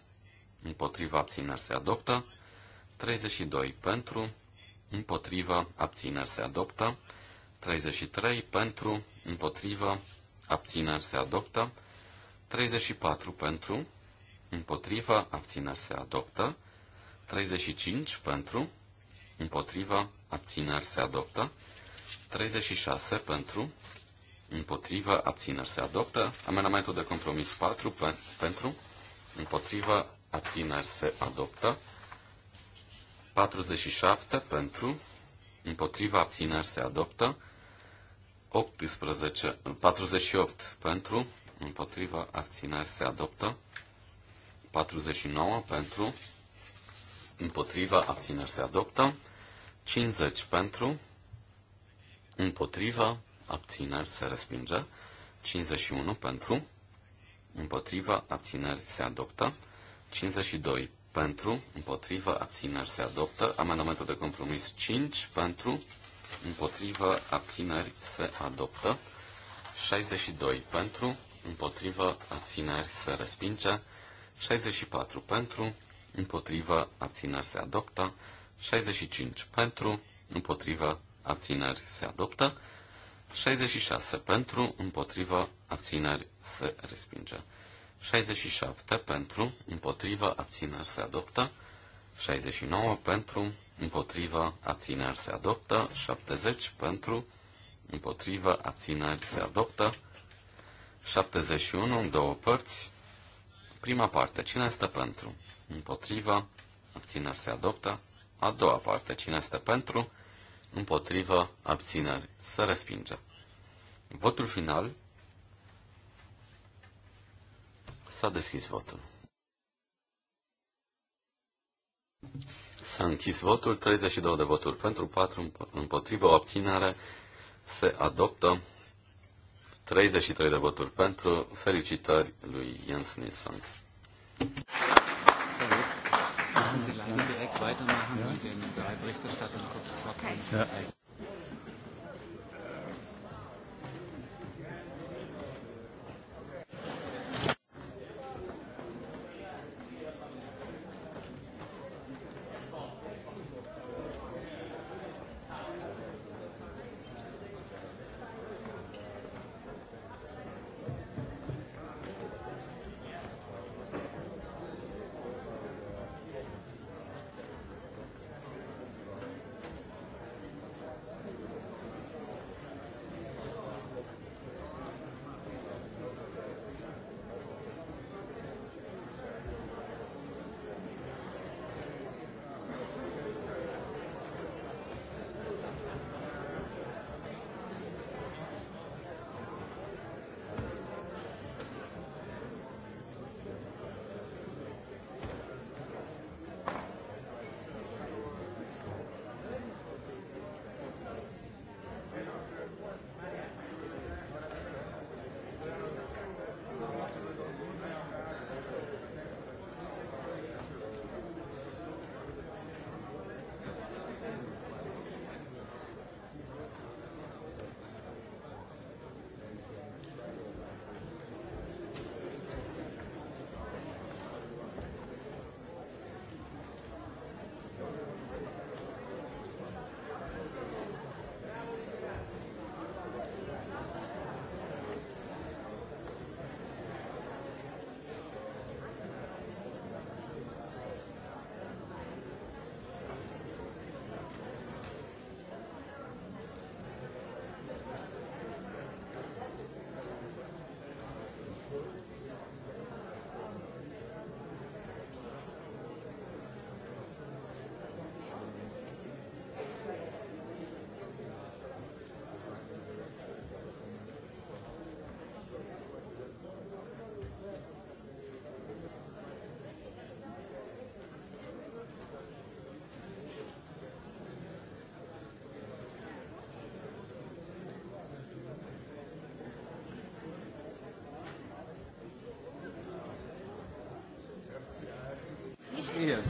împotriva, abțineri se adoptă. 32 pentru, împotriva, abțineri se adoptă. 33 pentru, împotriva, abțineri se adoptă. 34 pentru, împotrivă, abține, se adoptă. 35 pentru, împotrivă, abțineri se adoptă. 36 pentru, împotrivă, abțineri se adoptă. Amenamentul de compromis 4 pe, pentru, împotrivă, abțineri se adoptă. 47 pentru, împotriva abțineri se adoptă. 18, 48 pentru, împotriva abțineri se adoptă. 49 pentru, împotriva, abțineri se adoptă, 50 pentru, împotriva, abțineri se respinge, 51 pentru, împotriva, abțineri se adoptă, 52 pentru, împotriva, abțineri se adoptă, amendamentul de compromis 5 pentru, împotriva, abțineri se adoptă, 62 pentru, împotriva, abțineri se respinge, 64 pentru, împotriva abțineri se adoptă, 65 pentru, împotriva abțineri se adoptă, 66 pentru, împotriva abțineri se respinge, 67 pentru, împotriva abțineri se adoptă, 69 pentru, împotriva abțineri se adoptă, 70 pentru, împotriva abțineri se adoptă, 71 în două părți, Prima parte, cine este pentru? Împotriva, abțineri se adoptă. A doua parte, cine este pentru? Împotriva, abțineri se respinge. Votul final. S-a deschis votul. S-a închis votul, 32 de voturi pentru, 4 împotrivă, o abținere se adoptă. 33 de voturi pentru. Felicitări lui Jens Nilsson. Ja.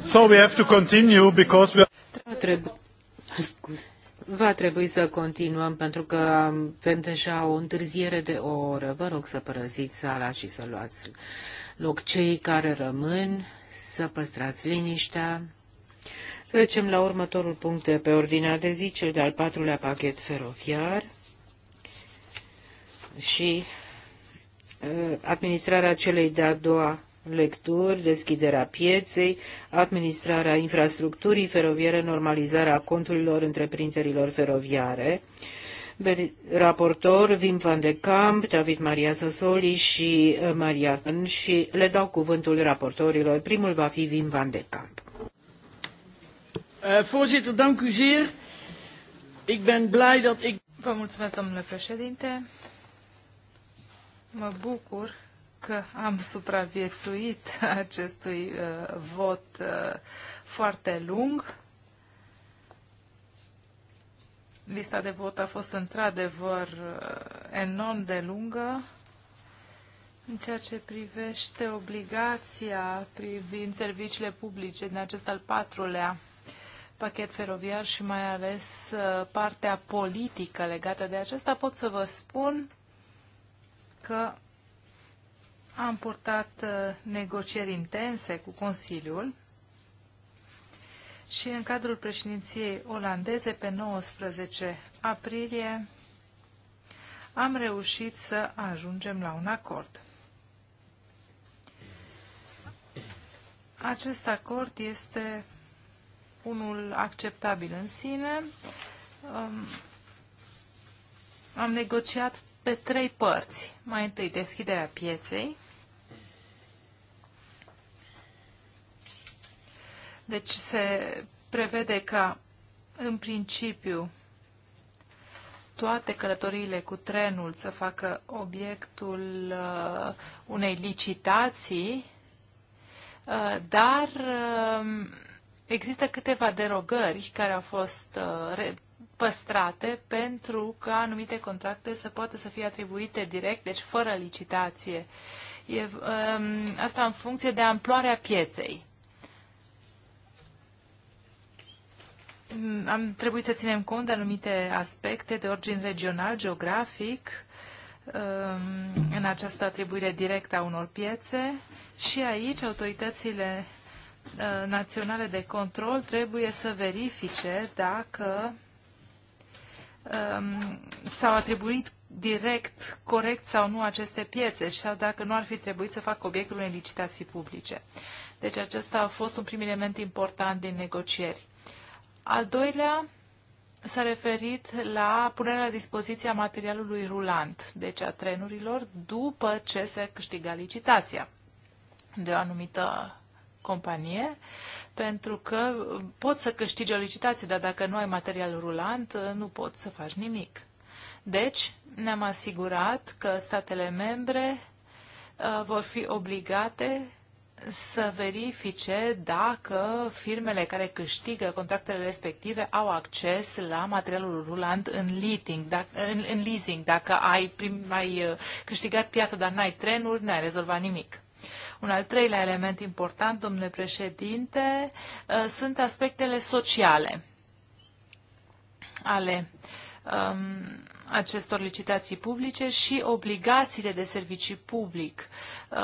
So we have to continue because we are... Va trebui să continuăm pentru că avem deja o întârziere de o oră. Vă rog să părăsiți sala și să luați loc cei care rămân, să păstrați liniștea. Trecem la următorul punct de pe ordinea de zi, cel de-al patrulea pachet feroviar și uh, administrarea celei de-a doua lecturi, deschiderea pieței, administrarea infrastructurii feroviere, normalizarea conturilor întreprinderilor feroviare. Raportor Wim van de Camp, David Maria Sosoli și uh, Maria și le dau cuvântul raportorilor. Primul va fi Wim van de Camp. Eh, voorzitter, dank u zeer. Ik ben blij dat ik... Vă mulțumesc, domnule președinte. Mă bucur că am supraviețuit acestui uh, vot uh, foarte lung. Lista de vot a fost într-adevăr uh, enorm de lungă în ceea ce privește obligația privind serviciile publice din acest al patrulea pachet feroviar și mai ales uh, partea politică legată de acesta, pot să vă spun că am purtat uh, negocieri intense cu Consiliul și în cadrul președinției olandeze pe 19 aprilie am reușit să ajungem la un acord. Acest acord este unul acceptabil în sine. Um, am negociat pe trei părți. Mai întâi deschiderea pieței, Deci se prevede ca, în principiu, toate călătoriile cu trenul să facă obiectul uh, unei licitații, uh, dar uh, există câteva derogări care au fost uh, păstrate pentru ca anumite contracte să poată să fie atribuite direct, deci fără licitație. E, uh, asta în funcție de amploarea pieței. Mm, am trebuit să ținem cont de anumite aspecte de ordin regional, geografic, um, în această atribuire directă a unor piețe și aici autoritățile uh, naționale de control trebuie să verifice dacă um, s-au atribuit direct, corect sau nu aceste piețe și dacă nu ar fi trebuit să facă obiectul unei licitații publice. Deci acesta a fost un prim element important din negocieri. Al doilea s-a referit la punerea la a materialului rulant, deci a trenurilor, după ce se câștiga licitația de o anumită companie, pentru că poți să câștigi o licitație, dar dacă nu ai material rulant, nu poți să faci nimic. Deci, ne-am asigurat că statele membre uh, vor fi obligate să verifice dacă firmele care câștigă contractele respective au acces la materialul rulant în, leading, dacă, în, în leasing. Dacă ai, prim, ai uh, câștigat piața, dar n-ai trenuri, n-ai rezolvat nimic. Un al treilea element important, domnule președinte, uh, sunt aspectele sociale ale um, acestor licitații publice și obligațiile de servicii public. Um,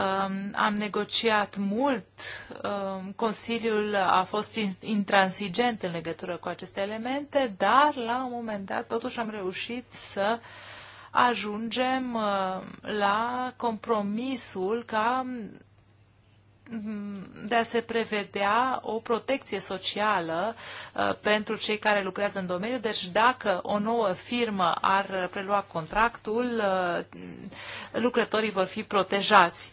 am negociat mult, um, Consiliul a fost intransigent în legătură cu aceste elemente, dar la un moment dat totuși am reușit să ajungem uh, la compromisul ca de a se prevedea o protecție socială uh, pentru cei care lucrează în domeniu. Deci dacă o nouă firmă ar prelua contractul, uh, lucrătorii vor fi protejați.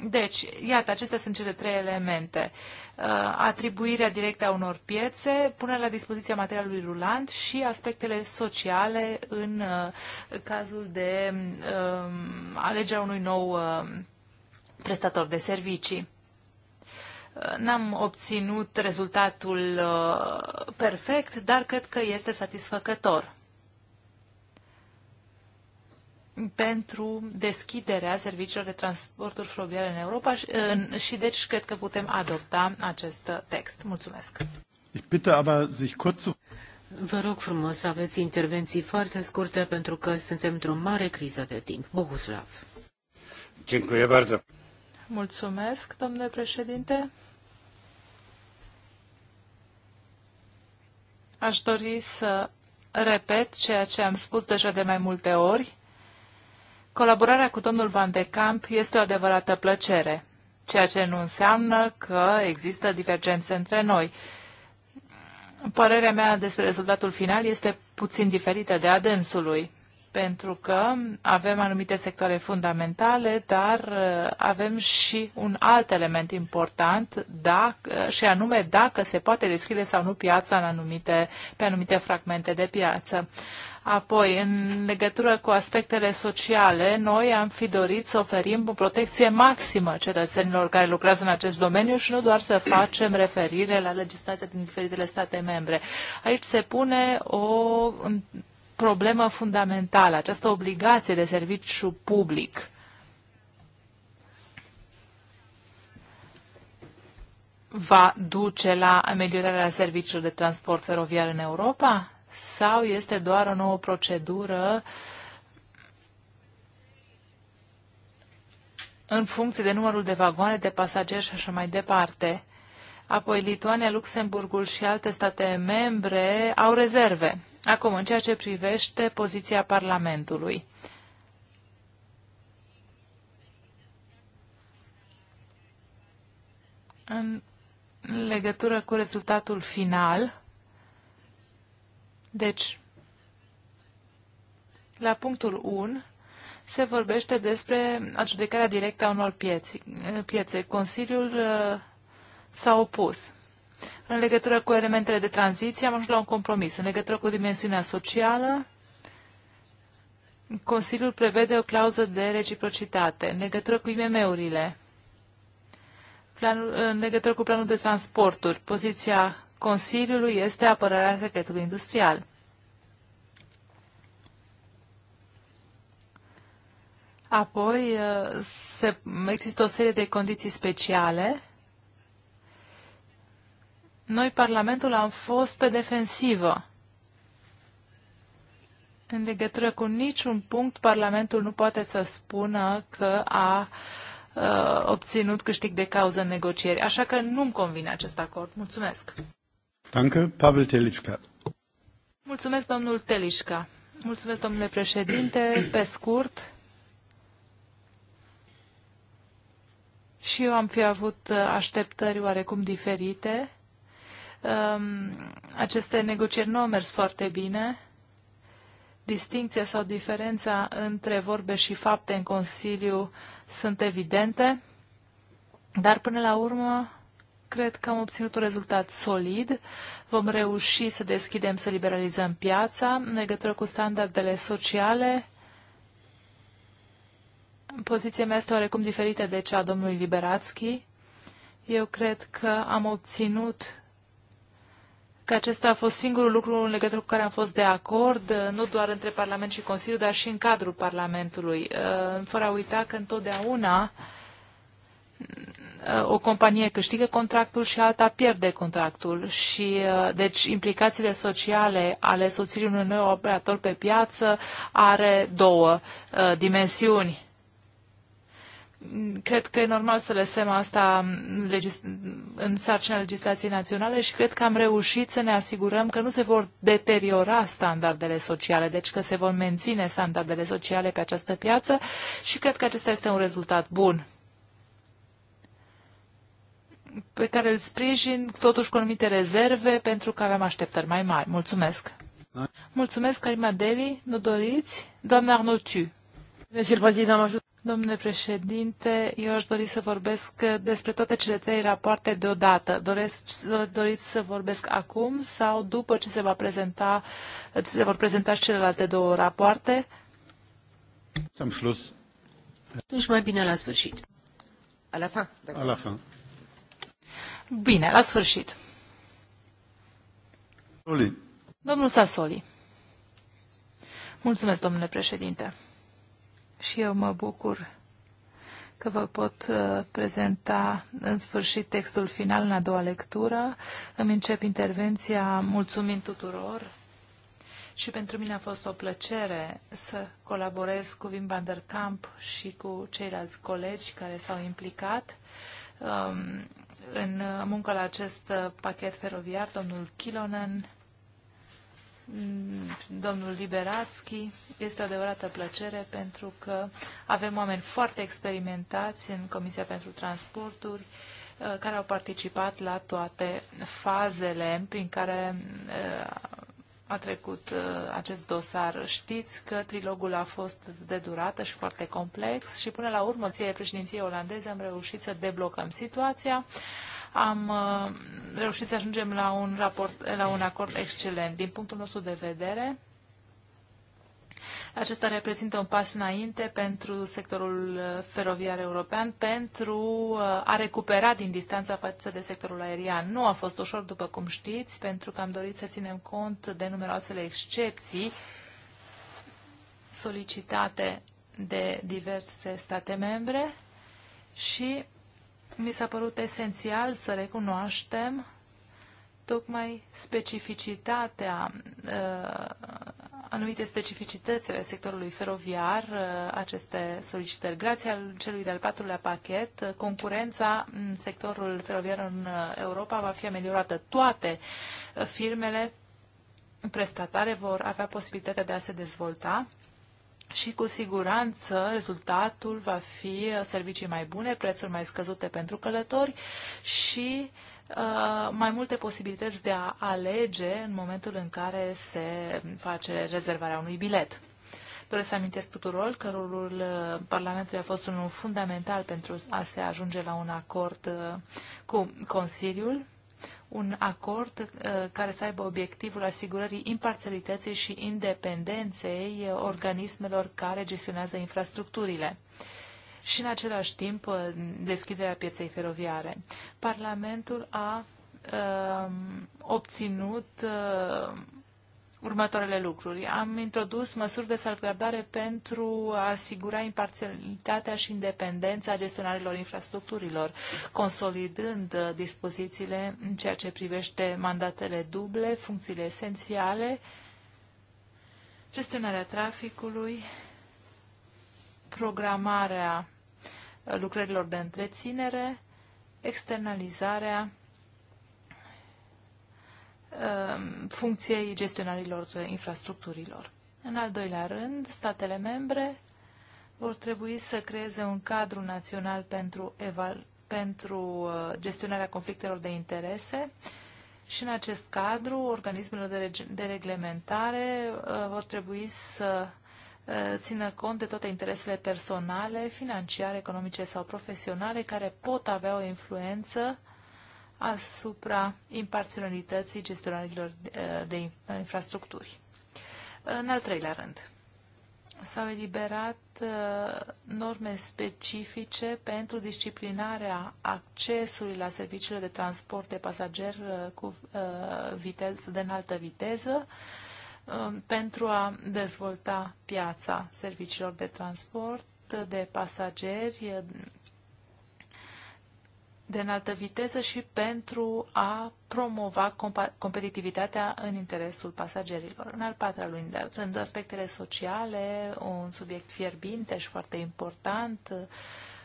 Deci, iată, acestea sunt cele trei elemente. Uh, atribuirea directă a unor piețe, punerea la dispoziția materialului rulant și aspectele sociale în cazul de um, alegerea unui nou Prestator de servicii. N-am obținut rezultatul uh, perfect, dar cred că este satisfăcător pentru deschiderea serviciilor de transporturi fluviale în Europa și, uh, și deci cred că putem adopta acest text. Mulțumesc. Vă rog frumos să aveți intervenții foarte scurte pentru că suntem într-o mare criză de timp. Bohuslav. Dziękuję Mulțumesc, domnule președinte. Aș dori să repet ceea ce am spus deja de mai multe ori. Colaborarea cu domnul Van de Camp este o adevărată plăcere, ceea ce nu înseamnă că există divergențe între noi. Părerea mea despre rezultatul final este puțin diferită de a dânsului pentru că avem anumite sectoare fundamentale, dar uh, avem și un alt element important, dacă, uh, și anume dacă se poate deschide sau nu piața în anumite, pe anumite fragmente de piață. Apoi, în legătură cu aspectele sociale, noi am fi dorit să oferim o protecție maximă cetățenilor care lucrează în acest domeniu și nu doar să facem referire la legislația din diferitele state membre. Aici se pune o problemă fundamentală, această obligație de serviciu public. va duce la ameliorarea serviciilor de transport feroviar în Europa? Sau este doar o nouă procedură în funcție de numărul de vagoane, de pasageri și așa mai departe? Apoi Lituania, Luxemburgul și alte state membre au rezerve. Acum, în ceea ce privește poziția Parlamentului. În legătură cu rezultatul final, deci, la punctul 1, se vorbește despre adjudicarea directă a unor piețe. Consiliul uh, s-a opus. În legătură cu elementele de tranziție am ajuns la un compromis. În legătură cu dimensiunea socială, Consiliul prevede o clauză de reciprocitate. În legătură cu IMM-urile, în legătură cu planul de transporturi, poziția Consiliului este apărarea secretului industrial. Apoi eh, se, există o serie de condiții speciale noi, Parlamentul, am fost pe defensivă. În legătură cu niciun punct, Parlamentul nu poate să spună că a uh, obținut câștig de cauză în negocieri. Așa că nu-mi convine acest acord. Mulțumesc. Danke, Pavel Telișca. Mulțumesc, domnul Telișca. Mulțumesc, domnule președinte. Pe scurt, și eu am fi avut așteptări oarecum diferite Um, aceste negocieri nu au mers foarte bine. Distinția sau diferența între vorbe și fapte în Consiliu sunt evidente, dar până la urmă cred că am obținut un rezultat solid. Vom reuși să deschidem, să liberalizăm piața în legătură cu standardele sociale. Poziția mea este oarecum diferită de cea a domnului Liberațchi. Eu cred că am obținut că acesta a fost singurul lucru în legătură cu care am fost de acord, uh, nu doar între Parlament și Consiliu, dar și în cadrul Parlamentului, uh, fără a uita că întotdeauna uh, o companie câștigă contractul și alta pierde contractul și deci implicațiile sociale ale soțirii unui nou operator pe piață are două dimensiuni Cred că e normal să lăsăm asta în sarcina legislației naționale și cred că am reușit să ne asigurăm că nu se vor deteriora standardele sociale, deci că se vor menține standardele sociale pe această piață și cred că acesta este un rezultat bun pe care îl sprijin, totuși cu anumite rezerve, pentru că aveam așteptări mai mari. Mulțumesc! Da. Mulțumesc, Karima Deli. Nu doriți? Doamna Arnotu. Monsieur le Président, Domnule președinte, eu aș dori să vorbesc despre toate cele trei rapoarte deodată. Doresc, doriți să vorbesc acum sau după ce se, va prezenta, se vor prezenta și celelalte două rapoarte? Am șlus. Atunci mai bine la sfârșit. A la fin. A la fin. Bine, la sfârșit. Soli. Domnul Sasoli. Mulțumesc, domnule președinte și eu mă bucur că vă pot uh, prezenta în sfârșit textul final în a doua lectură. Îmi încep intervenția mulțumind tuturor și pentru mine a fost o plăcere să colaborez cu Wim van der Kamp și cu ceilalți colegi care s-au implicat um, în muncă la acest uh, pachet feroviar, domnul Kilonen, Mm, domnul Liberatski. Este o adevărată plăcere pentru că avem oameni foarte experimentați în Comisia pentru Transporturi uh, care au participat la toate fazele prin care uh, a trecut uh, acest dosar. Știți că trilogul a fost de durată și foarte complex și până la urmă, ție președinției olandeze, am reușit să deblocăm situația am uh, reușit să ajungem la un, raport, la un acord excelent. Din punctul nostru de vedere, acesta reprezintă un pas înainte pentru sectorul uh, feroviar european pentru uh, a recupera din distanța față de sectorul aerian. Nu a fost ușor, după cum știți, pentru că am dorit să ținem cont de numeroasele excepții solicitate de diverse state membre și mi s-a părut esențial să recunoaștem tocmai specificitatea, uh, anumite specificitățile sectorului feroviar, uh, aceste solicitări. Grația celui de-al patrulea pachet, uh, concurența în sectorul feroviar în Europa va fi ameliorată. Toate firmele prestatare vor avea posibilitatea de a se dezvolta și cu siguranță rezultatul va fi servicii mai bune, prețuri mai scăzute pentru călători și uh, mai multe posibilități de a alege în momentul în care se face rezervarea unui bilet. Doresc să amintesc tuturor că rolul uh, Parlamentului a fost unul fundamental pentru a se ajunge la un acord uh, cu Consiliul un acord uh, care să aibă obiectivul asigurării imparțialității și independenței uh, organismelor care gestionează infrastructurile și în același timp uh, deschiderea pieței feroviare. Parlamentul a obținut următoarele lucruri. Am introdus măsuri de salvgardare pentru a asigura imparțialitatea și independența gestionarilor infrastructurilor, consolidând uh, dispozițiile în ceea ce privește mandatele duble, funcțiile esențiale, gestionarea traficului, programarea uh, lucrărilor de întreținere, externalizarea Um, funcției gestionarilor infrastructurilor. În al doilea rând, statele membre vor trebui să creeze un cadru național pentru, pentru uh, gestionarea conflictelor de interese și în acest cadru organismele de, de reglementare uh, vor trebui să uh, țină cont de toate interesele personale, financiare, economice sau profesionale care pot avea o influență asupra imparțialității gestionarilor de eh, eh, infrastructuri. În al treilea rând, s-au eliberat eh, norme specifice pentru disciplinarea accesului la serviciile de transport de pasager cu viteză de înaltă viteză pentru a dezvolta piața serviciilor de transport de pasageri de înaltă viteză și pentru a promova competitivitatea în interesul pasagerilor. În al patra lui rând, aspectele sociale, un subiect fierbinte și foarte important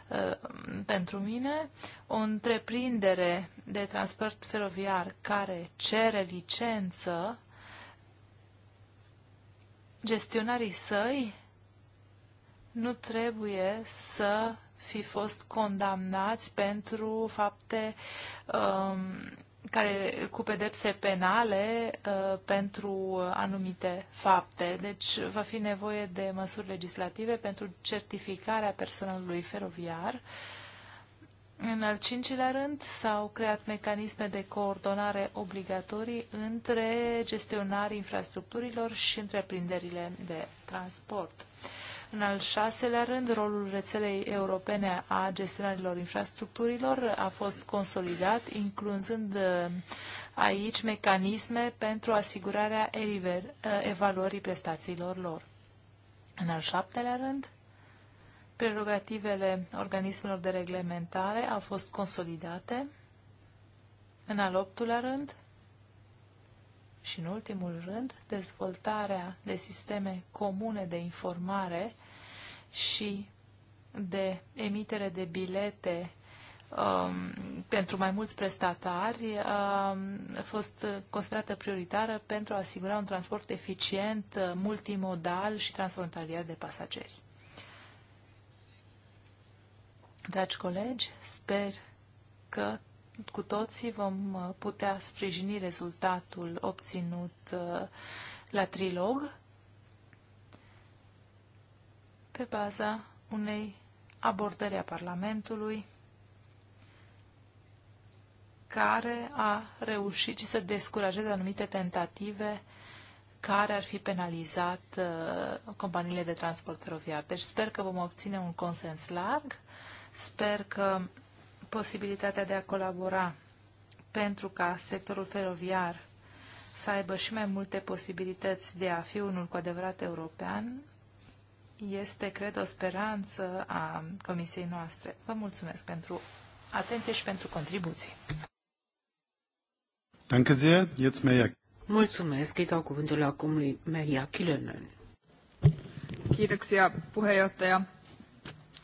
uh, pentru mine, o întreprindere de transport feroviar care cere licență, gestionarii săi nu trebuie să fi fost condamnați pentru fapte um, care, cu pedepse penale uh, pentru anumite fapte. Deci va fi nevoie de măsuri legislative pentru certificarea personalului feroviar. În al cincilea rând, s-au creat mecanisme de coordonare obligatorii între gestionarii infrastructurilor și întreprinderile de transport. În al șaselea rând, rolul rețelei europene a gestionarilor infrastructurilor a fost consolidat, incluzând uh, aici mecanisme pentru asigurarea uh, evaluării prestațiilor lor. În al șaptelea rând, prerogativele organismelor de reglementare au fost consolidate. În al optulea rând, și în ultimul rând, dezvoltarea de sisteme comune de informare și de emitere de bilete um, pentru mai mulți prestatari um, a fost considerată prioritară pentru a asigura un transport eficient, uh, multimodal și transfrontalier de pasageri. Dragi colegi, sper că cu toții vom uh, putea sprijini rezultatul obținut uh, la trilog pe baza unei abordări a Parlamentului care a reușit și să descurajeze anumite tentative care ar fi penalizat uh, companiile de transport feroviar. Deci sper că vom obține un consens larg, sper că posibilitatea de a colabora pentru ca sectorul feroviar să aibă și mai multe posibilități de a fi unul cu adevărat european este, cred, o speranță a comisiei noastre. Vă mulțumesc pentru atenție și pentru contribuții. Danke sehr. Jetzt Meja. Mulțumesc. Îi dau cuvântul acum lui Maria Kilenen. Kiitoksia, puheenjohtaja.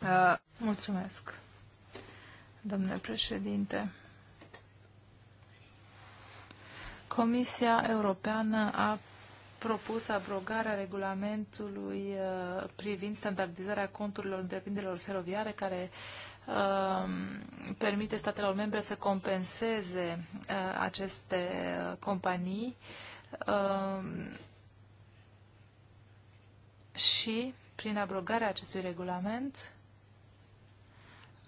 Äh, mulțumesc, domnule președinte. Comisia Europeană a propus abrogarea regulamentului uh, privind standardizarea conturilor întreprinderilor feroviare care um, permite statelor membre să compenseze uh, aceste uh, companii um, și prin abrogarea acestui regulament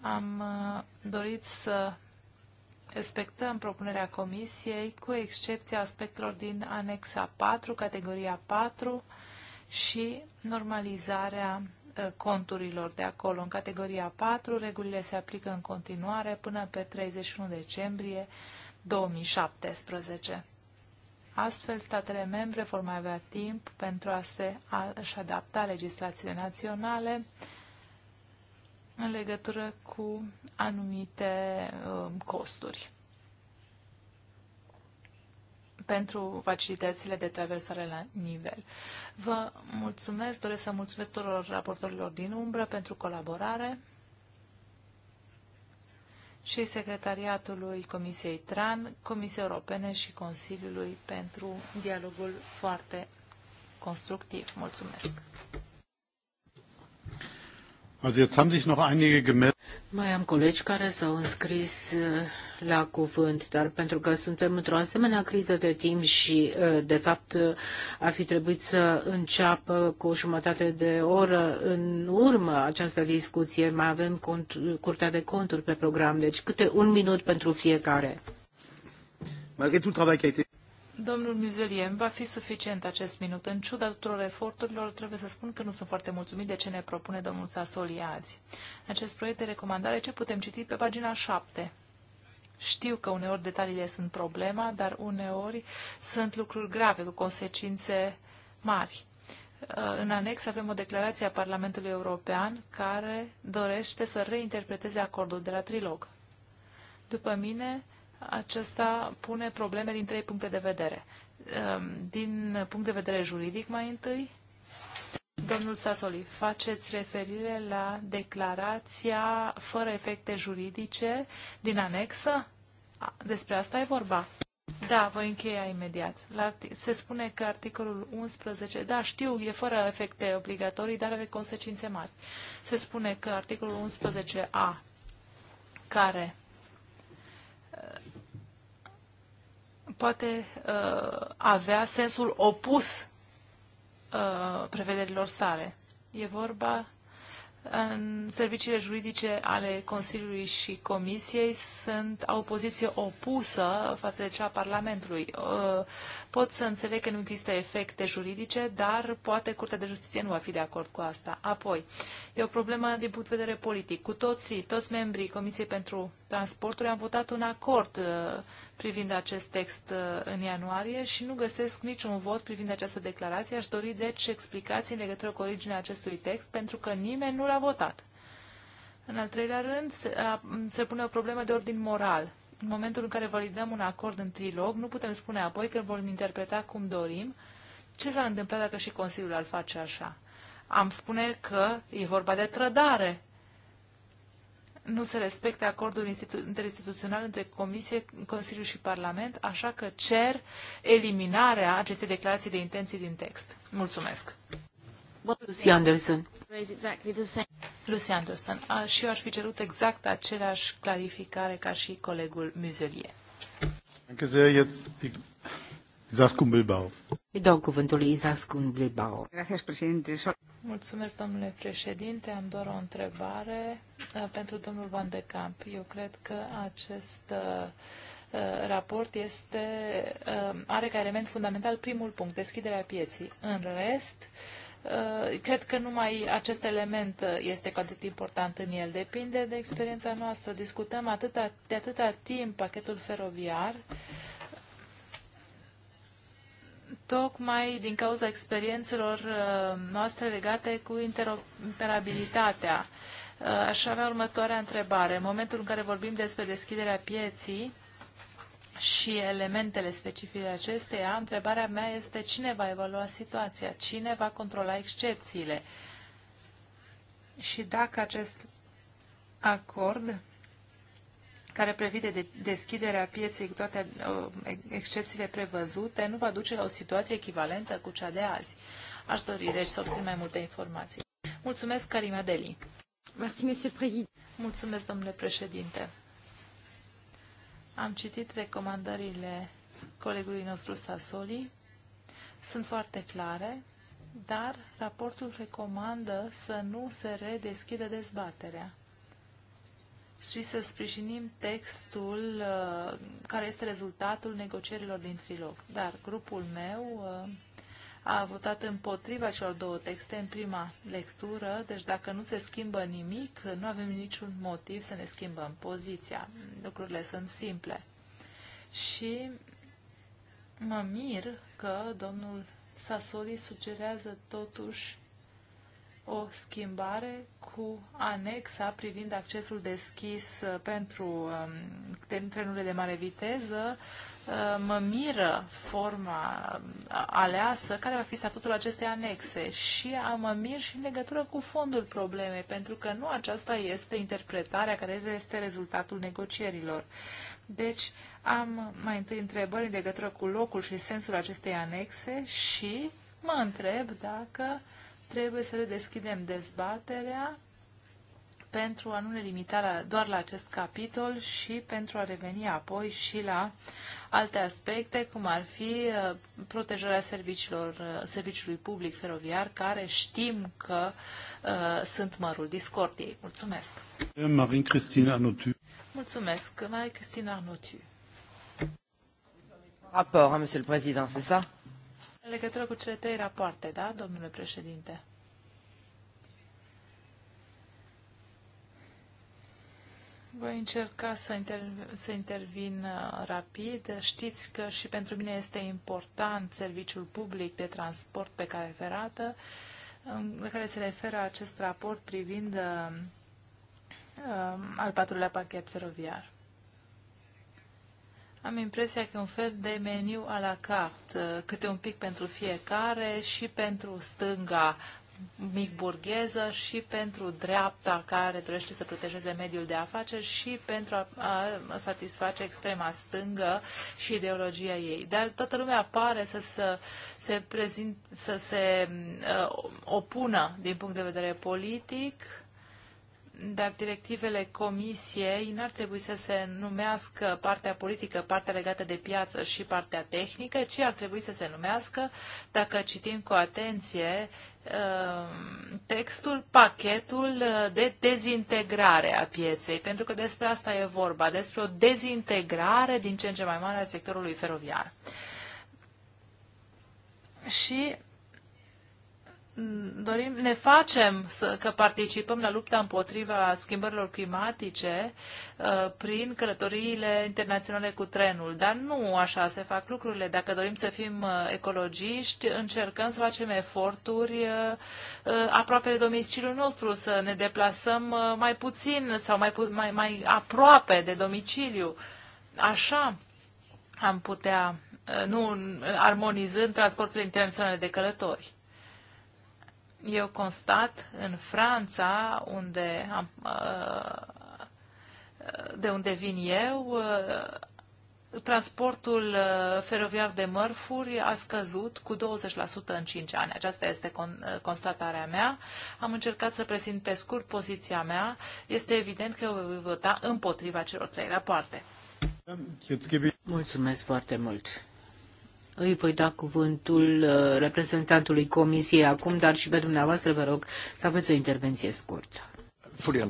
am dorit să respectăm propunerea Comisiei, cu excepția aspectelor din anexa 4, categoria 4 și normalizarea ă, conturilor de acolo. În categoria 4, regulile se aplică în continuare până pe 31 decembrie 2017. Astfel, statele membre vor mai avea timp pentru a se a, adapta legislațiile naționale în legătură cu anumite um, costuri pentru facilitățile de traversare la nivel. Vă mulțumesc, doresc să mulțumesc tuturor raportorilor din umbră pentru colaborare și secretariatului Comisiei TRAN, Comisiei Europene și Consiliului pentru dialogul foarte constructiv. Mulțumesc! Also jetzt haben sich noch einige gemeldet. Mai am colegi care s-au înscris uh, la cuvânt, dar pentru că suntem într-o asemenea criză de timp și, uh, de fapt, uh, ar fi trebuit să înceapă cu o jumătate de oră în urmă această discuție, mai avem cont, Curtea de Conturi pe program, deci câte un minut pentru fiecare. Malgré tout le travail qui a été... Domnul Muzelien, va fi suficient acest minut. În ciuda tuturor eforturilor, trebuie să spun că nu sunt foarte mulțumit de ce ne propune domnul Sasoli azi. Acest proiect de recomandare, ce putem citi pe pagina 7? Știu că uneori detaliile sunt problema, dar uneori sunt lucruri grave, cu consecințe mari. Uh, în anex avem o declarație a Parlamentului European care dorește să reinterpreteze acordul de la trilog. După mine, acesta pune probleme din trei puncte de vedere. Ehm, din punct de vedere juridic, mai întâi, domnul Sasoli, faceți referire la declarația fără efecte juridice din anexă? Despre asta e vorba. Da, voi încheia imediat. La, se spune că articolul 11, da, știu, e fără efecte obligatorii, dar are consecințe mari. Se spune că articolul 11a, care poate uh, avea sensul opus uh, prevederilor sale. E vorba în serviciile juridice ale Consiliului și Comisiei sunt, au poziție opusă față de cea a Parlamentului. Uh, pot să înțeleg că nu există efecte juridice, dar poate Curtea de Justiție nu va fi de acord cu asta. Apoi, e o problemă din punct de vedere politic. Cu toții, toți membrii Comisiei pentru transporturi am votat un acord uh, privind acest text uh, în ianuarie și nu găsesc niciun vot privind această declarație. Aș dori deci explicații în legătură cu originea acestui text, pentru că nimeni nu l-a votat. În al treilea rând, se, a, se pune o problemă de ordin moral. În momentul în care validăm un acord în trilog, nu putem spune apoi că îl vom interpreta cum dorim. Ce s-ar întâmpla dacă și Consiliul ar face așa? Am spune că e vorba de trădare nu se respecte acordul interinstituțional între Comisie, Consiliu și Parlament, așa că cer eliminarea acestei declarații de intenții din text. Mulțumesc. Lucy Anderson. Lucy Anderson. A, și eu aș fi cerut exact aceleași clarificare ca și colegul Muselier. Zascun Bilbao. Îi dau cuvântul lui Zascun Bilbao. Mulțumesc, domnule președinte. Am doar o întrebare uh, pentru domnul Van de Camp. Eu cred că acest uh, uh, raport este, are ca element fundamental primul punct, deschiderea pieții. În rest, cred că numai acest element este cu atât important în el. Depinde de experiența noastră. Discutăm atâta, de atâta timp pachetul feroviar tocmai din cauza experiențelor uh, noastre legate cu interoperabilitatea. Uh, aș avea următoarea întrebare. În momentul în care vorbim despre deschiderea pieții și elementele specifice acesteia, întrebarea mea este cine va evalua situația, cine va controla excepțiile și dacă acest acord care prevede deschiderea pieței cu toate uh, excepțiile prevăzute, nu va duce la o situație echivalentă cu cea de azi. Aș dori, deci, să obțin mai multe informații. Mulțumesc, Karima Deli. Mulțumesc, domnule președinte. Am citit recomandările colegului nostru Sasoli. Sunt foarte clare, dar raportul recomandă să nu se redeschidă dezbaterea și să sprijinim textul uh, care este rezultatul negocierilor din trilog. Dar grupul meu uh, a votat împotriva celor două texte în prima lectură, deci dacă nu se schimbă nimic, nu avem niciun motiv să ne schimbăm poziția. Lucrurile sunt simple. Și mă mir că domnul Sasoli sugerează totuși o schimbare cu anexa privind accesul deschis uh, pentru um, trenurile de mare viteză. Uh, mă miră forma uh, aleasă, care va fi statutul acestei anexe și mă mir și în legătură cu fondul problemei, pentru că nu aceasta este interpretarea care este rezultatul negocierilor. Deci am mai întâi întrebări în legătură cu locul și sensul acestei anexe și mă întreb dacă uh, Trebuie să redeschidem dezbaterea pentru a nu ne limita la, doar la acest capitol și pentru a reveni apoi și la alte aspecte, cum ar fi uh, protejarea serviciilor, uh, serviciului public feroviar, care știm că uh, sunt mărul discordiei. Mulțumesc! Marie-Christine Arnotu. Mulțumesc, Marie-Christine Arnotu. Raport, hein, Monsieur le Président, c'est ça în legătură cu cele trei rapoarte, da, domnule președinte? Voi încerca să, interv- să intervin uh, rapid. Știți că și pentru mine este important serviciul public de transport pe care ferată, la care se referă acest raport privind uh, uh al patrulea pachet feroviar. Am impresia că e un fel de meniu a la carte, ă, câte un pic pentru fiecare și pentru stânga mic burgheză și pentru dreapta care dorește să protejeze mediul de afaceri și pentru a, a satisface extrema stângă și ideologia ei. Dar toată lumea pare să, să se, prezint, să se uh, opună din punct de vedere politic uh, dar directivele comisiei n-ar trebui să se numească partea politică, partea legată de piață și partea tehnică, ci ar trebui să se numească, dacă citim cu atenție uh, textul, pachetul uh, de dezintegrare a pieței, pentru că despre asta e vorba, despre o dezintegrare din ce în ce mai mare a sectorului feroviar. Și Mm, dorim, ne facem să, că participăm la lupta împotriva schimbărilor climatice uh, prin călătoriile internaționale cu trenul, dar nu așa se fac lucrurile. Dacă dorim să fim uh, ecologiști, încercăm să facem eforturi uh, uh, aproape de domiciliul nostru, să ne deplasăm uh, mai puțin sau mai, mai, mai aproape de domiciliu. Așa am putea, uh, nu armonizând transportul internațional de călători. Eu constat în Franța, unde am, uh, de unde vin eu, uh, transportul uh, feroviar de mărfuri a scăzut cu 20% în 5 ani. Aceasta este constatarea mea. Am încercat să prezint pe scurt poziția mea. Este evident că voi vota împotriva celor trei rapoarte. Mulțumesc foarte mult. Îi voi da cuvântul uh, reprezentantului Comisiei acum, dar și pe dumneavoastră vă rog să aveți o intervenție scurtă. Uh,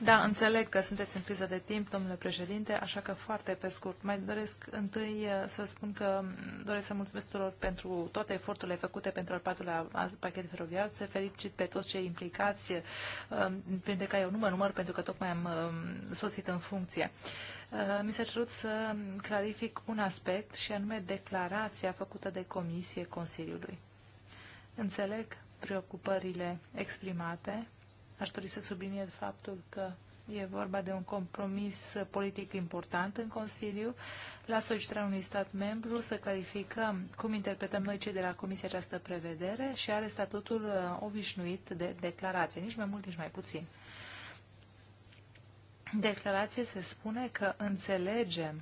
da, înțeleg că sunteți în criză de timp, domnule președinte, așa că foarte pe scurt. Mai doresc întâi uh, să spun că mm, doresc să mulțumesc tuturor pentru toate eforturile făcute pentru al patrulea pachet feroviar, să felicit pe toți cei implicați, printre care eu nu mă număr pentru că tocmai am um, sosit în funcție. Uh, Uh, mi s-a cerut să clarific un aspect și anume declarația făcută de Comisie Consiliului. Înțeleg preocupările exprimate. Aș dori să subliniez faptul că e vorba de un compromis politic important în Consiliu. La solicitarea unui stat membru să clarificăm cum interpretăm noi cei de la Comisie această prevedere și are statutul uh, obișnuit de declarație, nici mai mult, nici mai puțin declarație se spune că înțelegem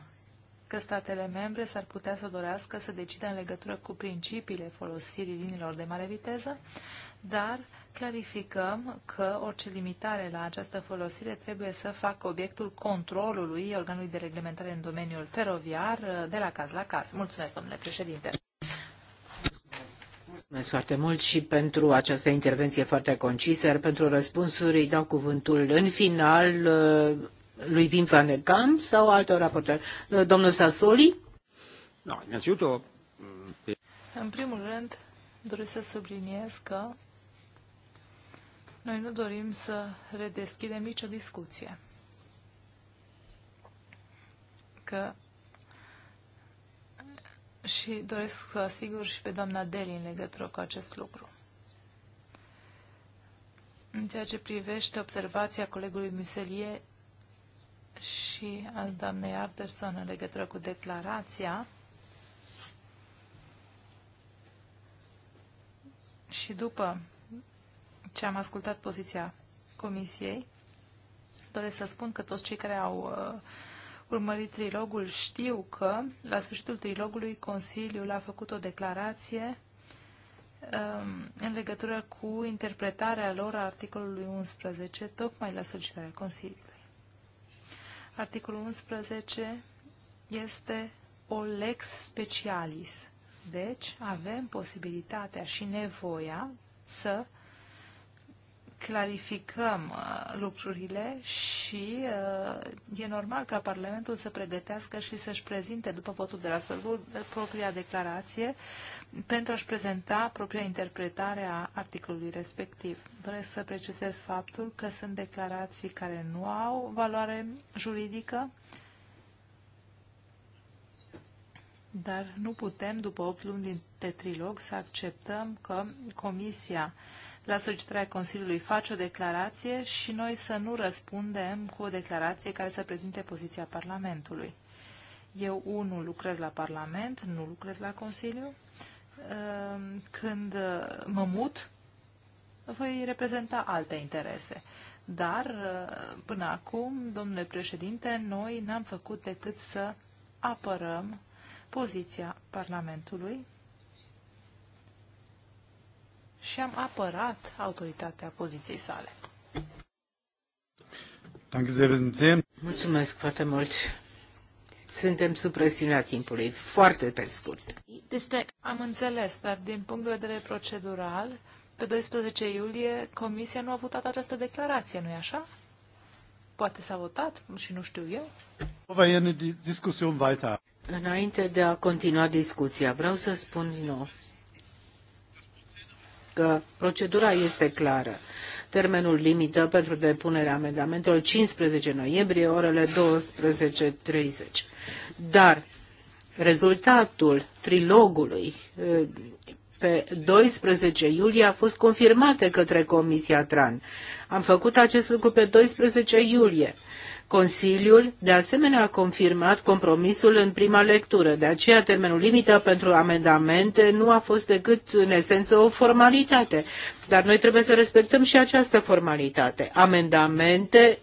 că statele membre s-ar putea să dorească să decidă în legătură cu principiile folosirii liniilor de mare viteză, dar clarificăm că orice limitare la această folosire trebuie să facă obiectul controlului organului de reglementare în domeniul feroviar de la caz la caz. Mulțumesc, domnule președinte. Mulțumesc foarte mult și pentru această intervenție foarte concisă, iar pentru răspunsuri îi dau cuvântul în final uh, lui Vin van de sau altor raportori. Uh, domnul Sassoli? No, innanzitutto... Mm, în primul rând, doresc să subliniez că noi nu dorim să redeschidem nicio discuție. Că și doresc să asigur și pe doamna Deli în legătură cu acest lucru. În ceea ce privește observația colegului Muselier și al doamnei Arterson în legătură cu declarația și după ce am ascultat poziția Comisiei, doresc să spun că toți cei care au uh, urmărit trilogul, știu că la sfârșitul trilogului Consiliul a făcut o declarație um, în legătură cu interpretarea lor a articolului 11, tocmai la solicitarea Consiliului. Articolul 11 este o lex specialis. Deci avem posibilitatea și nevoia să clarificăm uh, lucrurile și uh, e normal ca Parlamentul să pregătească și să-și prezinte după votul de la sfârșit propria declarație pentru a-și prezenta propria interpretare a articolului respectiv. Doresc să precizez faptul că sunt declarații care nu au valoare juridică, dar nu putem, după 8 luni din de trilog să acceptăm că Comisia la solicitarea Consiliului face o declarație și noi să nu răspundem cu o declarație care să prezinte poziția Parlamentului. Eu, unul, lucrez la Parlament, nu lucrez la Consiliu. Ehm, când uh, mă mut, voi reprezenta alte interese. Dar, uh, până acum, domnule președinte, noi n-am făcut decât să apărăm poziția Parlamentului și am apărat autoritatea poziției sale. Mulțumesc foarte mult. Suntem sub presiunea timpului, foarte pe scurt. Am înțeles, dar din punct de vedere procedural, pe 12 iulie Comisia nu a votat această declarație, nu-i așa? Poate s-a votat și nu știu eu. Înainte de a continua discuția, vreau să spun din nou că procedura este clară. Termenul limită pentru depunerea amendamentelor 15 noiembrie, orele 12.30. Dar rezultatul trilogului eh, pe 12 iulie a fost confirmat de către Comisia Tran. Am făcut acest lucru pe 12 iulie. Consiliul, de asemenea, a confirmat compromisul în prima lectură. De aceea, termenul limită pentru amendamente nu a fost decât, în esență, o formalitate. Dar noi trebuie să respectăm și această formalitate. Amendamente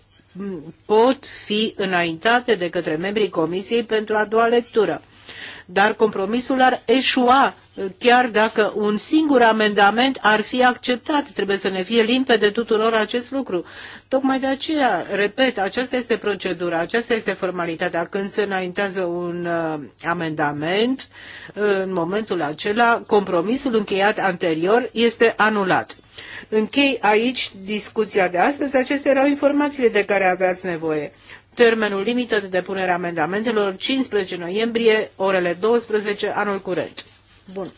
pot fi înaintate de către membrii Comisiei pentru a doua lectură. Dar compromisul ar eșua chiar dacă un singur amendament ar fi acceptat. Trebuie să ne fie limpede tuturor acest lucru. Tocmai de aceea, repet, aceasta este procedura, aceasta este formalitatea. Când se înaintează un uh, amendament, uh, în momentul acela, compromisul încheiat anterior este anulat. Închei aici discuția de astăzi. Acestea erau informațiile de care aveați nevoie termenul limită de depunere a amendamentelor 15 noiembrie, orele 12, anul curent. Bun.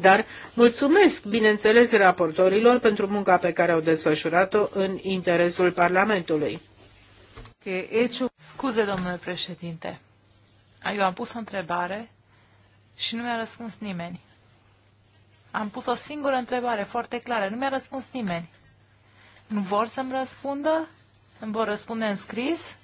Dar mulțumesc, bineînțeles, raportorilor pentru munca pe care au desfășurat-o în interesul Parlamentului. Scuze, domnule președinte. Eu am pus o întrebare și nu mi-a răspuns nimeni. Am pus o singură întrebare foarte clară. Nu mi-a răspuns nimeni. Nu vor să-mi răspundă? îmi vor răspunde în scris,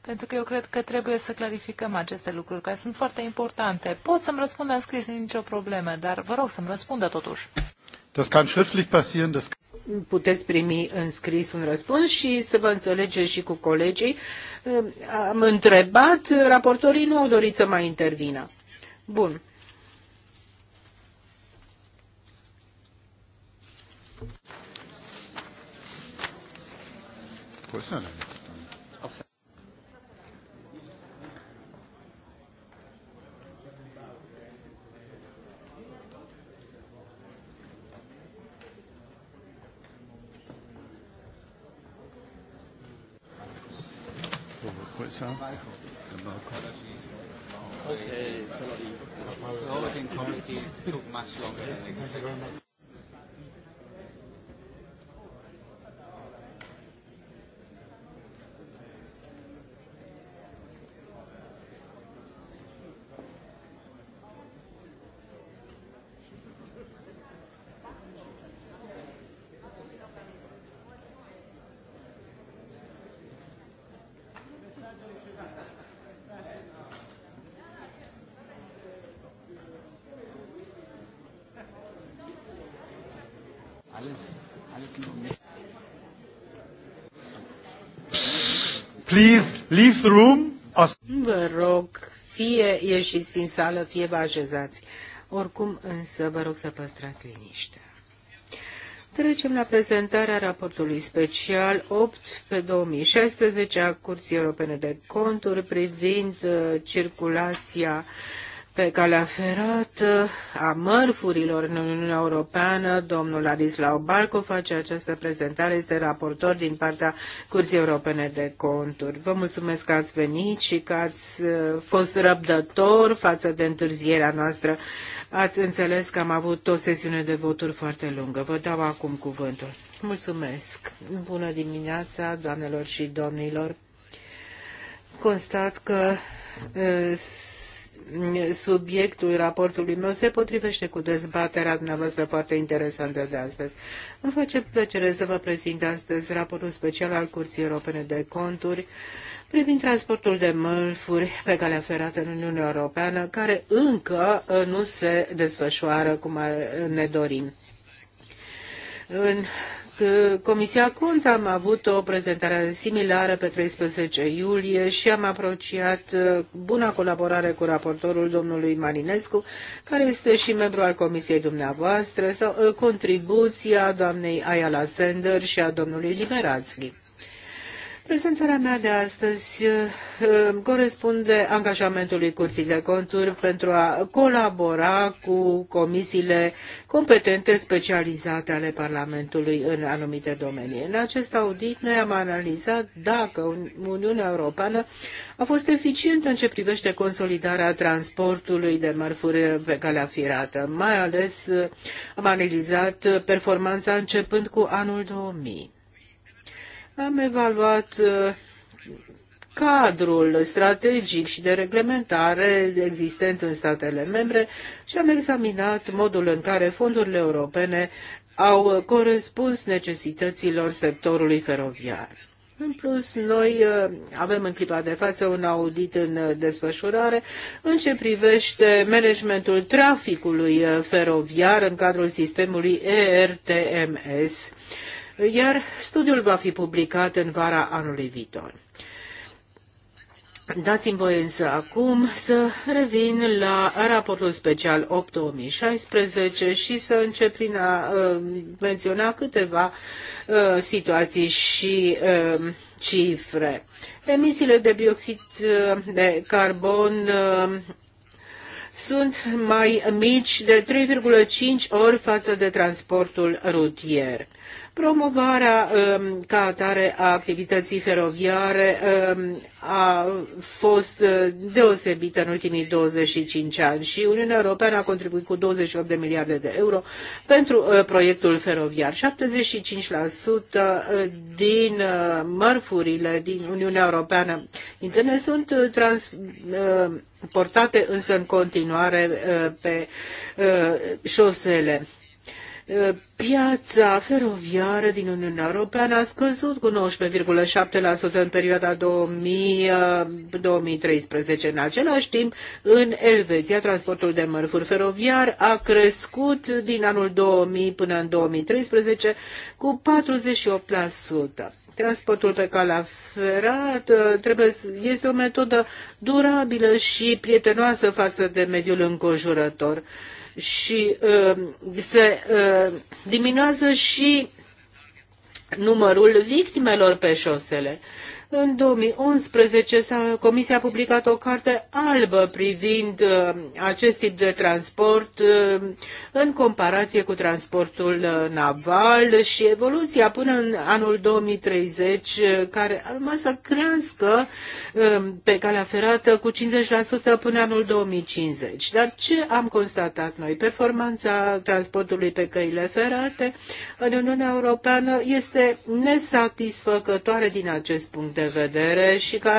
pentru că eu cred că trebuie să clarificăm aceste lucruri, care sunt foarte importante. Pot să-mi răspundă în scris, nici nicio problemă, dar vă rog să-mi răspundă totuși. Das kann schriftlich passieren, das puteți primi în scris un răspuns și să vă înțelegeți și cu colegii. Am întrebat, raportorii nu au dorit să mai intervină. Bun. questione. ça Okay, sorry. The whole thing committee took much longer than expected. please leave the room. Vă rog, fie ieșiți din sală, fie vă așezați. Oricum, însă, vă rog să păstrați liniște. Trecem la prezentarea raportului special 8 pe 2016 a Curții Europene de Conturi privind uh, circulația uh, pe calea ferată a mărfurilor în Uniunea Europeană. Domnul Ladislau Balco face această prezentare, este raportor din partea Curții Europene de Conturi. Vă mulțumesc că ați venit și că ați uh, fost răbdător față de întârzierea noastră. Ați înțeles că am avut o sesiune de voturi foarte lungă. Vă dau acum cuvântul. Mulțumesc. Bună dimineața, doamnelor și domnilor. Constat că uh, subiectul raportului meu se potrivește cu dezbaterea dumneavoastră foarte interesantă de astăzi. Îmi face plăcere să vă prezint astăzi raportul special al Curții Europene de Conturi privind transportul de mărfuri pe calea ferată în Uniunea Europeană, care încă uh, nu se desfășoară cum ne dorim. În Comisia Cont am avut o prezentare similară pe 13 iulie și am apreciat uh, buna colaborare cu raportorul domnului Marinescu, care este și membru al Comisiei dumneavoastră, sau uh, contribuția doamnei Ayala Sender și a domnului Liberațchi. Prezentarea mea de astăzi eh, eh, corespunde angajamentului Curții de Conturi pentru a colabora cu comisiile competente specializate ale Parlamentului în anumite domenii. În acest audit noi am analizat dacă Uniunea Europeană a fost eficientă în ce privește consolidarea transportului de mărfuri pe calea firată. Mai ales eh, am analizat performanța începând cu anul 2000. Am evaluat uh, cadrul strategic și de reglementare existent în statele membre și am examinat modul în care fondurile europene au corespuns necesităților sectorului feroviar. În plus, noi uh, avem în clipa de față un audit în desfășurare în ce privește managementul traficului uh, feroviar în cadrul sistemului ERTMS iar studiul va fi publicat în vara anului viitor. Dați-mi voie însă acum să revin la raportul special 8-2016 și să încep prin a uh, menționa câteva uh, situații și uh, cifre. Emisiile de bioxid uh, de carbon uh, sunt mai mici de 3,5 ori față de transportul rutier. Promovarea um, ca atare a activității feroviare um, a fost uh, deosebită în ultimii 25 ani și Uniunea Europeană a contribuit cu 28 de miliarde de euro pentru uh, proiectul feroviar. 75% uh, din mărfurile din Uniunea Europeană interne sunt trans, portate însă în continuare pe șosele. Eh, piața feroviară din Uniunea Europeană a scăzut cu 19,7% în perioada 2000-2013. Eh, în același timp, în Elveția, transportul de mărfuri feroviar a crescut din anul 2000 până în 2013 cu 48%. Transportul pe calea ferată eh, trebuie, este o metodă durabilă și prietenoasă față de mediul înconjurător și uh, se uh, diminuează și numărul victimelor pe șosele. În 2011 Comisia a publicat o carte albă privind uh, acest tip de transport uh, în comparație cu transportul uh, naval și evoluția până în anul 2030, care ar urma să crească um, pe calea ferată cu 50% până anul 2050. Dar ce am constatat noi? Performanța transportului pe căile ferate în Uniunea Europeană este nesatisfăcătoare din acest punct de vedere și că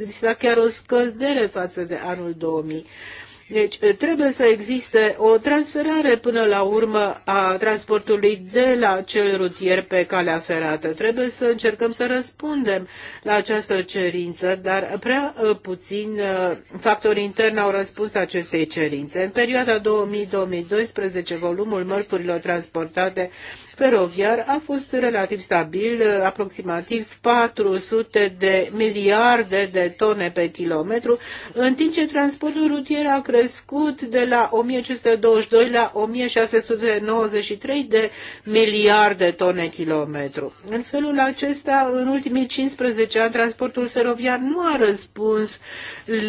exista chiar o scădere față de anul 2000. Deci trebuie să existe o transferare până la urmă a transportului de la cel rutier pe calea ferată. Trebuie să încercăm să răspundem la această cerință, dar prea uh, puțin uh, factori interni au răspuns acestei cerințe. În perioada 2000-2012, volumul mărfurilor transportate feroviar a fost relativ stabil, aproximativ 400 de miliarde de tone pe kilometru, în timp ce transportul rutier a crescut de la 1522 la 1693 de miliarde tone kilometru. În felul acesta, în ultimii 15 ani, transportul feroviar nu a răspuns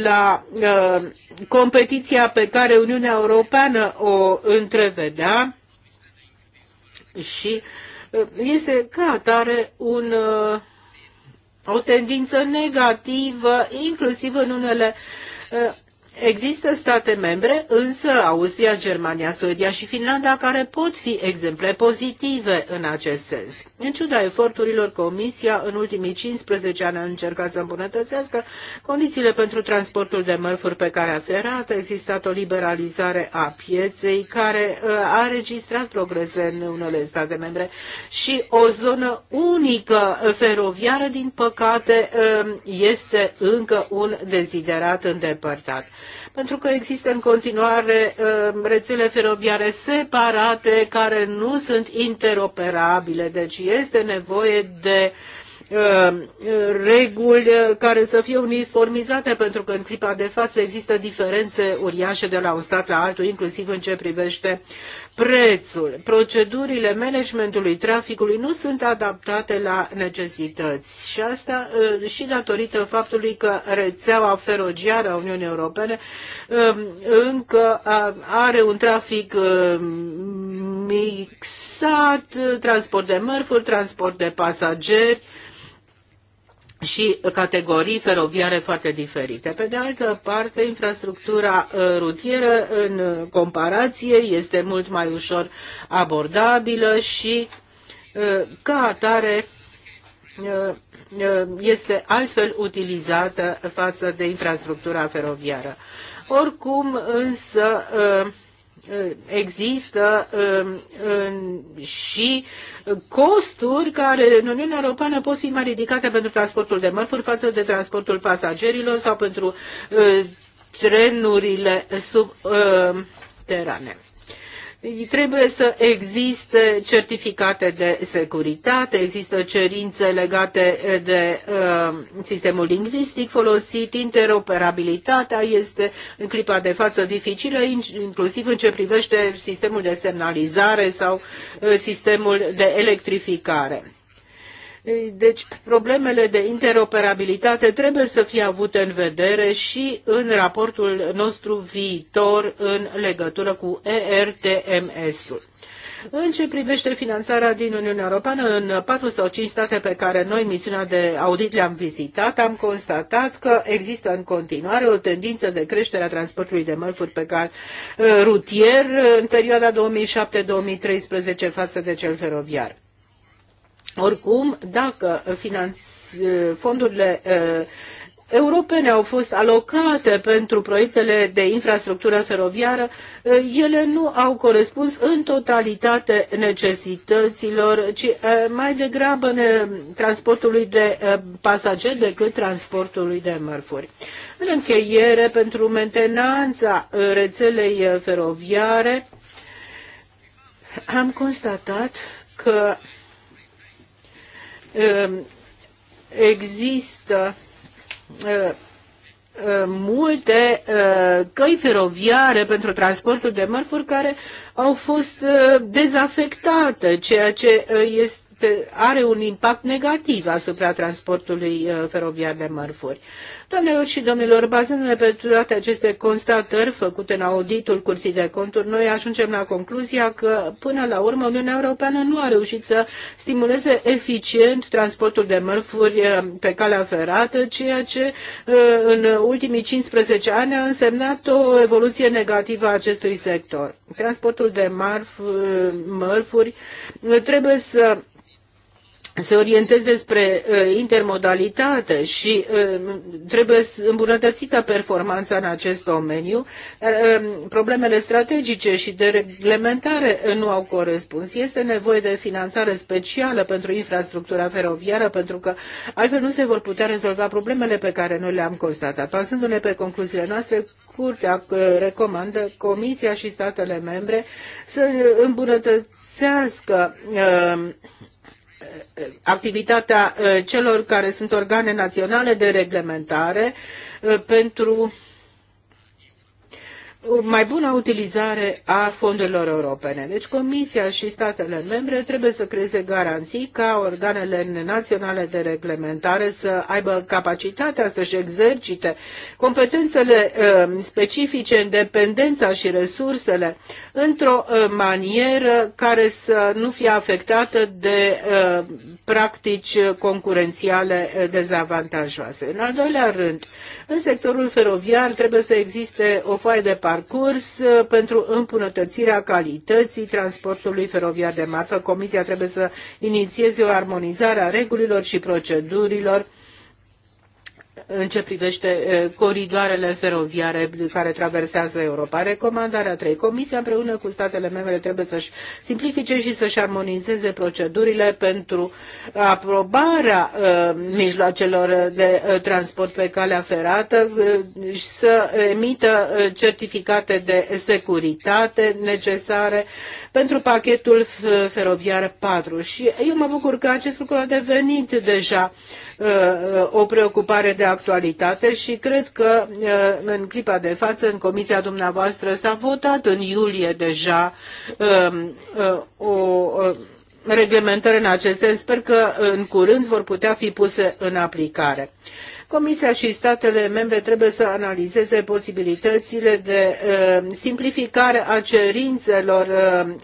la uh, competiția pe care Uniunea Europeană o întrevedea și uh, este ca atare un, uh, o tendință negativă, inclusiv în unele uh, Există state membre, însă Austria, Germania, Suedia și Finlanda, care pot fi exemple pozitive în acest sens. În ciuda eforturilor, Comisia în ultimii 15 ani a încercat să îmbunătățească condițiile pentru transportul de mărfuri pe a ferată. A existat o liberalizare a pieței care uh, a registrat progrese în unele state membre și o zonă unică feroviară, din păcate, um, este încă un deziderat îndepărtat pentru că există în continuare um, rețele feroviare separate care nu sunt interoperabile. Deci este nevoie de um, reguli care să fie uniformizate, pentru că în clipa de față există diferențe uriașe de la un stat la altul, inclusiv în ce privește prețul. Procedurile managementului traficului nu sunt adaptate la necesități și asta uh, și datorită faptului că rețeaua feroviară a Uniunii Europene um, încă uh, are un trafic uh, mixat, transport de mărfuri, transport de pasageri, și categorii feroviare foarte diferite. Pe de altă parte, infrastructura uh, rutieră în comparație este mult mai ușor abordabilă și uh, ca atare uh, este altfel utilizată față de infrastructura feroviară. Oricum, însă, Uh, există um, și costuri care în Uniunea Europeană pot fi mai ridicate pentru transportul de mărfuri față de transportul pasagerilor sau pentru uh, trenurile subterane. Trebuie să existe certificate de securitate, există cerințe legate de uh, sistemul lingvistic folosit, interoperabilitatea este în clipa de față dificilă, inclusiv în ce privește sistemul de semnalizare sau uh, sistemul de electrificare. Deci problemele de interoperabilitate trebuie să fie avute în vedere și în raportul nostru viitor în legătură cu ERTMS-ul. În ce privește finanțarea din Uniunea Europeană, în patru sau cinci state pe care noi misiunea de audit le-am vizitat, am constatat că există în continuare o tendință de creștere a transportului de mărfuri pe cal eh, rutier în perioada 2007-2013 față de cel feroviar. Oricum, dacă finanț, fondurile eh, europene au fost alocate pentru proiectele de infrastructură feroviară, eh, ele nu au corespuns în totalitate necesităților, ci eh, mai degrabă transportului de pasageri decât transportului de mărfuri. În încheiere, pentru mentenanța rețelei feroviare, am constatat că Ehm, există ehm, ehm, multe căi feroviare pentru transportul de mărfuri care au fost dezafectate, ceea ce este are un impact negativ asupra transportului uh, feroviar de mărfuri. Doamnelor și domnilor, bazându-ne pe toate aceste constatări făcute în auditul Cursii de Conturi, noi ajungem la concluzia că, până la urmă, Uniunea Europeană nu a reușit să stimuleze eficient transportul de mărfuri uh, pe calea ferată, ceea ce uh, în ultimii 15 ani a însemnat o evoluție negativă a acestui sector. Transportul de mărfuri trebuie să se orienteze spre uh, intermodalitate și uh, trebuie îmbunătățită performanța în acest domeniu. Uh, um, problemele strategice și de reglementare nu au corespuns. Este nevoie de finanțare specială pentru infrastructura feroviară, pentru că altfel nu se vor putea rezolva problemele pe care noi le-am constatat. Bazându-ne pe concluziile noastre, Curtea uh, recomandă Comisia și statele membre să îmbunătățească uh, activitatea eh, celor care sunt organe naționale de reglementare eh, pentru o mai bună utilizare a fondurilor europene. Deci Comisia și statele membre trebuie să creeze garanții ca organele naționale de reglementare să aibă capacitatea să-și exercite competențele uh, specifice, independența și resursele într-o uh, manieră care să nu fie afectată de uh, practici concurențiale dezavantajoase. În al doilea rând, în sectorul feroviar trebuie să existe o foaie de parte parcurs uh, pentru îmbunătățirea calității transportului feroviar de marfă. Comisia trebuie să inițieze o armonizare a regulilor și procedurilor în ce privește coridoarele feroviare care traversează Europa. Recomandarea 3. Comisia împreună cu statele membre trebuie să-și simplifice și să-și armonizeze procedurile pentru aprobarea mijloacelor de transport pe calea ferată și să emită certificate de securitate necesare pentru pachetul feroviar 4. Și eu mă bucur că acest lucru a devenit deja o preocupare de a actualitate și cred că uh, în clipa de față, în comisia dumneavoastră, s-a votat în iulie deja um, uh, o uh, reglementare în acest sens. Sper că în curând vor putea fi puse în aplicare. Comisia și statele membre trebuie să analizeze posibilitățile de simplificare a cerințelor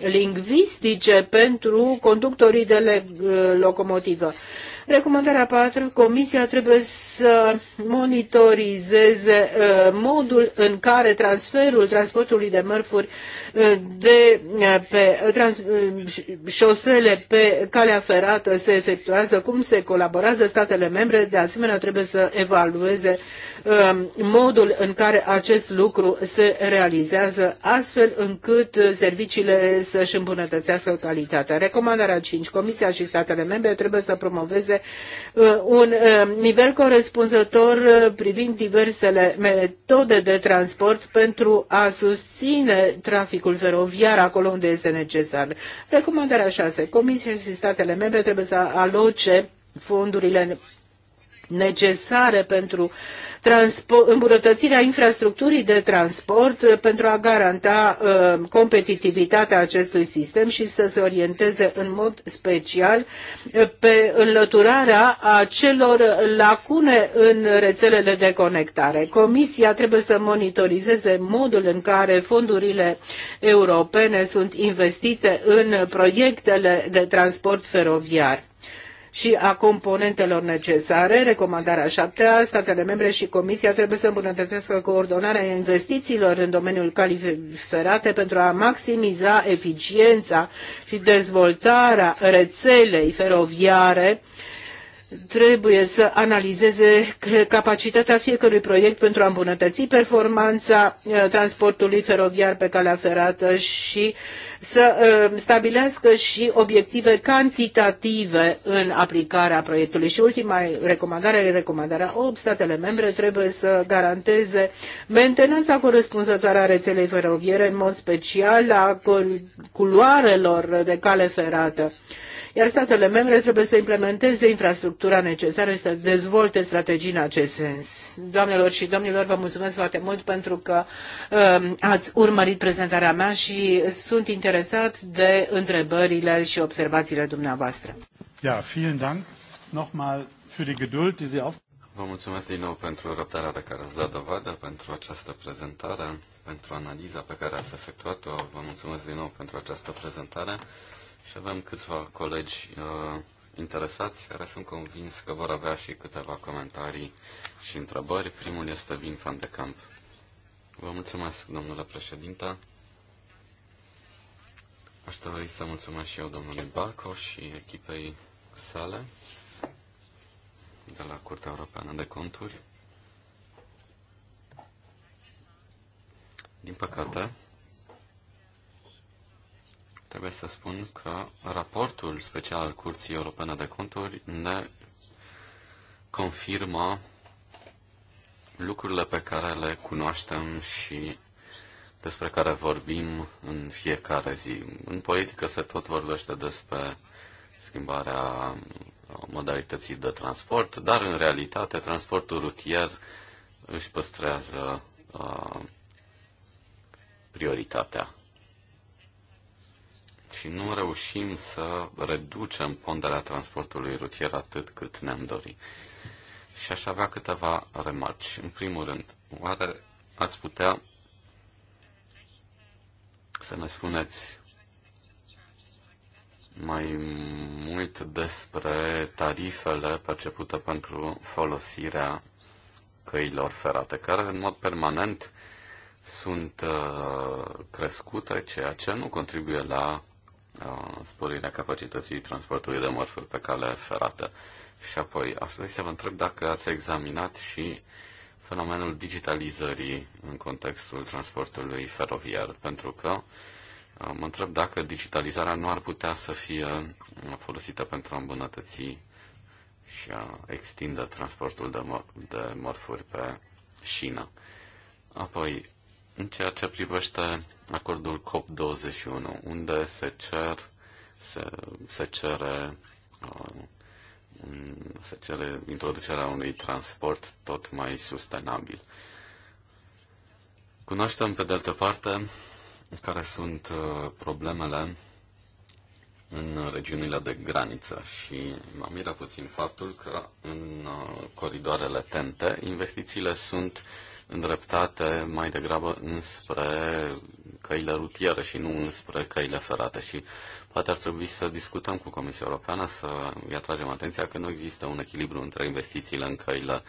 lingvistice pentru conductorii de locomotivă. Recomandarea 4. Comisia trebuie să monitorizeze uh, modul în care transferul transportului de mărfuri uh, de uh, pe trans, șosele pe calea ferată se efectuează, cum se colaborează statele membre. De asemenea, trebuie să evalueze modul în care acest lucru se realizează, astfel încât serviciile să-și îmbunătățească calitatea. Recomandarea 5. Comisia și statele membre trebuie să promoveze Uh, un uh, nivel corespunzător uh, privind diversele metode de transport pentru a susține traficul feroviar acolo unde este necesar. Recomandarea 6. Comisia și statele membre trebuie să aloce fondurile necesare pentru îmbunătățirea infrastructurii de transport uh, pentru a garanta uh, competitivitatea acestui sistem și să se orienteze în mod special uh, pe înlăturarea acelor lacune în rețelele de conectare. Comisia trebuie să monitorizeze modul în care fondurile europene sunt investite în proiectele de transport feroviar și a componentelor necesare. Recomandarea 7 a statele membre și Comisia trebuie să îmbunătățească coordonarea investițiilor în domeniul califerate pentru a maximiza eficiența și dezvoltarea rețelei feroviare trebuie să analizeze capacitatea fiecărui proiect pentru a îmbunătăți performanța uh, transportului feroviar pe calea ferată și să uh, stabilească și obiective cantitative în aplicarea proiectului. Și ultima recomandare, recomandarea 8, statele membre trebuie să garanteze mentenanța corespunzătoare a rețelei feroviere, în mod special a culoarelor de cale ferată iar statele membre trebuie să implementeze infrastructura necesară și să dezvolte strategii în acest sens. Doamnelor și domnilor, vă mulțumesc foarte mult pentru că um, ați urmărit prezentarea mea și sunt interesat de întrebările și observațiile dumneavoastră. Ja, vielen Dank nochmal für die Geduld, die Sie auf Vă mulțumesc din nou pentru răbdarea de care ați dat dovadă, pentru această prezentare, pentru analiza pe care ați efectuat-o. Vă mulțumesc din nou pentru această prezentare. Și avem câțiva colegi uh, interesați care sunt convins că vor avea și câteva comentarii și întrebări. Primul este Vin Van de Camp. Vă mulțumesc, domnule președinte. Aș dori să mulțumesc și eu domnului Balco și echipei sale de la Curtea Europeană de Conturi. Din păcate, Trebuie să spun că raportul special al Curții Europene de Conturi ne confirmă lucrurile pe care le cunoaștem și despre care vorbim în fiecare zi. În politică se tot vorbește despre schimbarea modalității de transport, dar în realitate transportul rutier își păstrează uh, prioritatea și nu reușim să reducem ponderea transportului rutier atât cât ne-am dorit. Și aș avea câteva remarci. În primul rând, oare ați putea să ne spuneți mai mult despre tarifele percepute pentru folosirea căilor ferate, care în mod permanent sunt uh, crescute, ceea ce nu contribuie la Uh, sporirea capacității transportului de mărfuri pe cale ferată. Și apoi, aș dori să vă întreb dacă ați examinat și fenomenul digitalizării în contextul transportului feroviar, pentru că uh, mă întreb dacă digitalizarea nu ar putea să fie uh, folosită pentru a îmbunătăți și a extinde transportul de, măr- de mărfuri pe șină. Apoi, în ceea ce privește acordul COP21, unde se cer se, se cere uh, se cere introducerea unui transport tot mai sustenabil. Cunoaștem, pe de altă parte, care sunt uh, problemele în regiunile de graniță și mă miră puțin faptul că în uh, coridoarele tente investițiile sunt uh, îndreptate mai degrabă înspre căile rutiere și nu înspre căile ferate. Și poate ar trebui să discutăm cu Comisia Europeană, să îi atragem atenția că nu există un echilibru între investițiile în căile,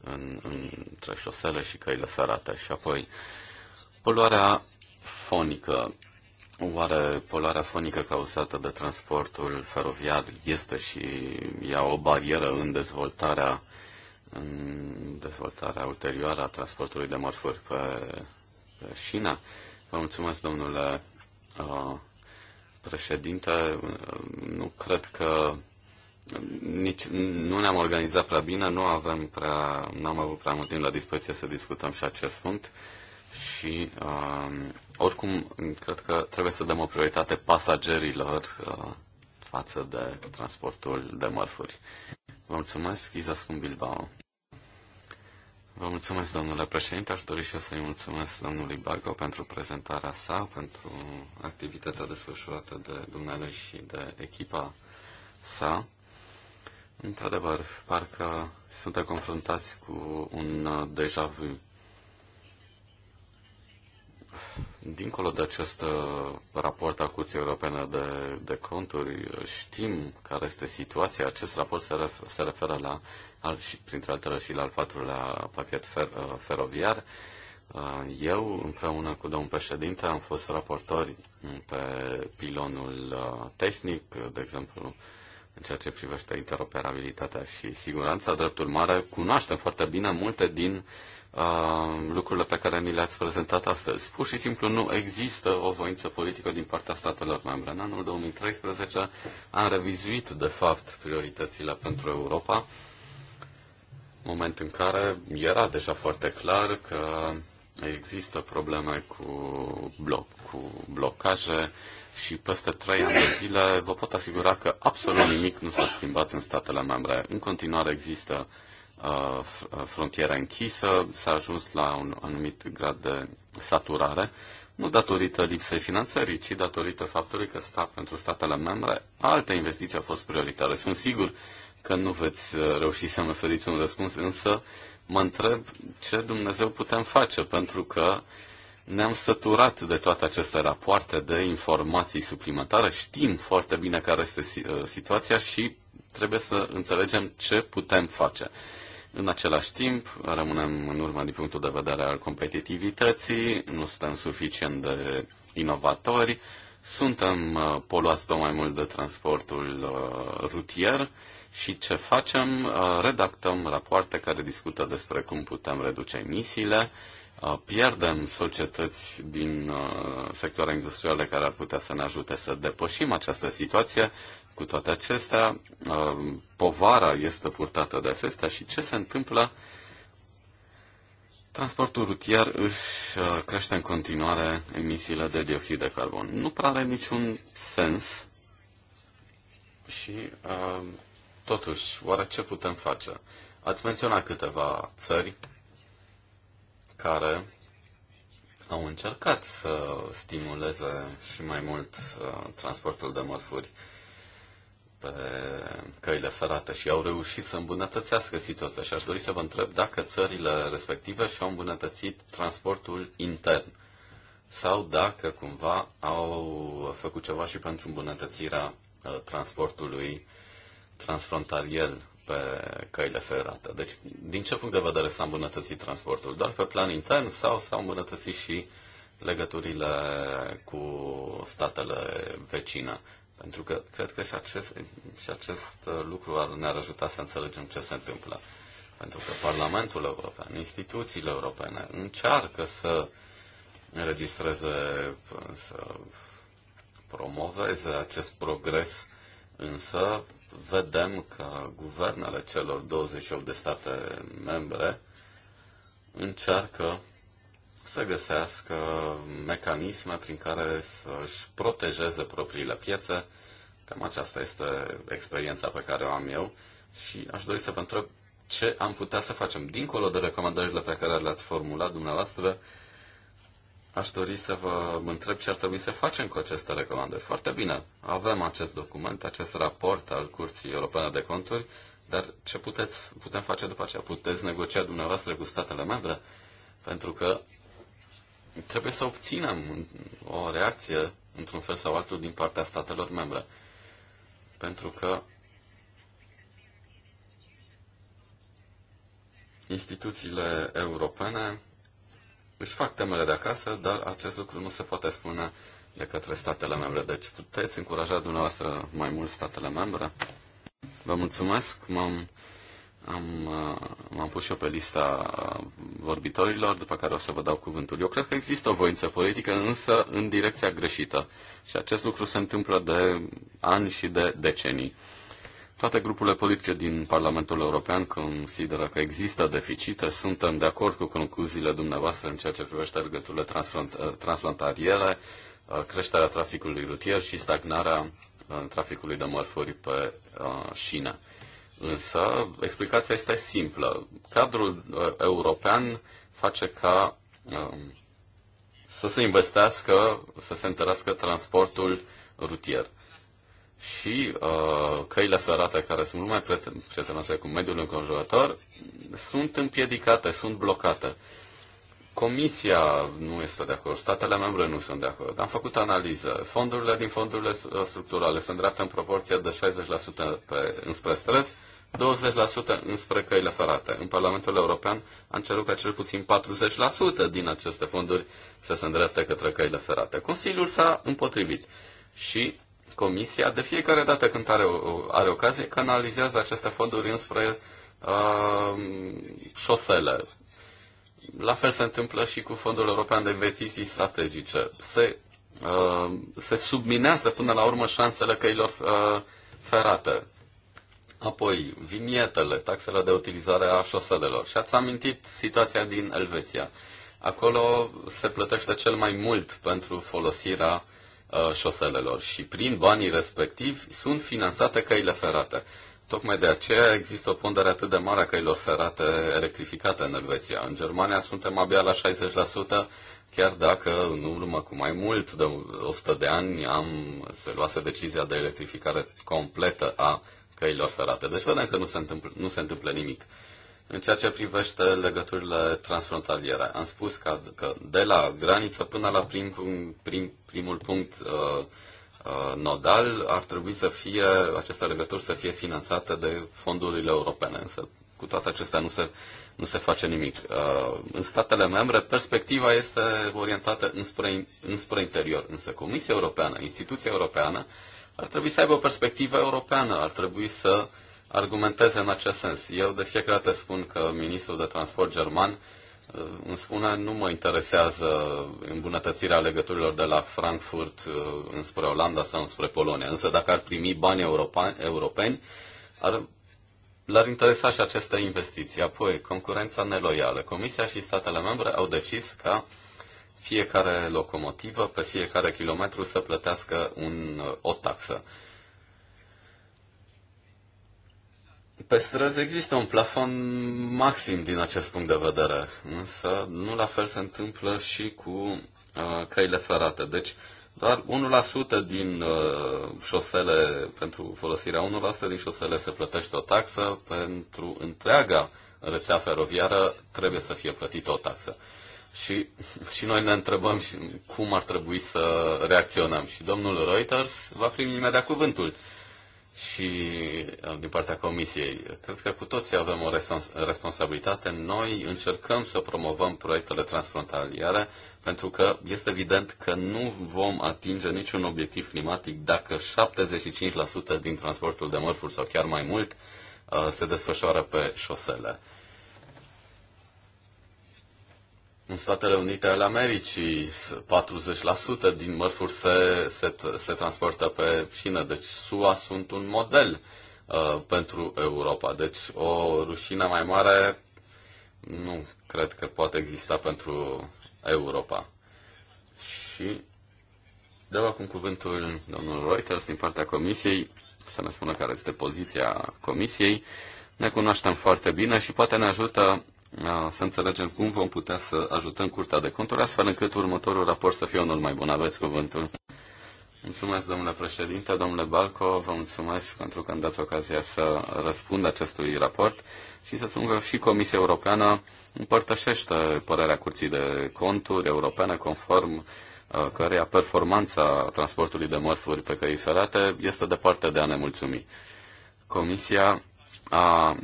în, între șosele și căile ferate. Și apoi, poluarea fonică. Oare poluarea fonică cauzată de transportul feroviar este și ea o barieră în dezvoltarea în dezvoltarea ulterioară a transportului de mărfuri pe, pe China. Vă mulțumesc, domnule uh, președinte. Nu cred că nici, nu ne-am organizat prea bine, nu avem prea, n-am avut prea mult timp la dispoziție să discutăm și acest punct și uh, oricum cred că trebuie să dăm o prioritate pasagerilor uh, față de transportul de mărfuri. Vă mulțumesc, Iza Scumbilbao. Vă mulțumesc, domnule președinte. Aș dori și eu să-i mulțumesc domnului Barco pentru prezentarea sa, pentru activitatea desfășurată de dumneavoastră și de echipa sa. Într-adevăr, parcă suntem confruntați cu un deja vu. Dincolo de acest raport al Curții Europene de, de Conturi, știm care este situația. Acest raport se, refer, se referă la al, și, printre altele și la al patrulea pachet fer, uh, feroviar. Uh, eu, împreună cu domnul președinte, am fost raportori pe pilonul uh, tehnic, de exemplu, în ceea ce privește interoperabilitatea și siguranța. Dreptul mare, cunoaștem foarte bine multe din uh, lucrurile pe care ni le-ați prezentat astăzi. Pur și simplu nu există o voință politică din partea statelor membre. În anul 2013 am revizuit, de fapt, prioritățile pentru Europa moment în care era deja foarte clar că există probleme cu, bloc, cu blocaje și peste trei ani de zile vă pot asigura că absolut nimic nu s-a schimbat în statele membre. În continuare există uh, uh frontiera închisă, s-a ajuns la un anumit grad de saturare, nu datorită lipsei finanțării, ci datorită faptului că sta, pentru statele membre alte investiții au fost prioritare. Sunt sigur că nu veți uh, reuși să-mi oferiți un răspuns, însă mă întreb ce Dumnezeu putem face, pentru că ne-am săturat de toate aceste rapoarte, de informații suplimentare, știm foarte bine care este uh, situația și trebuie să înțelegem ce putem face. În același timp, rămânem în urmă din punctul de vedere al competitivității, nu suntem suficient de inovatori, suntem uh, poluați tot mai mult de transportul rutier și ce facem? Uh, redactăm rapoarte care discută despre cum putem reduce emisiile, uh, pierdem societăți din uh, sectoare industriale care ar putea să ne ajute să depășim această situație. Cu toate acestea, povara este purtată de acestea și ce se întâmplă? Transportul rutier își crește în continuare emisiile de dioxid de carbon. Nu prea are niciun sens și uh, Totuși, oare ce putem face? Ați menționat câteva țări care au încercat să stimuleze și mai mult uh, transportul de mărfuri pe căile ferate și au reușit să îmbunătățească situația și aș dori să vă întreb dacă țările respective și-au îmbunătățit transportul intern sau dacă cumva au făcut ceva și pentru îmbunătățirea uh, transportului transfrontalier pe căile ferate. Deci, din ce punct de vedere s-a îmbunătățit transportul? Doar pe plan intern sau s-au îmbunătățit și legăturile cu statele vecine? Pentru că cred că și acest, și acest lucru ar, ne-ar ajuta să înțelegem ce se întâmplă. Pentru că Parlamentul European, instituțiile europene încearcă să înregistreze, să promoveze acest progres, însă vedem că guvernele celor 28 de state membre încearcă să găsească mecanisme prin care să-și protejeze propriile piețe. Cam aceasta este experiența pe care o am eu și aș dori să vă întreb ce am putea să facem, dincolo de recomandările pe care le-ați formulat dumneavoastră, Aș dori să vă întreb ce ar trebui să facem cu aceste recomandări. Foarte bine, avem acest document, acest raport al Curții Europene de Conturi, dar ce puteți, putem face după aceea? Puteți negocia dumneavoastră cu statele membre? Pentru că trebuie să obținem o reacție, într-un fel sau altul, din partea statelor membre. Pentru că instituțiile europene își fac temele de acasă, dar acest lucru nu se poate spune de către statele membre. Deci puteți încuraja dumneavoastră mai mult statele membre. Vă mulțumesc, m-am, am, uh, m-am pus și eu pe lista vorbitorilor, după care o să vă dau cuvântul. Eu cred că există o voință politică, însă în direcția greșită. Și acest lucru se întâmplă de ani și de decenii. Toate grupurile politice din Parlamentul European consideră că există deficite. Suntem de acord cu concluziile dumneavoastră în ceea ce privește legăturile eh, transfrontaliere, eh, creșterea traficului rutier și stagnarea eh, traficului de mărfuri pe șină. Însă, explicația este simplă. Cadrul european face ca să se investească, să se întărească transportul rutier și uh, căile ferate care sunt mai prietenoase cu mediul înconjurător sunt împiedicate, sunt blocate. Comisia nu este de acord, statele membre nu sunt de acord. Am făcut analiză. Fondurile din fondurile uh, structurale se îndreaptă în proporție de 60% pe, înspre străzi, 20% înspre căile ferate. În Parlamentul European am cerut ca cel puțin 40% din aceste fonduri să se îndrepte către căile ferate. Consiliul s-a împotrivit și Comisia, de fiecare dată când are, o, are ocazie, canalizează aceste fonduri înspre uh, șosele. La fel se întâmplă și cu Fondul European de Investiții Strategice. Se, uh, se subminează până la urmă șansele căilor uh, ferate. Apoi, vinietele, taxele de utilizare a șoselelor. Și ați amintit situația din Elveția. Acolo se plătește cel mai mult pentru folosirea uh, Uh, șoselelor și prin banii respectivi sunt finanțate căile ferate. Tocmai de aceea există o pondere atât de mare a căilor ferate electrificate în Elveția. În Germania suntem abia la 60%, chiar dacă în urmă cu mai mult de 100 de ani am, se luase decizia de electrificare completă a căilor ferate. Deci vedem că nu se întâmplă, nu se întâmplă nimic. În ceea ce privește legăturile transfrontaliere, am spus că, că de la graniță până la prim, prim, primul punct uh, uh, nodal ar trebui să fie, aceste legături să fie finanțate de fondurile europene, însă cu toate acestea nu se, nu se face nimic. Uh, în statele membre, perspectiva este orientată înspre, înspre interior, însă Comisia Europeană, instituția europeană, ar trebui să aibă o perspectivă europeană, ar trebui să uh, argumenteze în acest sens. Eu de fiecare dată spun că ministrul de transport german uh, îmi spune nu mă interesează îmbunătățirea legăturilor de la Frankfurt uh, înspre Olanda sau înspre Polonia, însă dacă ar primi bani europeni, ar, l-ar interesa și aceste investiții. Apoi, concurența neloială. Comisia și statele membre au decis ca fiecare locomotivă pe fiecare kilometru să plătească un, uh, o taxă. Pe străzi există un plafon maxim din acest punct de vedere, însă nu la fel se întâmplă și cu uh, căile ferate. Deci doar 1% din uh, șosele, pentru folosirea 1% din șosele se plătește o taxă, pentru întreaga rețea feroviară trebuie să fie plătită o taxă. Și, și noi ne întrebăm cum ar trebui să reacționăm. Și domnul Reuters va primi imediat cuvântul și uh, din partea Comisiei. Cred că cu toții avem o responsabilitate. Noi încercăm să promovăm proiectele transfrontaliere pentru că este evident că nu vom atinge niciun obiectiv climatic dacă 75% din transportul de mărfuri sau chiar mai mult uh, se desfășoară pe șosele. în Statele Unite ale Americii 40% din mărfuri se, se, se transportă pe șină, deci SUA sunt un model uh, pentru Europa. Deci o rușine mai mare nu cred că poate exista pentru Europa. Și dăm acum cuvântul domnul Reuters din partea Comisiei să ne spună care este poziția Comisiei. Ne cunoaștem foarte bine și poate ne ajută să înțelegem cum vom putea să ajutăm Curtea de Conturi, astfel încât următorul raport să fie unul mai bun. Aveți cuvântul. Mulțumesc, domnule președinte, domnule Balco, vă mulțumesc pentru că îmi dat ocazia să răspund acestui raport și să spun că și Comisia Europeană împărtășește părerea Curții de Conturi Europene conform căreia performanța transportului de mărfuri pe căi ferate este departe de a ne mulțumi. Comisia a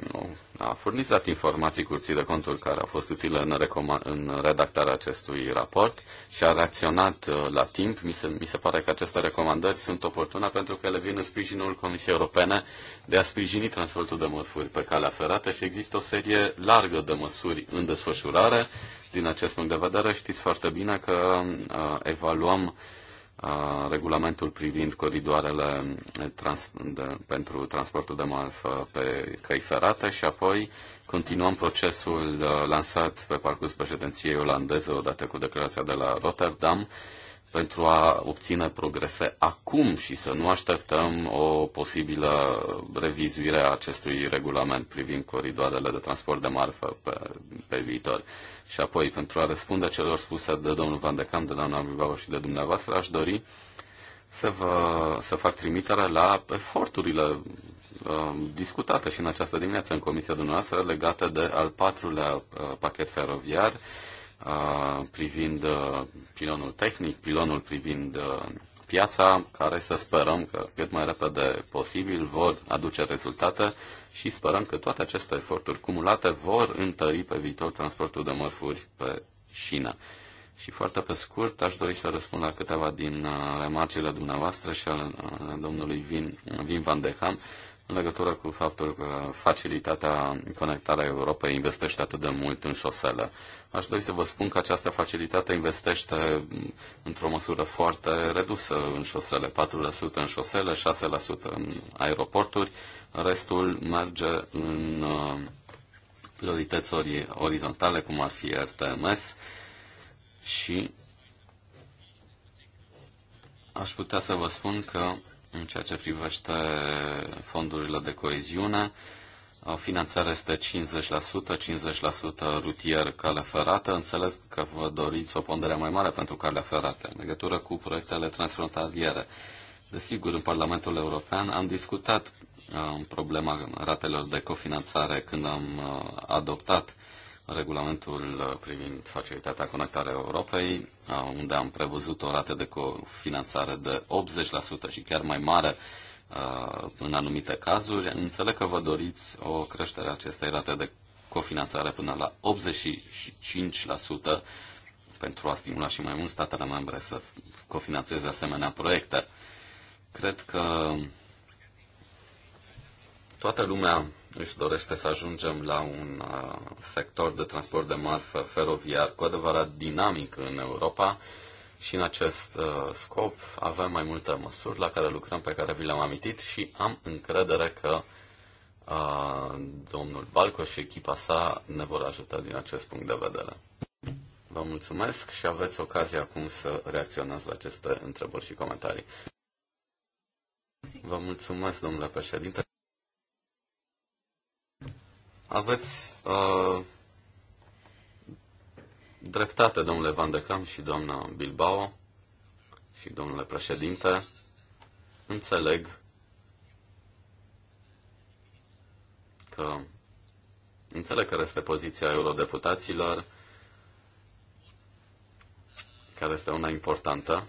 a furnizat informații curții de conturi care au fost utile în, în redactarea acestui raport și a reacționat uh, la timp. Mi se, mi se pare că aceste recomandări sunt oportune pentru că ele vin în sprijinul Comisiei Europene de a sprijini transportul de măsuri pe calea ferată și există o serie largă de măsuri în desfășurare. Din acest punct de vedere știți foarte bine că uh, evaluăm uh, regulamentul privind coridoarele trans- de, pentru transportul de marfă pe căi ferate și apoi continuăm procesul lansat pe parcurs președinției olandeze odată cu declarația de la Rotterdam pentru a obține progrese acum și să nu așteptăm o posibilă revizuire a acestui regulament privind coridoarele de transport de marfă pe, pe viitor. Și apoi, pentru a răspunde celor spuse de domnul Van de Cam, de doamna Bilbao și de dumneavoastră, aș dori să, vă, să fac trimitere la eforturile um, discutate și în această dimineață în comisia dumneavoastră legate de al patrulea uh, pachet feroviar, privind pilonul tehnic, pilonul privind piața, care să sperăm că cât mai repede posibil vor aduce rezultate și sperăm că toate aceste eforturi cumulate vor întări pe viitor transportul de mărfuri pe șină. Și foarte pe scurt, aș dori să răspund la câteva din remarcile dumneavoastră și ale domnului Vin, Vin Van de Ham în legătură cu faptul că facilitatea conectarea Europei investește atât de mult în șosele. Aș dori să vă spun că această facilitate investește într-o măsură foarte redusă în șosele, 4% în șosele, 6% în aeroporturi, restul merge în uh, priorități orizontale, cum ar fi RTMS și aș putea să vă spun că în ceea ce privește fondurile de coeziune, finanțarea este 50%, 50% rutier cale ferată. Înțeles că vă doriți o pondere mai mare pentru calea ferată în legătură cu proiectele transfrontaliere. Desigur, în Parlamentul European am discutat uh, problema ratelor de cofinanțare când am uh, adoptat regulamentul uh, privind facilitatea conectarea Europei, uh, unde am prevăzut o rată de cofinanțare de 80% și chiar mai mare uh, în anumite cazuri. Înțeleg că vă doriți o creștere a acestei rate de cofinanțare până la 85% pentru a stimula și mai mult statele membre să cofinanțeze asemenea proiecte. Cred că toată lumea își dorește să ajungem la un uh, sector de transport de marfă feroviar cu adevărat dinamic în Europa și în acest uh, scop avem mai multe măsuri la care lucrăm, pe care vi le-am amintit și am încredere că uh, domnul Balco și echipa sa ne vor ajuta din acest punct de vedere. Vă mulțumesc și aveți ocazia acum să reacționați la aceste întrebări și comentarii. Vă mulțumesc, domnule președinte. Aveți uh, dreptate, domnule Van de Cam și doamna Bilbao și domnule președinte. Înțeleg că înțeleg care este poziția eurodeputaților, care este una importantă.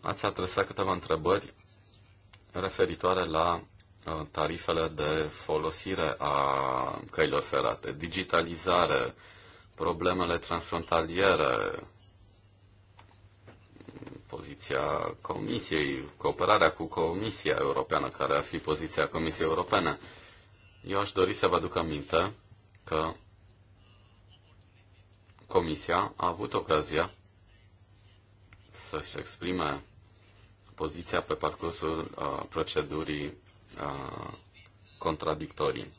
Ați adresat câteva întrebări referitoare la tarifele de folosire a căilor ferate, digitalizare, problemele transfrontaliere, poziția Comisiei, cooperarea cu Comisia Europeană, care ar fi poziția Comisiei Europene. Eu aș dori să vă aduc aminte că Comisia a avut ocazia să-și exprime poziția pe parcursul uh, procedurii contradictorii.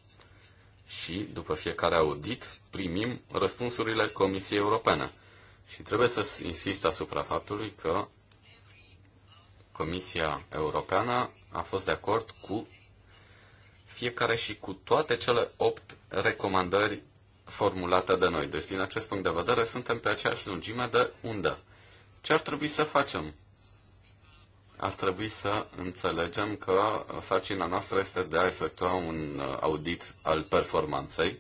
Și după fiecare audit primim răspunsurile Comisiei Europene. Și trebuie să insist asupra faptului că Comisia Europeană a fost de acord cu fiecare și cu toate cele opt recomandări formulate de noi. Deci, din acest punct de vedere, suntem pe aceeași lungime de undă. Ce ar trebui să facem? ar trebui să înțelegem că uh, sarcina noastră este de a efectua un uh, audit al performanței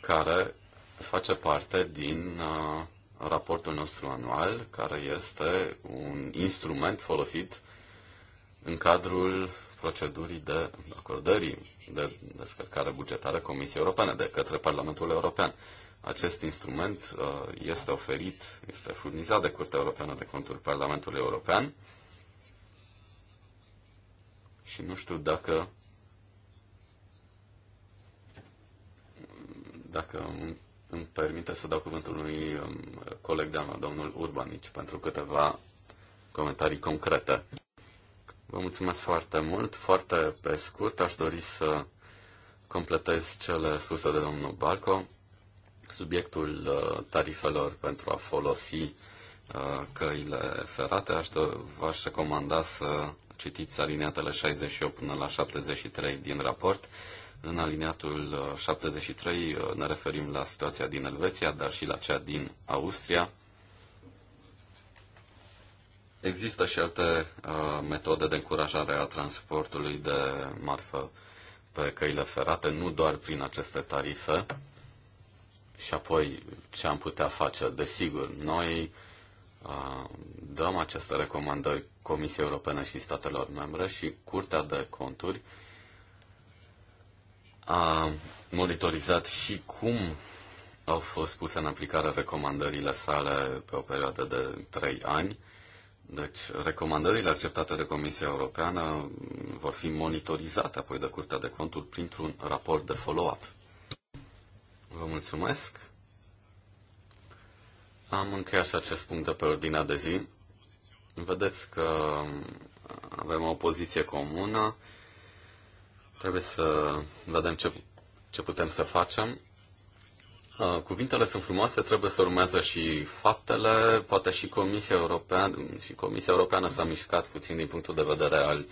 care face parte din uh, raportul nostru anual, care este un instrument folosit în cadrul procedurii de acordării de descărcare bugetară Comisiei Europene de către Parlamentul European. Acest instrument uh, este oferit, este furnizat de Curtea Europeană de Conturi Parlamentului European și nu știu dacă dacă îmi permite să dau cuvântul unui um, coleg de-al meu, domnul Urbanici, pentru câteva comentarii concrete. Vă mulțumesc foarte mult. Foarte pe scurt, aș dori să completez cele spuse de domnul Balco subiectul uh, tarifelor pentru a folosi uh, căile ferate, aș v-aș recomanda să citiți alineatele 68 până la 73 din raport. În aliniatul 73 uh, ne referim la situația din Elveția, dar și la cea din Austria. Există și alte metode de încurajare a transportului de marfă pe căile ferate, nu doar prin aceste tarife. Și apoi, ce am putea face? Desigur, noi dăm aceste recomandări Comisiei Europene și statelor membre și Curtea de Conturi a monitorizat și cum au fost puse în aplicare recomandările sale pe o perioadă de 3 ani. Deci, recomandările acceptate de Comisia Europeană vor fi monitorizate apoi de Curtea de Conturi printr-un raport de follow-up. Vă mulțumesc. Am încheiat și acest punct de pe ordinea de zi. Vedeți că avem o poziție comună. Trebuie să vedem ce, ce putem să facem. Uh, cuvintele sunt frumoase, trebuie să urmează și faptele. Poate și Comisia Europeană, și Comisia Europeană s-a mișcat puțin din punctul de vedere al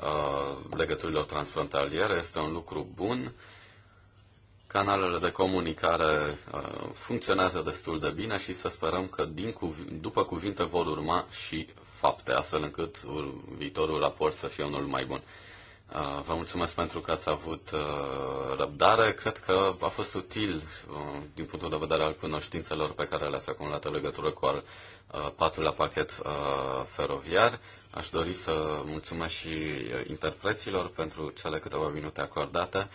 uh, legăturilor transfrontaliere. Este un lucru bun. Uh, canalele de comunicare uh, funcționează destul de bine și să sperăm că din cuv- după cuvinte vor urma și fapte, astfel încât viitorul raport să fie unul mai bun. Uh, vă mulțumesc pentru că ați avut uh, răbdare. Cred că a fost util din punctul de vedere al cunoștințelor pe care le-ați acumulat în legătură cu al patrulea pachet feroviar. Aș dori să mulțumesc și interpreților pentru cele câteva minute acordate.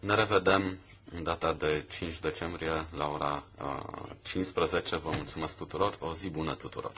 Ne revedem în data de 5 decembrie la ora 15. Uh, vă mulțumesc tuturor, o zi bună tuturor!